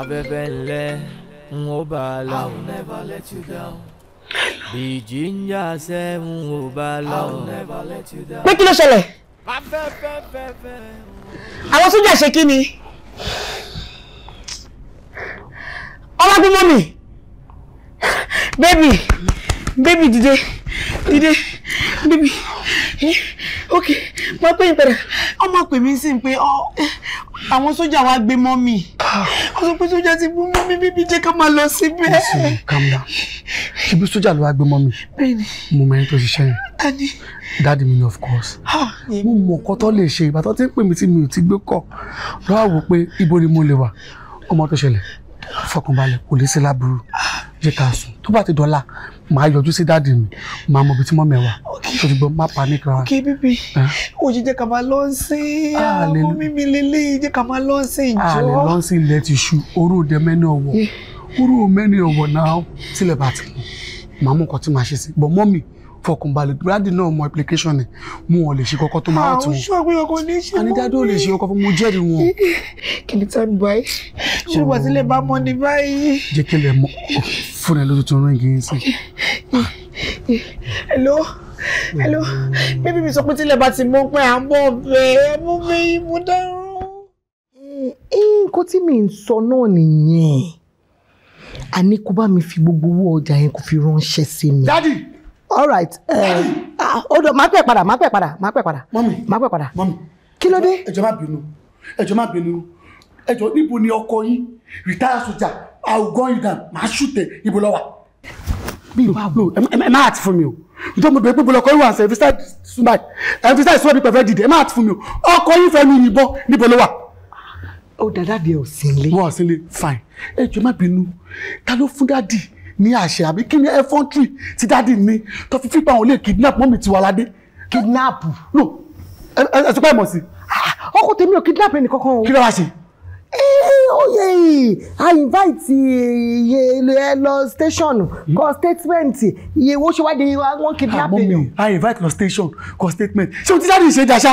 afẹ́fẹ́ ńlẹ́ n ó bá a lọ. I will never let you down. ìjì ń yà sẹ́ n ó bá a lọ. I will never let you down. pé kí ló ṣẹlẹ̀. afẹ́fẹ́fẹ́fẹ́. àwọn sójà ṣe kí ni. ọlá gbé mọ́mì bébì bébì dìde dìde bébì eh, ok máa pè é padà ọmọ pè mí sí pé eh, àwọn sójà wa gbé mọ́ mi ah. ó sọ pé sójà ti mú mọ́ mi bíbí jẹ́ ká máa lọ síbẹ̀. calm down ṣebí sójà ló wá gbé mọ́ mi mo mọ ẹni tó ṣiṣẹ́ yẹn dáàdi mi ni of course ah, mo mọ ọkọ tó lè ṣe ìbátan tí ń pè mí tí mi ò ti gbé kọ lọ́wọ́ wò pé ibo ni mo lè wà ọmọ tó ṣẹlẹ̀ fọkànbalẹ̀ kò lè ṣe láburú ah. jẹ́ ká sùn tó bá ti dọ́là máa yọjú sí dáàdì mi máa mọ ibi tí mọ́mí ẹ wà tó ti gbọ́ má panic rárá. ok bíbí òjì jẹ́ ká máa lọ sí ah, àwọn mímí lélẹ́ jẹ́ ká máa lọ sí ah, ìjọ. a lè lọ sí ilẹ̀ ti ṣu oró òde mẹ́ni ọ̀wọ̀ oró mẹ́ni ọ̀wọ̀ náà sílẹ̀ bàtì màmú nǹkan tí màá ṣe sí bọ̀ mọ́mí fọkànbalẹ̀ búrádì náà mọ application ni mo ò lè ṣe kọ́kọ́ tó máa tún. àwọn ṣọ́ọ̀bù ọkọ ní ṣe mọ́ mi. anidádó lè ṣe ọkọ fún mo jẹ́rìí wọn. kí ni tán báyìí ṣé wọ́n ti lè bá mọ́ ni báyìí. jẹ́ kí lè mọ fún ẹ lójú tó rán igi sí. hello hello bébí mi sọ pé tílẹ̀ bá ti mọ́ pé à ń bọ̀ bẹ́ẹ̀ mú mi mú dárò. nǹkan tí mi ń sọ náà nìyẹn àní bá mi fi gbogbo owó ọjà yẹn kó fi ránṣẹ́ sí mi. dádì all right ọdọ eh, ah, máa pẹ́ padà máa pẹ́ padà máa pẹ́ Mommy. máa pẹ́ padà kí ló dé. ẹjọ má bínú ẹjọ má bínú ẹjọ níbo ni ọkọ yín retired soldier I will gun you down shoot. ṣùtẹ ibo ló wà. bí wàá bò ẹ má àti fún mi o ìjọ mo bẹ̀rẹ̀ pé bọ́lá ọkọ yín wà ṣe ẹ̀fíṣà ṣùgbọ́n ẹ̀fíṣà ìṣúná mi pẹ̀fẹ́ dìde ẹ má from you. mi o ọkọ yín fẹ́ nu yìnbọn níbo ló wà. ó dàdá di ẹ̀ ò fine ẹ jọ má bínú ta ló fún dádì ní àṣẹ àbí kí ni ẹfọ́ntì tí dáàdì ni tó fi fipá òun lè kidnap mọ́mì tiwa ládé. kidnap. no ẹ ẹ sọ pé ẹ mọ̀ sí. ọkọ tèmi ò kidnap ẹnì kankan o. kí ló wá ṣe. Eh, oye i invite eh, iye ẹ lọ station hmm? kọ statement iye owó ṣe wá di wọn kidnap èèyàn. i invite lọ station kọ statement ṣé o ti sáré ìṣe dàṣà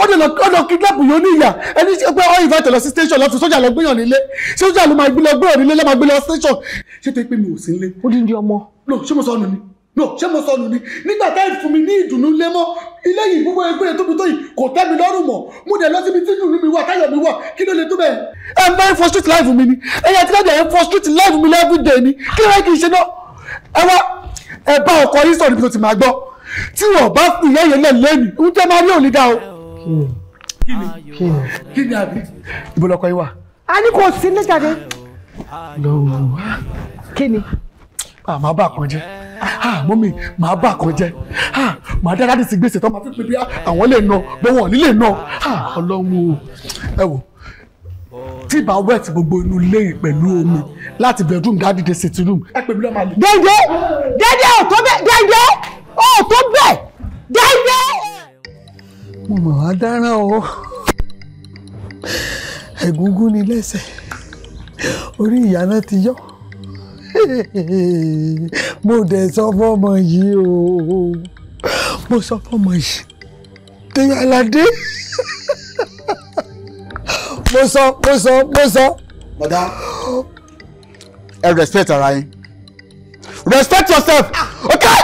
ó dẹ̀ lọ kidnap yóò ní ìyà ẹni pé ó invite lọ sí station lọ fi sójà lọ gbéyàn nílé sójà ló máa gbé lọ gbéyàn nílé lọ máa gbé lọ station ṣé tó pé mi ò sí nílé. ó dín di ọmọ. lọ ṣé mo sọ ọ́ nù ni no ṣé mo sọnù ni nígbà tá ìfún mi ní ìdùnnú lé mọ́ ilé yìí gbogbo ẹgbẹ́ rẹ̀ tóbi tó yìí kò tẹ́ mi lọ́rùn mọ́ mo dẹ̀ lọ síbi tí ìdùnnú mi wà táyọ̀ mi wà kí ló lè tó bẹ́ẹ̀. ẹ ń bá ń frustrate life mi ni ẹyẹ tí lẹ́dẹ̀ ẹ ń frustrate life mi every day ni kí ló kì í ṣe náà ẹ wá ẹ bá ọkọ yín sọ̀rọ̀ ibi tó ti máa gbọ́ tí wọ́n bá fún ìyá yẹn lẹ́ẹ̀lẹ́ni ń jẹ́ máa rí òní dá o. kí ni kí ni àbí ìbò ah màá bà kan ah mọ́mí màá bà kan ah màá dára dì sí gbèsè tó máa fi pè bí àwọn lè nà gbọ́wọ́n nílé nà ah ọlọ́run o ẹ wò tí ìbá wet gbogbo inú ilé yìí pẹ̀lú omi láti bedroom dáàdì dé sitting room. ẹ pè mí lọ́ọ́ máa lè. dèjé dèjé ò tó bẹ́ẹ̀ dèjé ò tó bẹ́ẹ̀ dèjé. mo mọ̀ wá dáná o ẹ̀gúngún ni lẹ́sẹ̀ orí ìyá náà ti yọ. mo dẹ̀ sọ fọ́mọ yìí o mo sọ fọ́mọ yìí tèmi aládé mo sọ mo sọ mo sọ. bọ̀dá ẹ respect ara yín respect yourself okay.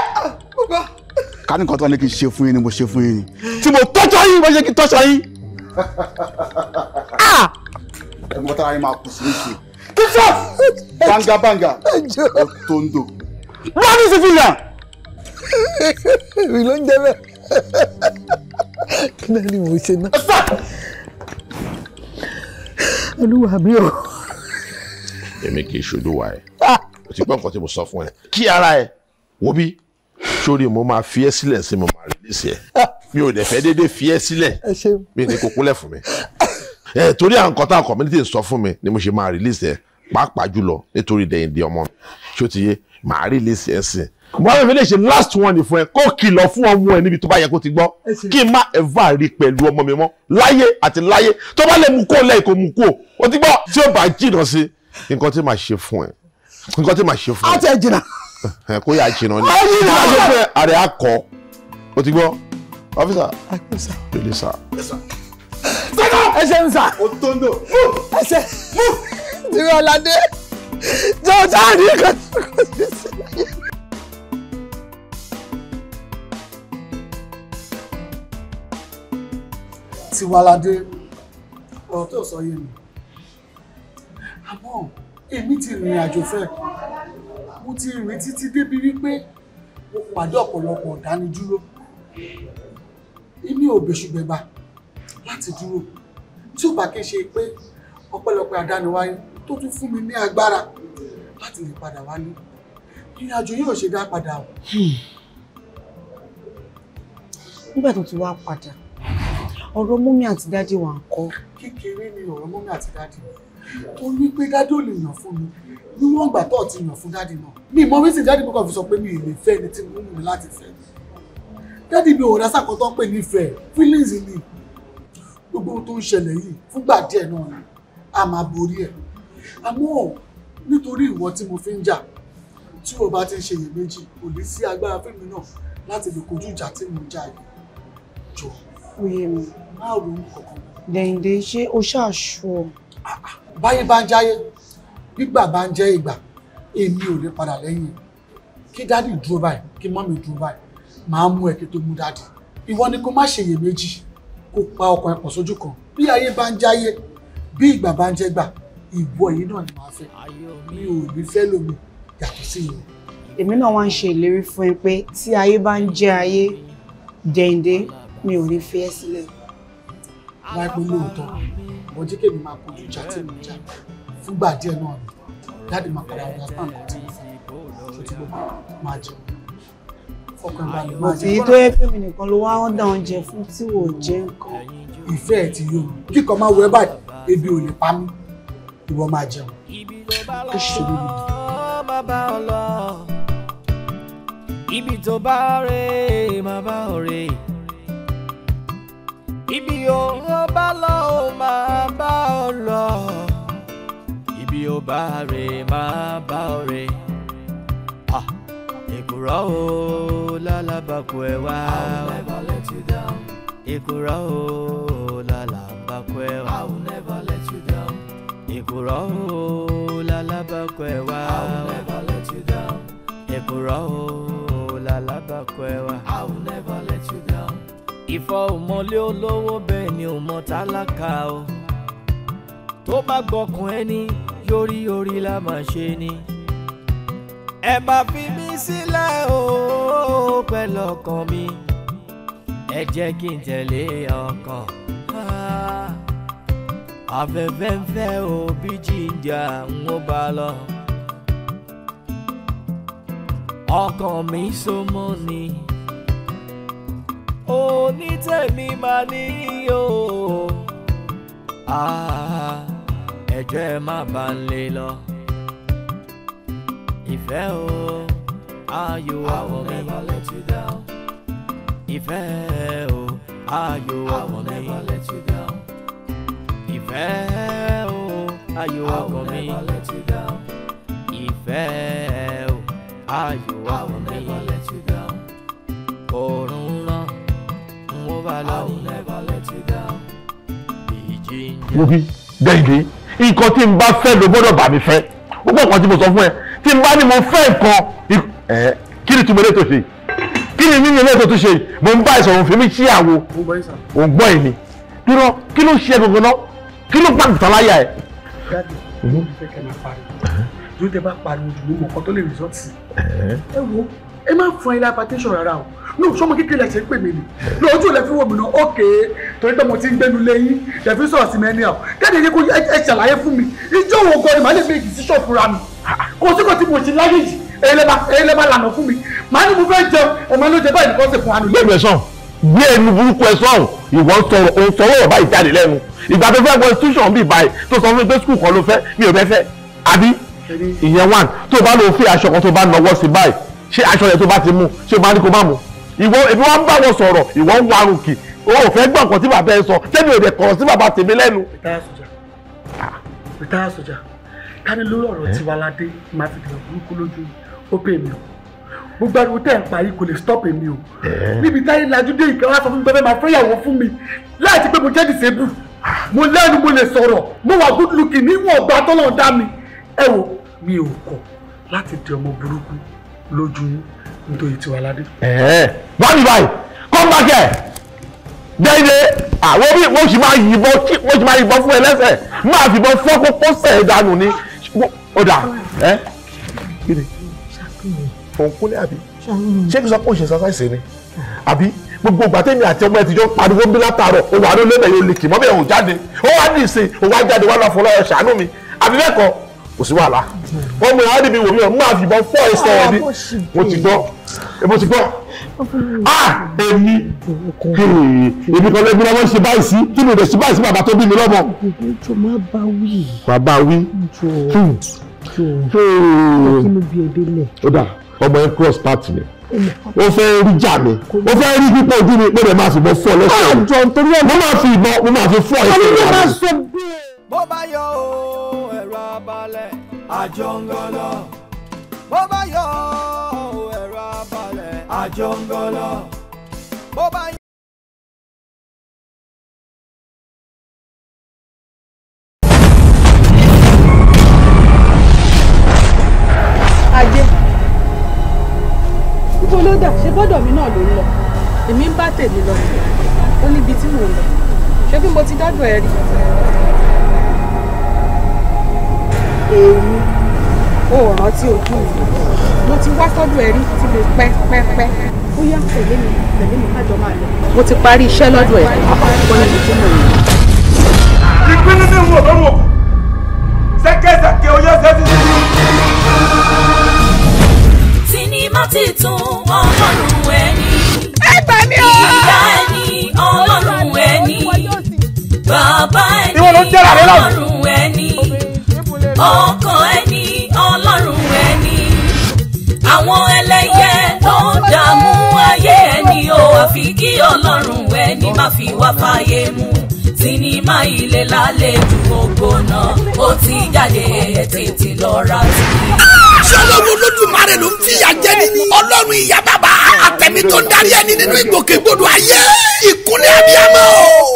ká ní nǹkan tó ní kí n ṣe fún yín ni mo ṣe fún yín ni tí mo tọ́jọ́ yín mo ṣe kí n tọ́jọ́ yín. Ah! ẹ mọ tára yín máa kù sí ní ìṣe banga banga otondo wọ́n ní sí fìlà. èmi ló ń jẹ bẹ́ẹ̀ kí náà ni mò ń ṣe náà. olúwa mi o. èmi kì í ṣolúwa ẹ ah! o ti gbọ́ nǹkan tí mo sọ fún ẹ kí ara ẹ wo bí sórí mo máa release. ẹ sílẹ̀ sí mo máa rìlíìsì ẹ ah! mi ò dẹ̀ fẹ́ déédéé fi ẹ sílẹ̀ mi ní kókó lẹ̀ mi ẹ eh, torí àwọn nǹkan community sọ fún mi ni mo ṣe máa rìlíìsì ẹ pàápàá jùlọ nítorí dẹ̀yìndì ọmọ mi ṣó ti yé màá rí lẹ́sìn ẹ̀sìn. mohammed fi lè ṣe last one fún ẹ kó kìlọ̀ fún ọmọ ẹ níbi tó bá yẹ kó ti gbọ́ kí n má ẹ̀fà rí pẹ̀lú ọmọ mi mọ́ láyé àti láyé tó bá lè mú kó lẹ́yìn kó mú kó o ti gbọ́ tí ó bá jìnnà sí nǹkan tí màá ṣe fún ẹ nǹkan tí màá ṣe fún ẹ. a tẹ kó yà jìnnà ni àrẹ akọ o ti gbọ́ ọfíìsà. àkọsà. ẹ ṣe ń sà. ẹ ń sà. òtóńdò. ẹ ṣe dúró ọ̀làdé jọ̀ọ́ sáà ní nǹkan tó kọ́ sí sílẹ̀ yẹn. Tiwalade ọ̀rọ̀ tó sọ yé mi àmọ́ èmi ti rìnrìn àjò fẹ́ mo ti rìn títí débi wípé mo pàdé ọ̀pọ̀lọpọ̀ ọ̀dánidúró èmi ò bẹ̀ṣùgbẹ̀gbà láti dúró tí ò bá kí n ṣe pé ọpẹ́lọpẹ́ àdániwáyé tó tún fún mi ní agbára láti lè padà wálé ìrìn àjò yóò ṣe dá padà o. nígbà tó ti wá padà ọ̀rọ̀ mọ́mí àti dádì wà ń kọ́. kékeré ni ọ̀rọ̀ mọ́mí àti dádì ó ní pé dádì ò lè yàn fún mi níwọ̀n ìgbà tó ti yàn fún dádì náà mi mọ wíṣìn dádì mi kàn fi sọ pé mi ì lè fẹ́ ẹni tí mo mú mi láti fẹ́ dádì mi ò rà sàkọ́tọ́ pé nífẹ̀ẹ́ feelings ni gbogbo ohun tó ń ṣẹlẹ̀ yìí fúngbà díẹ̀ náà ni a máa borí ẹ̀ àmọ́ nítorí ìwọ tí mo fi ń jà tí o bá ti ń ṣe iyèméjì kò ní sí agbára fíìmù náà láti lè kojú ìjà tí mo ń jà yìí jọ. oyè mi máa rò ó kankan. dẹ̀yìndé ṣé o ṣàṣọ. báyé bá ń jáyé gbígbà bá ń jẹ́ ìgbà èmi ò lè padà lẹ́yìn kí dádì dúró báyìí kí mọ́mì dúró báyìí máa mú ẹ kí tó mú dádì ìwọ ni kó má ṣèyèméjì kó pa ọkàn ẹ pọ̀ sójú kan bí ayé bá ń jáyé bí ìgbà bá ń jẹ́ gbà ìbú ẹ̀yìn náà ni màá fẹ́ mi ò ní fẹ́ lómi yàtọ̀ sí ìyẹn. èmi náà wá ń ṣe ìlérí fún ẹ pé tí ayé bá ń jẹ́ ayé dèndé mi ò ní fi ẹ́ sílẹ̀. láìpẹ́ lóòótọ́ mo jẹ́ kémi máa kojú ìjà tí mo jà fúngbà díẹ̀ náà ni dáàdì máa padà ọ̀dà sáà nǹkan tí mo fẹ́ ṣe tí mo máa jẹun fọkàn balẹ̀ máa jẹun. òfin tó yẹ pé mi nìkan ló wá ọ̀dà oúnjẹ fún tí wò ó jẹ nǹkan. ìfẹ́ ẹ̀ ti yóò kíkọ́ máa wọ ẹ́ bàjẹ́ ebi ò lè pa mí ìwọ máa jẹun kó ṣe lórí mi. bàbá ọlọ ibi tó bá rè bàbá ibi òun bá lọ ó máa bá ọ lọ ibi ò bá rè máa bá ọrẹ èkùrọ́ o lálàbàkù ẹ̀ wá èkùrọ́ o lálàbàkù ẹ̀ wá èkùrọ́ o lálábàkọ ẹ̀ wá I will never let you down. èkùrọ́ o lálábàkọ ẹ̀ wá. I will never let you down. ìfọ̀ òmọ̀lé olówó bẹ́ẹ̀ ni òmọ tálákà o. tó bá gbọ́kàn ẹni yórí la máa ṣe ni. ẹ bá fi mí sílẹ̀ o pẹ̀lú ọkàn mi ẹ jẹ́ kí n tẹ̀lé ọkàn. Ah afẹ́fẹ́ ń o bí jíjà ń ọkàn mi so mọ́ ni onítẹ̀mí máa ní o. ẹjọ́ ẹ má bá ń lè lọ. ìfẹ́ o ayọ̀ àwọn mi. I will never let you down. ìfẹ́ o ayọ̀ àwọn mi ìfẹ́ o ayò ọkọ mi ìfẹ́ o ayò ọkọ mi ọ̀run rán n ó bá lọ ìjìnjà. gbẹ̀ngì nǹkan tí n bá fẹ́ ló gbọ́dọ̀ bà mí fẹ́ ó pọ̀ kan tí mo sọ fún ẹ tí n bá ní mo fẹ́ nǹkan kí ni túmọ̀ lẹ́tọ̀ ṣe kí ni mímu lẹ́tọ̀ tó ṣe mo ń bá ìsọ̀rọ̀ fún mi ṣíyàwó ò ń gbọ́ ẹ̀ ni dúró kí ló ṣe gbogbo náà kí ló gbàgbọ́ta láyà ẹ. dáàdì mo fẹ́ kẹ́ máa pariwo ló dé bá pariwo jù lómọ kan tó lè resort sí. ẹ wo ẹ má fún ẹ hypertension rárá o ní sọmọ kékeré ẹsẹ pè mí ni lójú rẹ fi wò mí náà ókè torí pé mo ti ń gbẹnu lẹ́yìn rẹ fi sọ̀rọ̀ sí mi ẹni ọ káde yẹ kó ẹ ṣàlàyé fún mi ìjọ wo gan ni màá lè fi èkìtì ṣọ̀fura mi kò sí kò tí mo ṣe láyé yìí èyí lè má lànà fún mi màá ní mo fẹ́ jẹun ọmọ ló jẹ báyìí nìkan ṣe fún wa nù. lẹ́gbẹ̀ẹ́ sàn gbé ẹnu burúkú ẹ sọ̀rọ̀ ìwọ ń sọ̀rọ̀ òun sọ̀rọ̀ ọ̀bá ìjáde lẹ́nu ìgbà tó fẹ́ wọ institution bíi báyìí tó sọ fún mi pé skul kan ló fẹ́ mi ò fẹ́ fẹ́ àbí ìyẹn one tó o bá lọ fi aṣọ kan tó o bá nọwọ́ sí báyìí ṣé aṣọ yẹn tó o bá ti mú ṣé o bá ní kó má mú ìwọ èmi wá ń bá wọn sọ̀rọ̀ ìwọ ń warun kì o ò fẹ́ gbọ́ nǹkan tí bàbá ẹ sọ tẹ́mi ò dẹ̀ kọ̀rọ̀ sí bàbá tèmi lẹ́nu. ìtayà sọjà ká ní lórí ọ̀rọ̀ gbogbo ariwo tẹ́ ẹ̀ ń pa yìí kò lè stop èmi o níbi táyé lajú dé ìkẹ́ wá sọ fún gbẹ́fẹ́ máa fẹ́yàwó fún mi láti pé mo jẹ́ dìsébù mo lẹ́nu mo lè sọ̀rọ̀ mo wà good looking níwọ̀n ọgbà tọ́lọ̀ dá mi ẹ wo mi ò kọ̀ láti di ọmọ burúkú lójú nítorí tiwa ládé. bá mi báyìí come back here dẹ́yẹ àwọn bí wọ́n sì máa yìnbọn wọ́n sì máa yìnbọn fún ẹ lẹ́sẹ̀ máa fìbọn fọ́kọ́ pọ́sẹ̀ dànù ni ọ̀dà ẹ́ kí ni. ṣàkóso òun kúnlẹ̀ àbí ṣé kí n sọ pé ó ṣe exercise ni àbí gbogbo ìgbà tẹ́mi àti ọmọ ẹ̀ ti jọ pariwo bí látàárọ̀ òun àánú lébẹ̀ yóò lè kì mọ́ bẹ́ẹ̀ òun jáde ó wá ní ìsìn òun wá jáde wá lọ fún ọlọ́run ṣàánú mi àbí bẹ́ẹ̀ kọ́ kò sí wàhálà wọ́n mú ìhádìí mi wò mí ọ̀ máa fìbọn fọ́ ẹsẹ̀ ẹ̀ ni mo ti gbọ́ mo ti gbọ́ ah èmi èmi kan lẹ́gbẹ́ lọ́wọ́ ṣe báyìí sí kí ni ìdẹ̀ ṣe báyìí sí bàbá tó bí mi lọ́mọ. bàbá wí. bàbá wí. Hmm. ó dà ọmọ yẹn cross path mi ó fẹ́ rí jà mi ó fẹ́ rí pípọ̀ ojú mi pé bẹ́ẹ̀ máa fi ìbọn fọ́ lọ́sọ̀ọ́ mo máa fi ìbọn mo máa fi fọ́ ẹ̀sìn rẹ̀. bó bá yọ ẹ̀rọ abalẹ̀ àjọngọlọ. bó bá yọ ẹ̀rọ abalẹ̀ àjọngọlọ. bó bá níbo ló dà ṣe bọ́dọ̀ mi náà ló ń lọ èmi ń bá tèmi lọ ó níbi tí mò ń lọ ṣé bí mo ti dọ́dọ̀ ẹ rí. èmi ò rántí ojú mi mo ti wá sọ́dọ̀ ẹ rí tí mo pẹ́ pẹ́ pẹ́ ó yá tẹ̀lé mi tẹ̀lé mi kájọ máa lọ. mo ti parí iṣẹ́ lọ́dọ̀ ẹ̀ ó níbi tí mò ń lọ. ìpínlẹ̀ ní ìwọ̀n lọ́wọ́ sẹ́kẹ́sẹ̀kẹ́ oyún ṣẹ́ṣin má ti tún ọlọ́run ẹni. ẹ gbà mí o. ìyá ẹni ọlọ́run ẹni. bàbá ẹni ọlọ́run ẹni. ọkọ ẹni ọlọ́run ẹni. àwọn ẹlẹ́yẹ ló dààmú ayé ẹni o àfi kí ọlọ́run ẹni má fi wá fàyè mu sinimá ilé lálejò ògbóná ó ti jáde ẹ̀ tètè lọ ra sí i. sọlọ́wọ́ olódùmarè ló ń fìyà jẹ nínú ọlọ́run ìyá bàbá àtẹ̀mí tó ń darí ẹni nínú ìgbòkègbodò ayé ìkúnlẹ̀ abiyamọ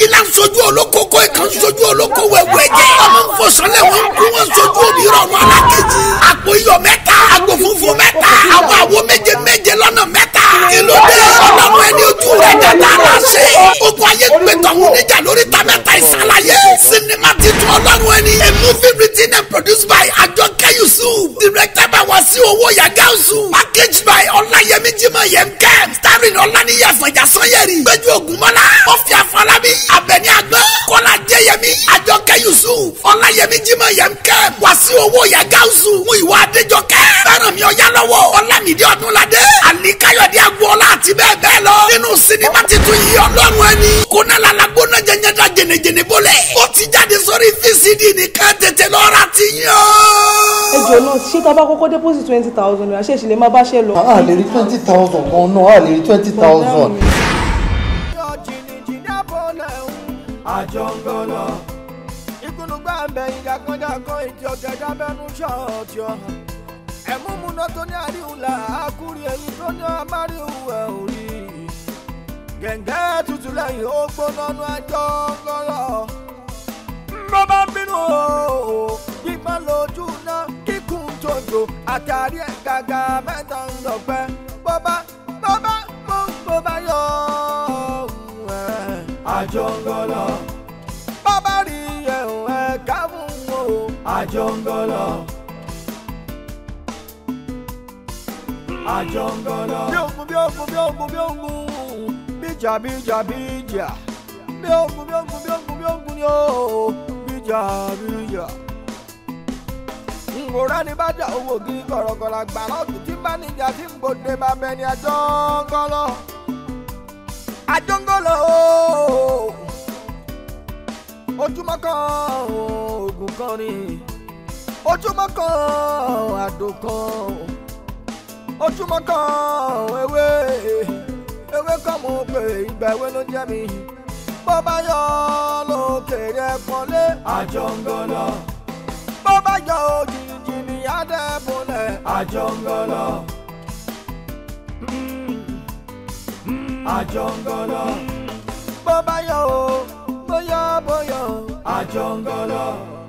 ilà ń sojú olókoko ìkan sojú olóko wẹ̀wẹ̀ jẹ́ ọmọ ń fòsànlẹ̀ wọn kú wọn sojú òbí rọrùn alákejì àpò iyọ̀ mẹ́ta àgbò funfun mẹ́ta àwọn àwo méje méje lọ́nà mẹ́ta kí ló dé ọlọ́run ẹni ojú rẹ̀ dàda ara ṣe ogun ayé gbẹtọ̀ ọ̀hún níjà lórí tamẹ́ta ìsàlàyé sinimá titun ọlọ́run ẹni a movie written and produced by Àjọkẹ́ Yusuf directed by Wasi Owó Yagausu packaged by Ọláyẹmí Jimoh Yemkem starring Ọláníyà Fẹ̀jà Sanyẹ̀rì Gbẹ́jú Ògúnmọ́lá Ọ̀fíà Fọlábí Abẹ́ní Àgbẹ̀ Kọ́lá Adéyẹmí Àjọkẹ́ Yusuf Ọláyẹmí Jimoh Yemkem Wasi Owó Yagausu Mú ìwà Adéjọkẹ́ Fẹ́ràn mi ọ̀yá lọ́wọ́ Ọlámídé Ọdúnládé Àlíkáyọ̀dé Àgb wọlá àti bẹ́ẹ̀ bẹ́ẹ̀ lọ nínú sinimá titun yìí ọlọ́run ẹni kónálà lágbóná jẹnyẹdá jẹnẹjẹnẹ bọ́lẹ̀ ó ti jáde sórí vcd nìkan tètè lọ́ra ti yàn. ẹ jọ lọ ṣé tá a bá kọ́kọ́ deposit twenty thousand rẹ̀ àṣẹ ìṣẹ̀lẹ̀ máa bá ṣe lọ. a lè rí twenty thousand kan náà a lè rí twenty thousand. àjọ ń gbọ́ lọ. ìkùnú gbàgbẹ́ ìdàkọ́jà kan ìjọ̀gẹ̀dẹ̀ ẹ̀múmúná tó ní àríwúlà àkúrí ẹ̀yìn tó ní amáríwú ẹ̀ ò rí gẹ̀ǹgẹ́ tutù lẹ́yìn ó gbóná nu ẹjọ́ lọ́rọ̀ bó bá ń bínú o gbígbọ́n lójú náà kíkún tòjò àtàrí ẹ̀ gàgà mẹ́ta ń lọ́pẹ́ bó bá bó bá mú bó bá yọ àjọ ń gbọ́lọ̀ bó bá rí ẹ̀ ká fún wọn o àjọ ń àjọngọlọ. bí ogun bí ogun bí ogun bí ogun bíjà bíjà bíjà bí ogun bí ogun ni ó bíjà bíjà. ngòrá ni bá dà owó kí kọ̀rọ̀kọ̀rọ̀ àgbà lọ́dún tí bá níjà tí ń gbòde bá bẹ kan oògùn kan ni ojúmọ́ kan àdó kan ojúmọ́ kan ewé ewé kan mo pè ìgbà ewé ló jẹ́ mi bó bá yọ lókèrè pọ́nlé àjọngọ́lọ́ bó bá yọ òjijì ní adébólẹ̀ àjọngọ́lọ́ àjọngọ́lọ́ bó bá yọ bóyá bóyá àjọngọ́lọ́.